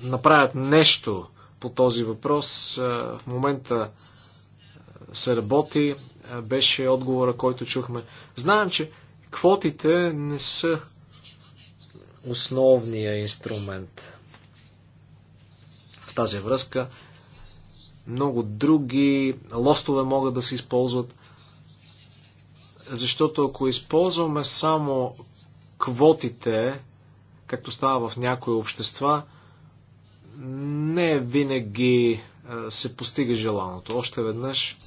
направят нещо по този въпрос. Е, в момента е, се работи, беше отговора, който чухме. Знаем, че квотите не са основния инструмент. В тази връзка много други лостове могат да се използват. Защото ако използваме само квотите, както става в някои общества, не винаги се постига желаното. Още веднъж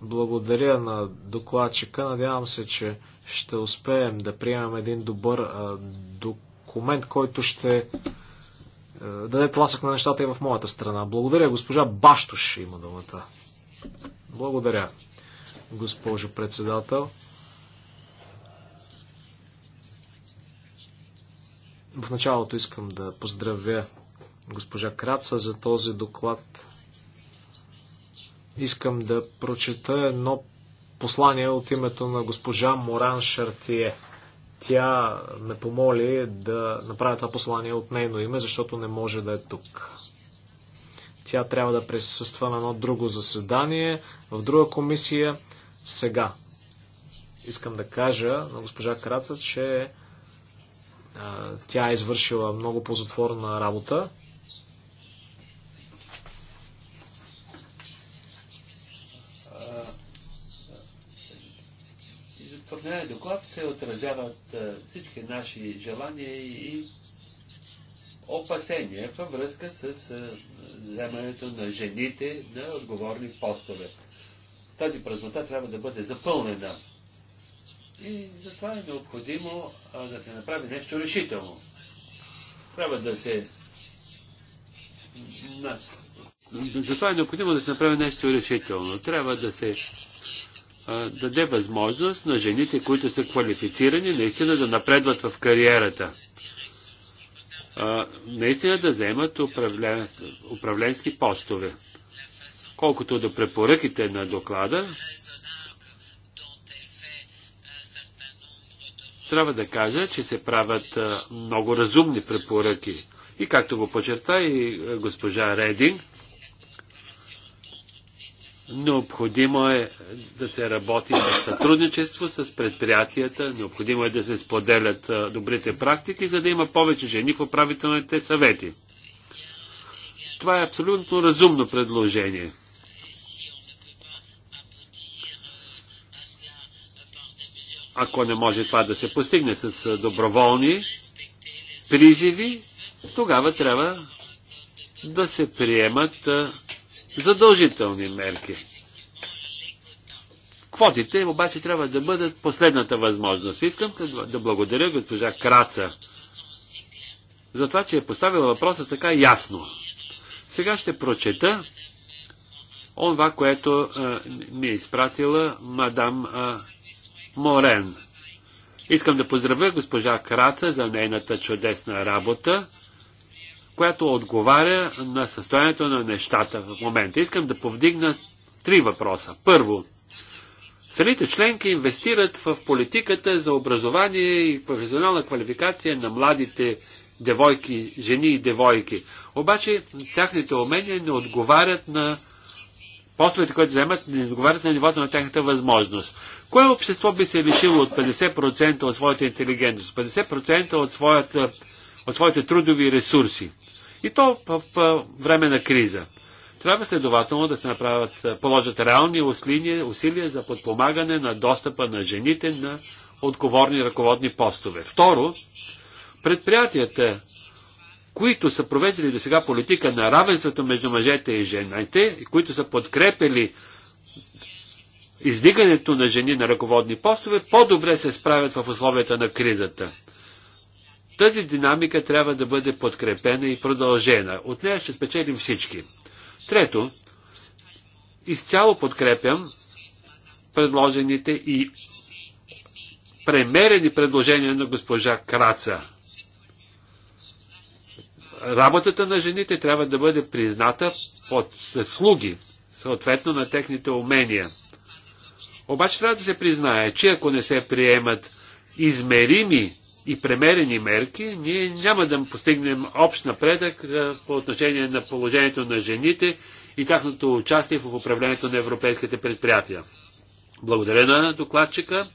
благодаря на докладчика. Надявам се, че ще успеем да приемем един добър документ, който ще даде тласък на нещата и в моята страна. Благодаря. Госпожа Баштош има думата. Благодаря госпожо председател. В началото искам да поздравя госпожа Краца за този доклад. Искам да прочета едно послание от името на госпожа Моран Шартие. Тя ме помоли да направя това послание от нейно име, защото не може да е тук. Тя трябва да присъства на едно друго заседание в друга комисия. Сега искам да кажа на госпожа Краца, че а, тя е извършила много позатворна работа. Подняваме доклад се отразяват всички наши желания и опасения във връзка с вземането на жените на отговорни постове. Тази празнота трябва да бъде запълнена. И затова е необходимо а, да се направи нещо решително. Трябва да се. Затова е необходимо да се направи нещо решително. Трябва да се а, даде възможност на жените, които са квалифицирани, наистина да напредват в кариерата. А, наистина да вземат управлен... управленски постове. Колкото до препоръките на доклада, трябва да кажа, че се правят много разумни препоръки. И както го почерта и госпожа Редин, необходимо е да се работи в сътрудничество с предприятията, необходимо е да се споделят добрите практики, за да има повече жени в управителните съвети. Това е абсолютно разумно предложение. ако не може това да се постигне с доброволни призиви, тогава трябва да се приемат задължителни мерки. Квотите обаче трябва да бъдат последната възможност. Искам да благодаря госпожа Краца за това, че е поставила въпроса така ясно. Сега ще прочета онва, което а, ми е изпратила мадам а, Морен. Искам да поздравя госпожа Краца за нейната чудесна работа, която отговаря на състоянието на нещата в момента. Искам да повдигна три въпроса. Първо, страните членки инвестират в политиката за образование и професионална квалификация на младите девойки, жени и девойки. Обаче тяхните умения не отговарят на постовете, които вземат, не отговарят на нивото на тяхната възможност. Кое общество би се лишило от 50% от своята интелигентност, 50% от, своята, от своите трудови ресурси? И то в, в време на криза. Трябва следователно да се направят, положат реални усилия, усилия за подпомагане на достъпа на жените на отговорни ръководни постове. Второ, предприятията, които са провеждали до сега политика на равенството между мъжете и жените, които са подкрепили издигането на жени на ръководни постове по-добре се справят в условията на кризата. Тази динамика трябва да бъде подкрепена и продължена. От нея ще спечелим всички. Трето, изцяло подкрепям предложените и премерени предложения на госпожа Краца. Работата на жените трябва да бъде призната под слуги, съответно на техните умения. Обаче трябва да се признае, че ако не се приемат измерими и премерени мерки, ние няма да постигнем общ напредък по отношение на положението на жените и тяхното участие в управлението на европейските предприятия. Благодаря на докладчика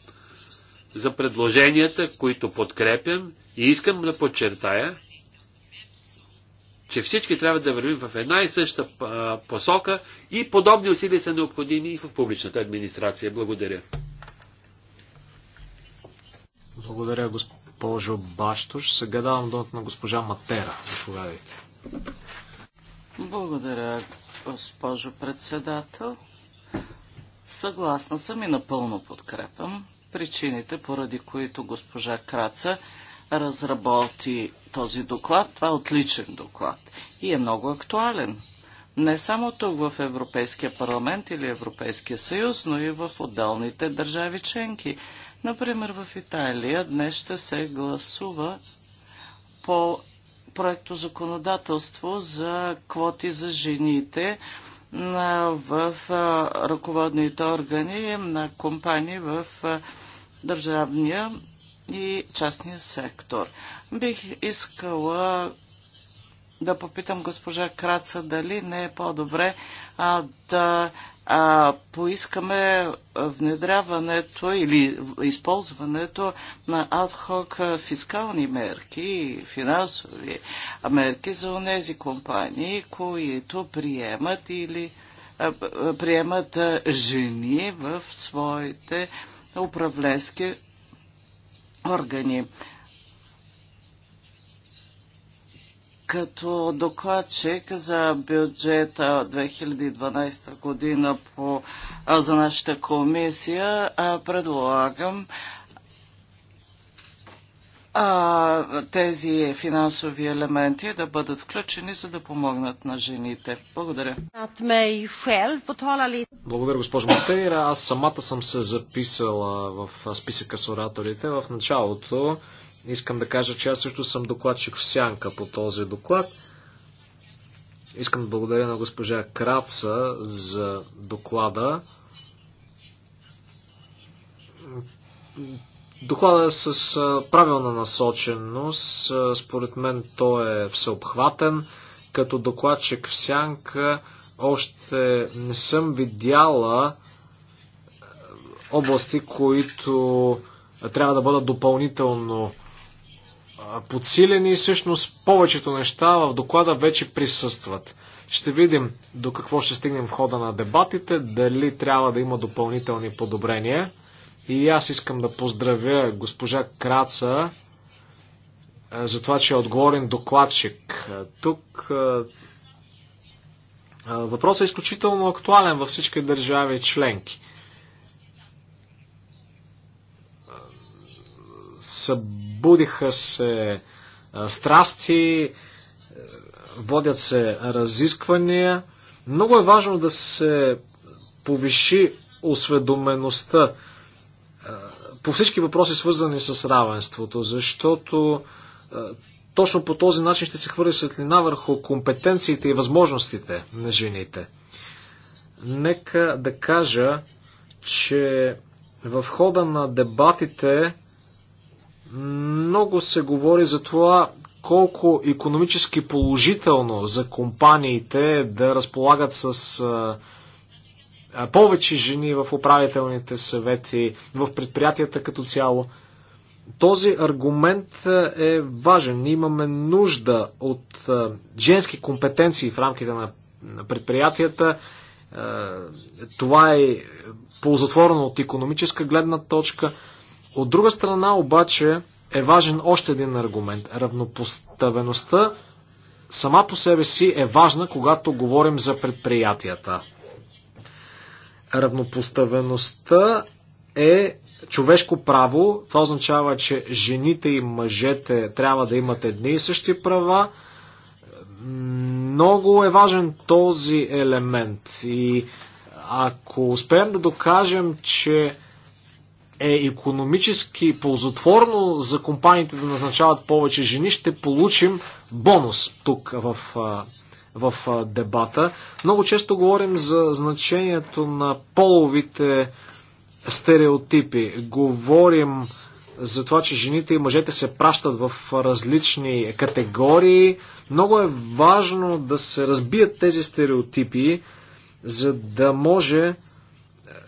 за предложенията, които подкрепям и искам да подчертая, че всички трябва да вървим в една и съща посока и подобни усилия са необходими и в публичната администрация. Благодаря. Благодаря, госпожо Баштош. Сега давам думата на госпожа Матера. Заповядайте. Благодаря, госпожо председател. Съгласна съм и напълно подкрепям причините, поради които госпожа Краца разработи този доклад. Това е отличен доклад и е много актуален. Не само тук в Европейския парламент или Европейския съюз, но и в отделните държави членки. Например, в Италия днес ще се гласува по проекто законодателство за квоти за жените в ръководните органи на компании в държавния и частния сектор. Бих искала да попитам госпожа Краца дали не е по-добре да а, поискаме внедряването или използването на адхок фискални мерки, финансови мерки за тези компании, които приемат или а, приемат жени в своите управленски органи. Като докладчик за бюджета 2012 година по, за нашата комисия, предлагам а, тези финансови елементи да бъдат включени, за да помогнат на жените. Благодаря. Благодаря, госпожо Матейра. Аз самата съм се записала в списъка с ораторите. В началото искам да кажа, че аз също съм докладчик в сянка по този доклад. Искам да благодаря на госпожа Краца за доклада Докладът е с правилна насоченост. Според мен той е всеобхватен. Като докладчик в сянка още не съм видяла области, които трябва да бъдат допълнително подсилени. Всъщност повечето неща в доклада вече присъстват. Ще видим до какво ще стигнем в хода на дебатите, дали трябва да има допълнителни подобрения. И аз искам да поздравя госпожа Краца за това, че е отговорен докладчик. Тук въпросът е изключително актуален във всички държави членки. Събудиха се страсти, водят се разисквания. Много е важно да се повиши осведомеността е, по всички въпроси, свързани с равенството, защото е, точно по този начин ще се хвърли светлина върху компетенциите и възможностите на жените. Нека да кажа, че в хода на дебатите много се говори за това колко економически положително за компаниите да разполагат с е, повече жени в управителните съвети, в предприятията като цяло. Този аргумент е важен. Ние имаме нужда от женски компетенции в рамките на предприятията. Това е ползотворно от економическа гледна точка. От друга страна обаче е важен още един аргумент. Равнопоставеността сама по себе си е важна, когато говорим за предприятията. Равнопоставеността е човешко право. Това означава, че жените и мъжете трябва да имат едни и същи права. Много е важен този елемент. И ако успеем да докажем, че е економически ползотворно за компаниите да назначават повече жени, ще получим бонус тук в в дебата. Много често говорим за значението на половите стереотипи. Говорим за това, че жените и мъжете се пращат в различни категории. Много е важно да се разбият тези стереотипи, за да може е,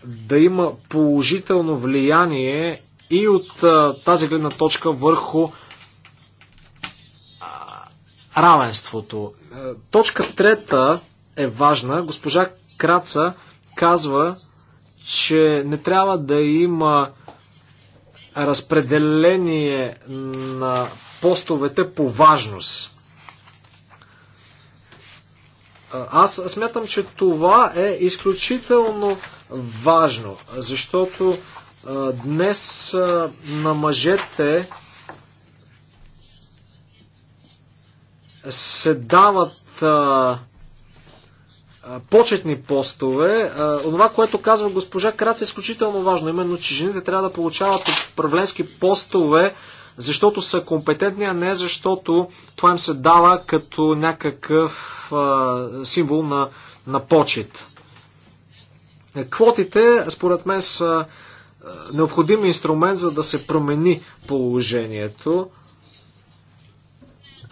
да има положително влияние и от е, тази гледна точка върху равенството. Е, точка трета е важна. Госпожа Краца казва, че не трябва да има разпределение на постовете по важност. Е, аз смятам, че това е изключително важно, защото е, днес на мъжете се дават а, почетни постове. Това, което казва госпожа Крац е изключително важно, именно, че жените трябва да получават управленски постове, защото са компетентни, а не защото това им се дава като някакъв а, символ на, на почет. Квотите, според мен, са необходим инструмент, за да се промени положението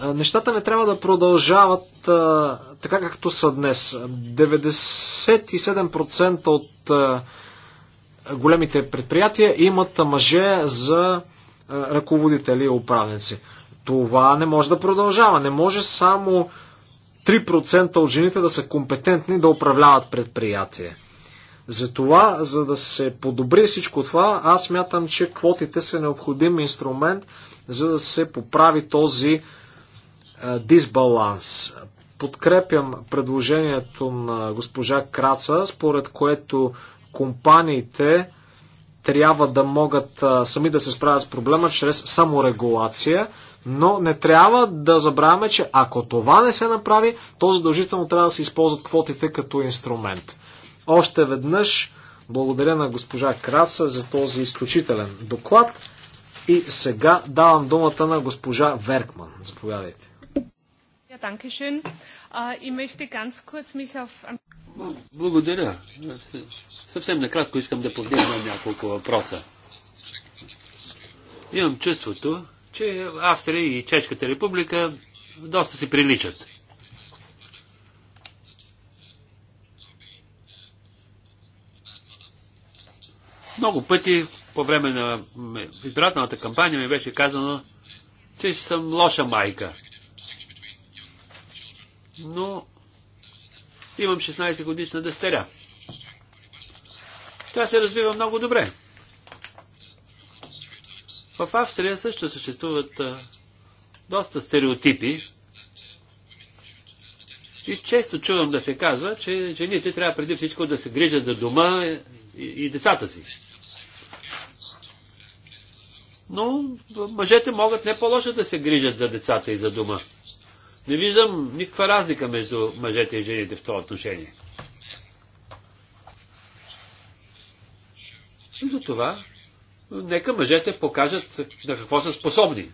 нещата не трябва да продължават а, така както са днес. 97% от а, големите предприятия имат мъже за а, ръководители и управници. Това не може да продължава. Не може само 3% от жените да са компетентни да управляват предприятие. Затова, за да се подобри всичко това, аз мятам, че квотите са необходим инструмент, за да се поправи този е, дисбаланс. Подкрепям предложението на госпожа Краца, според което компаниите трябва да могат е, сами да се справят с проблема чрез саморегулация, но не трябва да забравяме, че ако това не се направи, то задължително трябва да се използват квотите като инструмент. Още веднъж благодаря на госпожа Краса за този изключителен доклад и сега давам думата на госпожа Веркман. Заповядайте. Danke äh, Ich möchte ganz kurz mich auf... Благодаря. Съвсем накратко искам да повдигна няколко въпроса. Имам чувството, че Австрия и Чешката република доста си приличат. Много пъти по време на избирателната кампания ми беше казано, че съм лоша майка но имам 16 годишна дъщеря. Тя се развива много добре. В Австрия също съществуват а, доста стереотипи. И често чувам да се казва, че жените трябва преди всичко да се грижат за дома и, и децата си. Но мъжете могат не по-лошо да се грижат за децата и за дома. Не виждам никаква разлика между мъжете и жените в това отношение. И за това, нека мъжете покажат на какво са способни.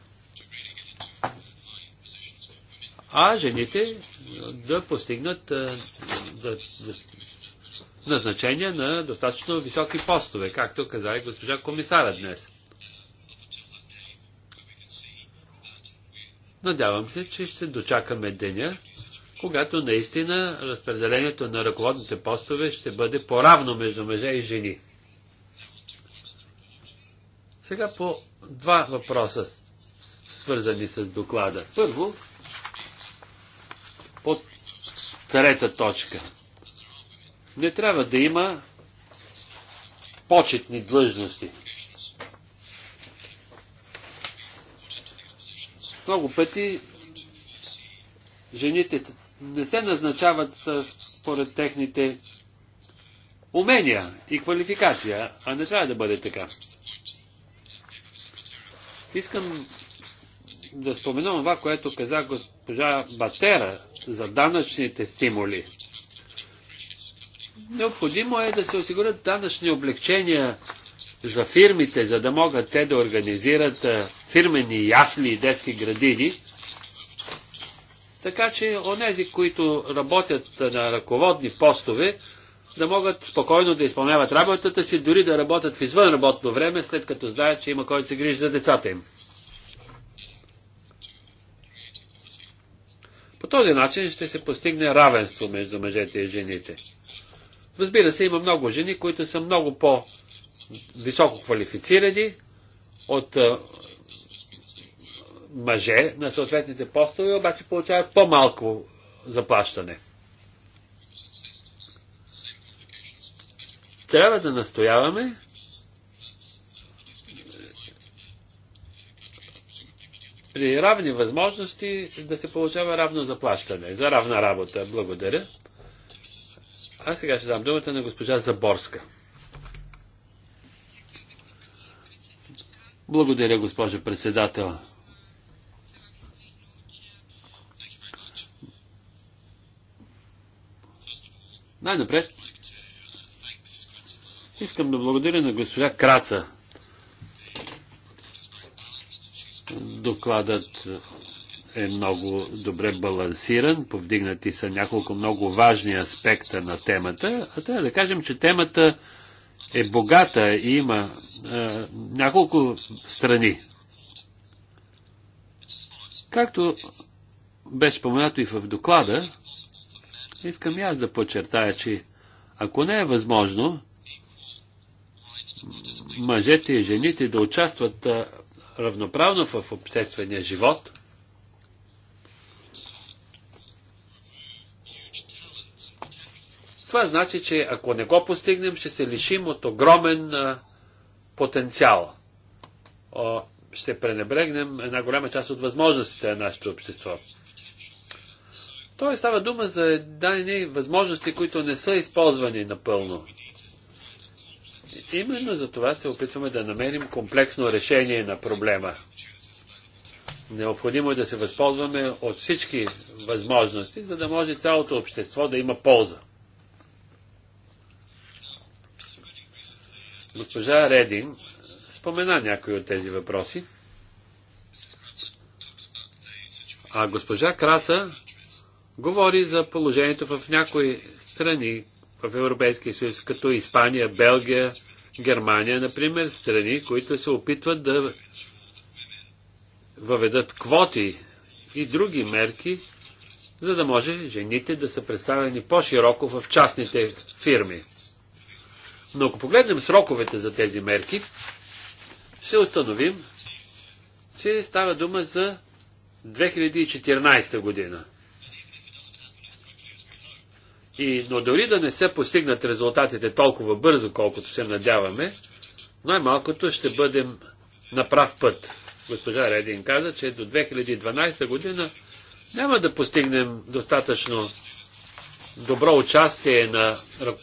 А жените да постигнат да, да, назначения на достатъчно високи постове, както каза и госпожа комисара днес. Надявам се, че ще дочакаме деня, когато наистина разпределението на ръководните постове ще бъде по-равно между мъже и жени. Сега по два въпроса, свързани с доклада. Първо, по трета точка. Не трябва да има почетни длъжности. Много пъти жените не се назначават според техните умения и квалификация, а не трябва да бъде така. Искам да споменам това, което каза госпожа Батера за данъчните стимули. Необходимо е да се осигурят данъчни облегчения за фирмите, за да могат те да организират фирмени ясли и детски градини. Така че онези, които работят на ръководни постове, да могат спокойно да изпълняват работата си, дори да работят в извън работно време, след като знаят, че има кой да се грижи за децата им. По този начин ще се постигне равенство между мъжете и жените. Разбира се, има много жени, които са много по- високо квалифицирани от мъже на съответните постове, обаче получават по-малко заплащане. Трябва да настояваме при равни възможности да се получава равно заплащане за равна работа. Благодаря. А сега ще дам думата на госпожа Заборска. Благодаря, госпожо председател. Най-напред искам да благодаря на госпожа Краца. Докладът е много добре балансиран, повдигнати са няколко много важни аспекта на темата, а трябва да кажем, че темата е богата и има е, няколко страни. Както беше споменато и в доклада, искам и аз да подчертая, че ако не е възможно мъжете и жените да участват е, равноправно в обществения живот, Това значи, че ако не го постигнем, ще се лишим от огромен а, потенциал. О, ще пренебрегнем една голяма част от възможностите на нашето общество. Той става дума за дадени възможности, които не са използвани напълно. Именно за това се опитваме да намерим комплексно решение на проблема. Необходимо е да се възползваме от всички възможности, за да може цялото общество да има полза. Госпожа Редин спомена някои от тези въпроси. А госпожа Краса говори за положението в някои страни в Европейския съюз, като Испания, Белгия, Германия, например, страни, които се опитват да въведат квоти и други мерки, за да може жените да са представени по-широко в частните фирми. Но ако погледнем сроковете за тези мерки, ще установим, че става дума за 2014 година. И, но дори да не се постигнат резултатите толкова бързо, колкото се надяваме, най-малкото ще бъдем на прав път. Госпожа Редин каза, че до 2012 година няма да постигнем достатъчно добро участие на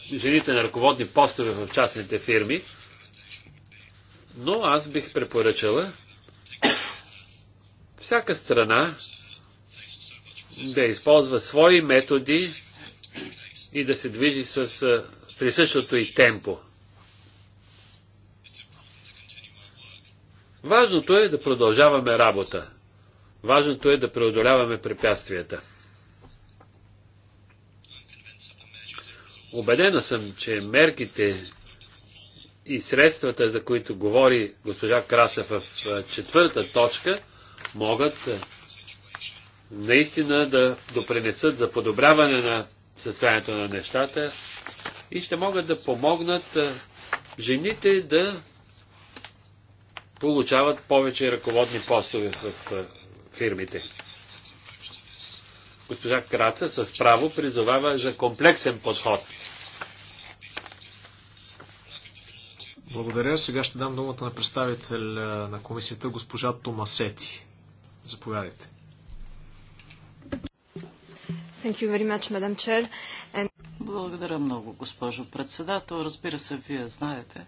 жените на ръководни постове в частните фирми, но аз бих препоръчала всяка страна да използва свои методи и да се движи с при същото и темпо. Важното е да продължаваме работа. Важното е да преодоляваме препятствията. Обедена съм, че мерките и средствата, за които говори госпожа Краса в четвърта точка, могат наистина да допринесат за подобряване на състоянието на нещата и ще могат да помогнат жените да получават повече ръководни постове в фирмите. Госпожа Крата с право призовава за комплексен подход. Благодаря. Сега ще дам думата на представител на комисията госпожа Томасети. Заповядайте. Much, And... Благодаря много, госпожо председател. Разбира се, вие знаете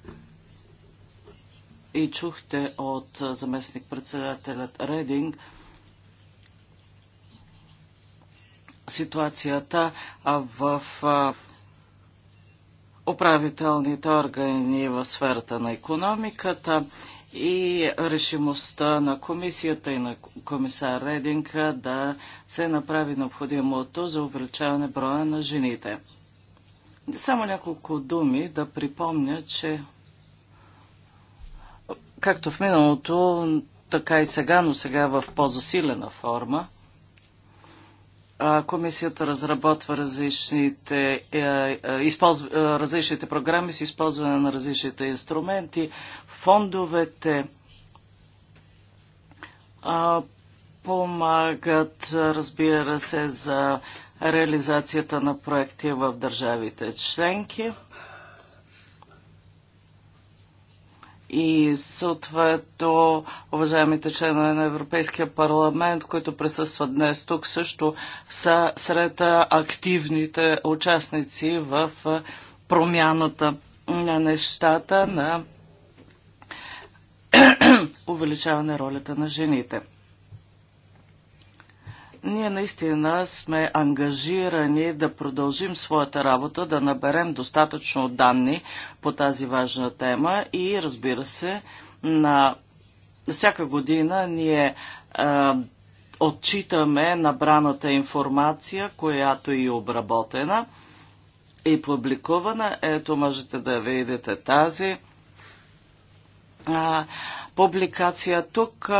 и чухте от заместник председателят Рединг, ситуацията в управителните органи в сферата на економиката и решимостта на комисията и на комисар Рединг да се направи необходимото за увеличаване броя на жените. Само няколко думи да припомня, че както в миналото, така и сега, но сега в по-засилена форма, Комисията разработва различните, е, е, използва, е, различните програми с използване на различните инструменти, фондовете помагат, разбира се, за реализацията на проекти в държавите членки. и съответно уважаемите членове на Европейския парламент, които присъстват днес тук, също са сред активните участници в промяната на нещата на увеличаване ролята на жените. Ние наистина сме ангажирани да продължим своята работа, да наберем достатъчно данни по тази важна тема и разбира се, на всяка година ние е, отчитаме набраната информация, която и е обработена и публикувана. Ето можете да видите тази публикация. Тук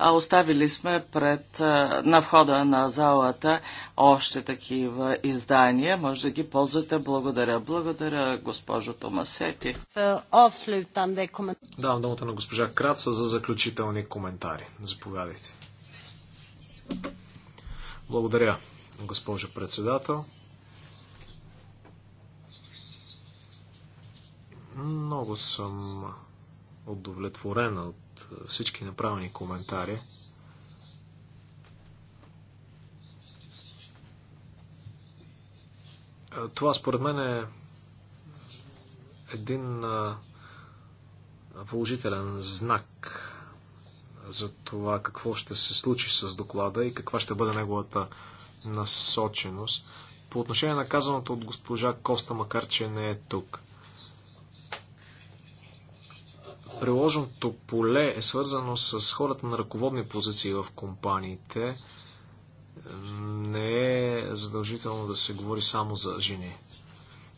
оставили сме пред, на входа на залата още такива издания. Може да ги ползвате. Благодаря. Благодаря, госпожо Томасети. Давам думата на госпожа Краца за заключителни коментари. Заповядайте. Благодаря, госпожо председател. Много съм удовлетворена от всички направени коментари. Това според мен е един положителен знак за това какво ще се случи с доклада и каква ще бъде неговата насоченост. По отношение на казаното от госпожа Коста, макар че не е тук. приложеното поле е свързано с хората на ръководни позиции в компаниите, не е задължително да се говори само за жени.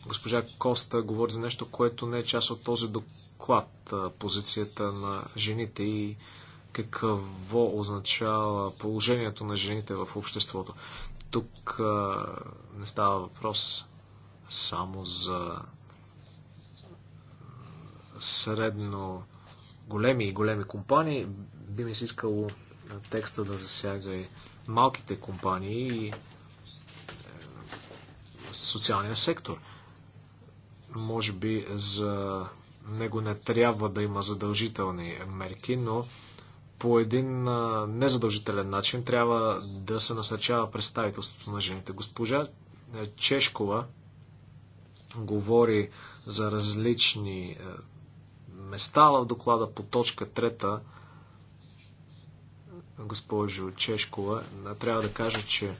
Госпожа Коста говори за нещо, което не е част от този доклад. Позицията на жените и какво означава положението на жените в обществото. Тук а, не става въпрос само за средно големи и големи компании. Би ми се искало текста да засяга и малките компании и е, социалния сектор. Може би за него не трябва да има задължителни мерки, но по един незадължителен начин трябва да се насърчава представителството на жените. Госпожа е, Чешкова говори за различни е, места в доклада по точка трета, госпожо Чешкова, трябва да кажа, че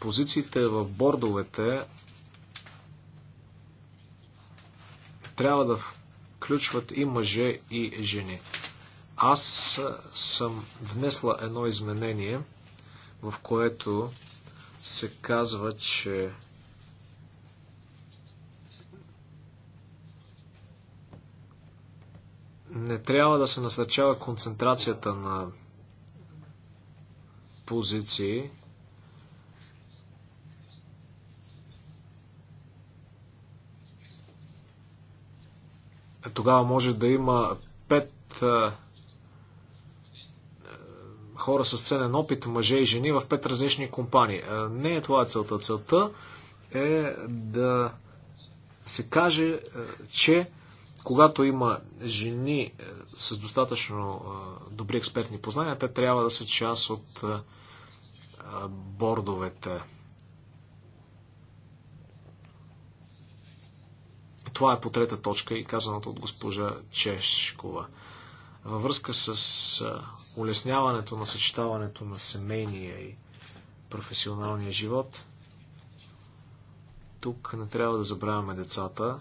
позициите в бордовете трябва да включват и мъже, и жени. Аз съм внесла едно изменение, в което се казва, че Не трябва да се насърчава концентрацията на позиции. Тогава може да има пет хора с ценен опит, мъже и жени в пет различни компании. Не е това целта. Целта е да се каже, че когато има жени е, с достатъчно е, добри експертни познания, те трябва да са част от е, бордовете. Това е по трета точка и казаното от госпожа Чешкова. Във връзка с улесняването на съчетаването на семейния и професионалния живот, тук не трябва да забравяме децата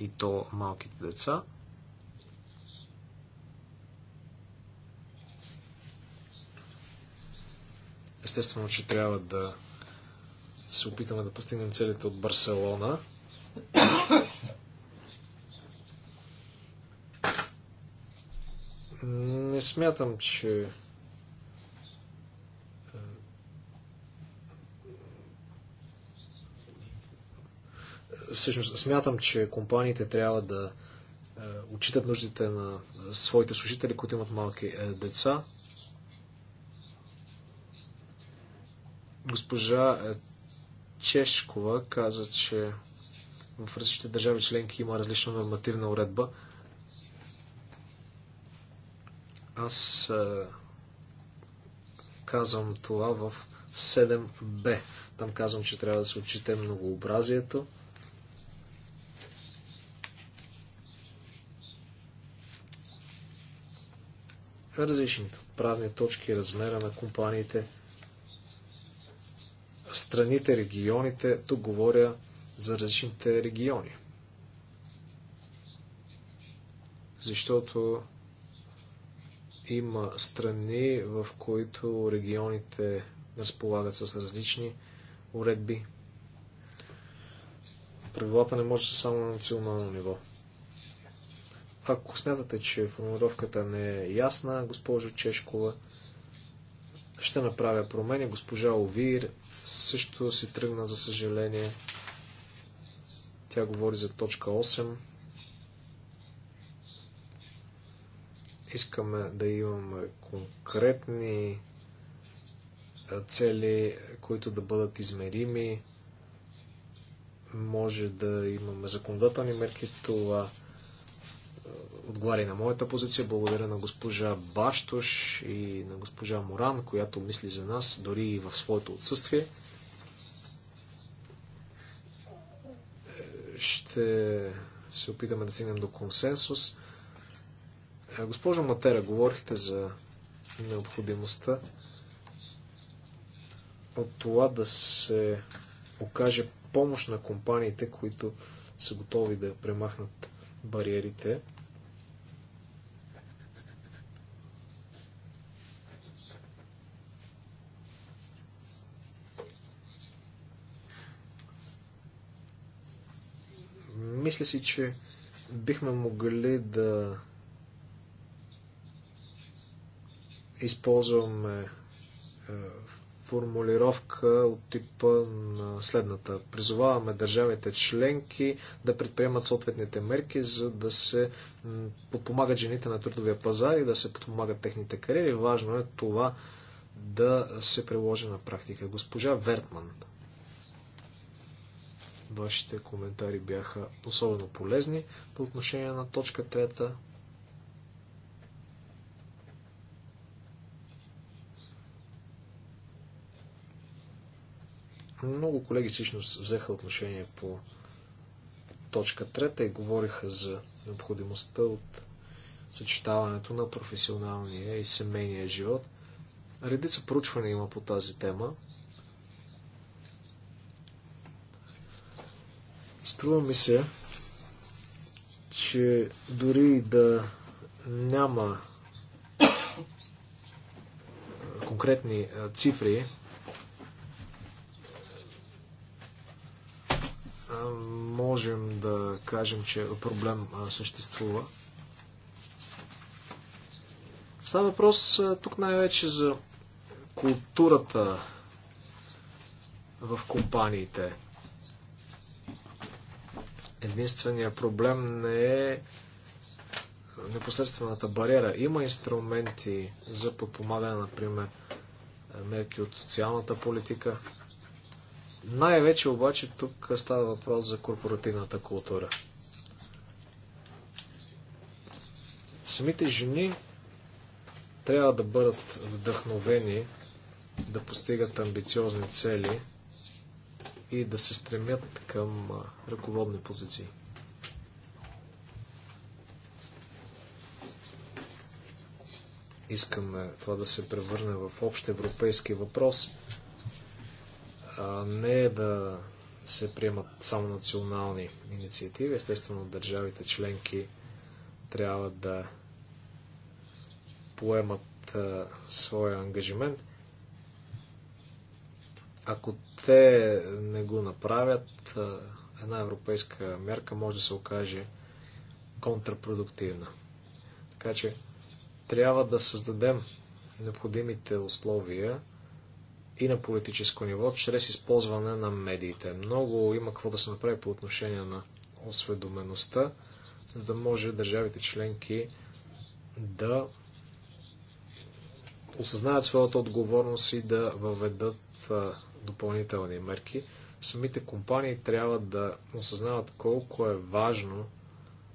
и то малките деца. Естествено, че трябва да се опитаме да постигнем целите от Барселона. Не смятам, че всъщност смятам, че компаниите трябва да е, отчитат нуждите на своите служители, които имат малки е, деца. Госпожа е, Чешкова каза, че в различните държави членки има различна нормативна уредба. Аз казвам това в 7b. Там казвам, че трябва да се отчите многообразието. различните правни точки, размера на компаниите, страните, регионите. Тук говоря за различните региони. Защото има страни, в които регионите разполагат с различни уредби. Правилата не може да са само на национално ниво. Ако смятате, че формулировката не е ясна, госпожо Чешкова, ще направя промени. Госпожа Овир също си тръгна, за съжаление. Тя говори за точка 8. Искаме да имаме конкретни цели, които да бъдат измерими. Може да имаме законодателни мерки. Това отговаря на моята позиция. Благодаря на госпожа Баштош и на госпожа Моран, която мисли за нас дори и в своето отсъствие. Ще се опитаме да стигнем до консенсус. Е, госпожо Матера, говорихте за необходимостта от това да се окаже помощ на компаниите, които са готови да премахнат бариерите. Мисля си, че бихме могли да използваме е, формулировка от типа на следната. Призоваваме държавите членки да предприемат съответните мерки, за да се подпомагат жените на трудовия пазар и да се подпомагат техните кариери. Важно е това да се приложи на практика. Госпожа Вертман Вашите коментари бяха особено полезни по отношение на точка трета. Много колеги всъщност взеха отношение по точка трета и говориха за необходимостта от съчетаването на професионалния и семейния живот. Редица проучвания има по тази тема. Струва ми се, че дори да няма конкретни цифри, можем да кажем, че проблем съществува. Става въпрос тук най-вече за културата в компаниите. Единствения проблем не е непосредствената бариера. Има инструменти за подпомагане, например, мерки от социалната политика. Най-вече обаче тук става въпрос за корпоративната култура. Самите жени трябва да бъдат вдъхновени да постигат амбициозни цели и да се стремят към ръководни позиции. Искаме това да се превърне в общ европейски въпрос, а не да се приемат само национални инициативи. Естествено, държавите членки трябва да поемат а, своя ангажимент. Ако те не го направят, една европейска мярка може да се окаже контрапродуктивна. Така че трябва да създадем необходимите условия и на политическо ниво, чрез използване на медиите. Много има какво да се направи по отношение на осведомеността, за да може държавите членки да осъзнаят своята отговорност и да въведат допълнителни мерки. Самите компании трябва да осъзнават колко е важно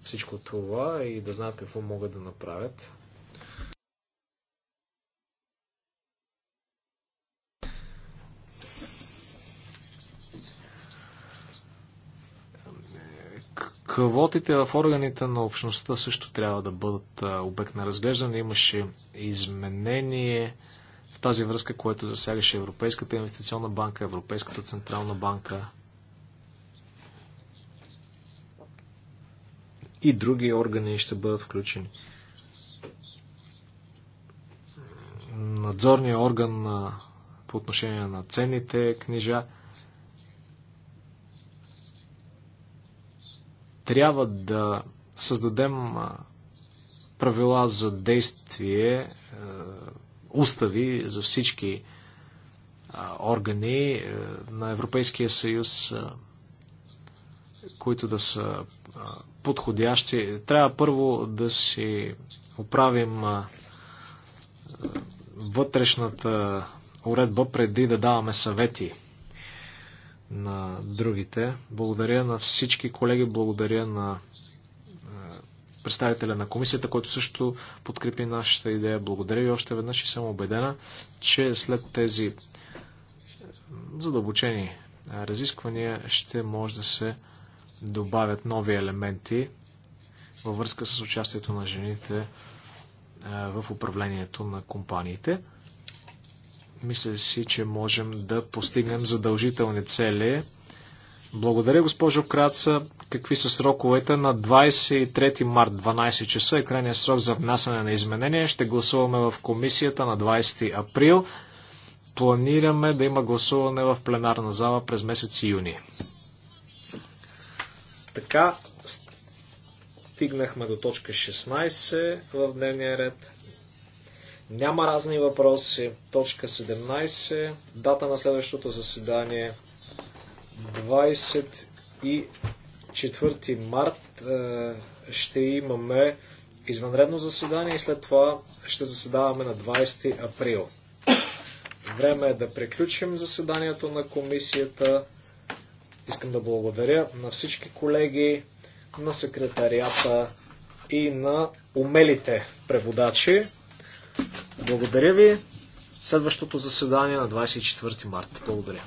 всичко това и да знаят какво могат да направят. Квотите в органите на общността също трябва да бъдат обект на разглеждане. Имаше изменение в тази връзка, което засягаше Европейската инвестиционна банка, Европейската централна банка и други органи ще бъдат включени. Надзорният орган на, по отношение на ценните книжа трябва да създадем правила за действие устави за всички органи е, на Европейския съюз, е, които да са е, подходящи. Трябва първо да си оправим вътрешната уредба преди да даваме съвети на другите. Благодаря на всички колеги, благодаря на представителя на комисията, който също подкрепи нашата идея. Благодаря ви още веднъж и съм убедена, че след тези задълбочени разисквания ще може да се добавят нови елементи във връзка с участието на жените в управлението на компаниите. Мисля си, че можем да постигнем задължителни цели благодаря, госпожо Краца. Какви са сроковете? На 23 март 12 часа е крайният срок за внасяне на изменения. Ще гласуваме в комисията на 20 април. Планираме да има гласуване в пленарна зала през месец юни. Така, стигнахме до точка 16 в дневния ред. Няма разни въпроси. Точка 17. Дата на следващото заседание 24 март е, ще имаме извънредно заседание и след това ще заседаваме на 20 април. Време е да приключим заседанието на комисията. Искам да благодаря на всички колеги, на секретарията и на умелите преводачи. Благодаря ви. Следващото заседание на 24 марта. Благодаря.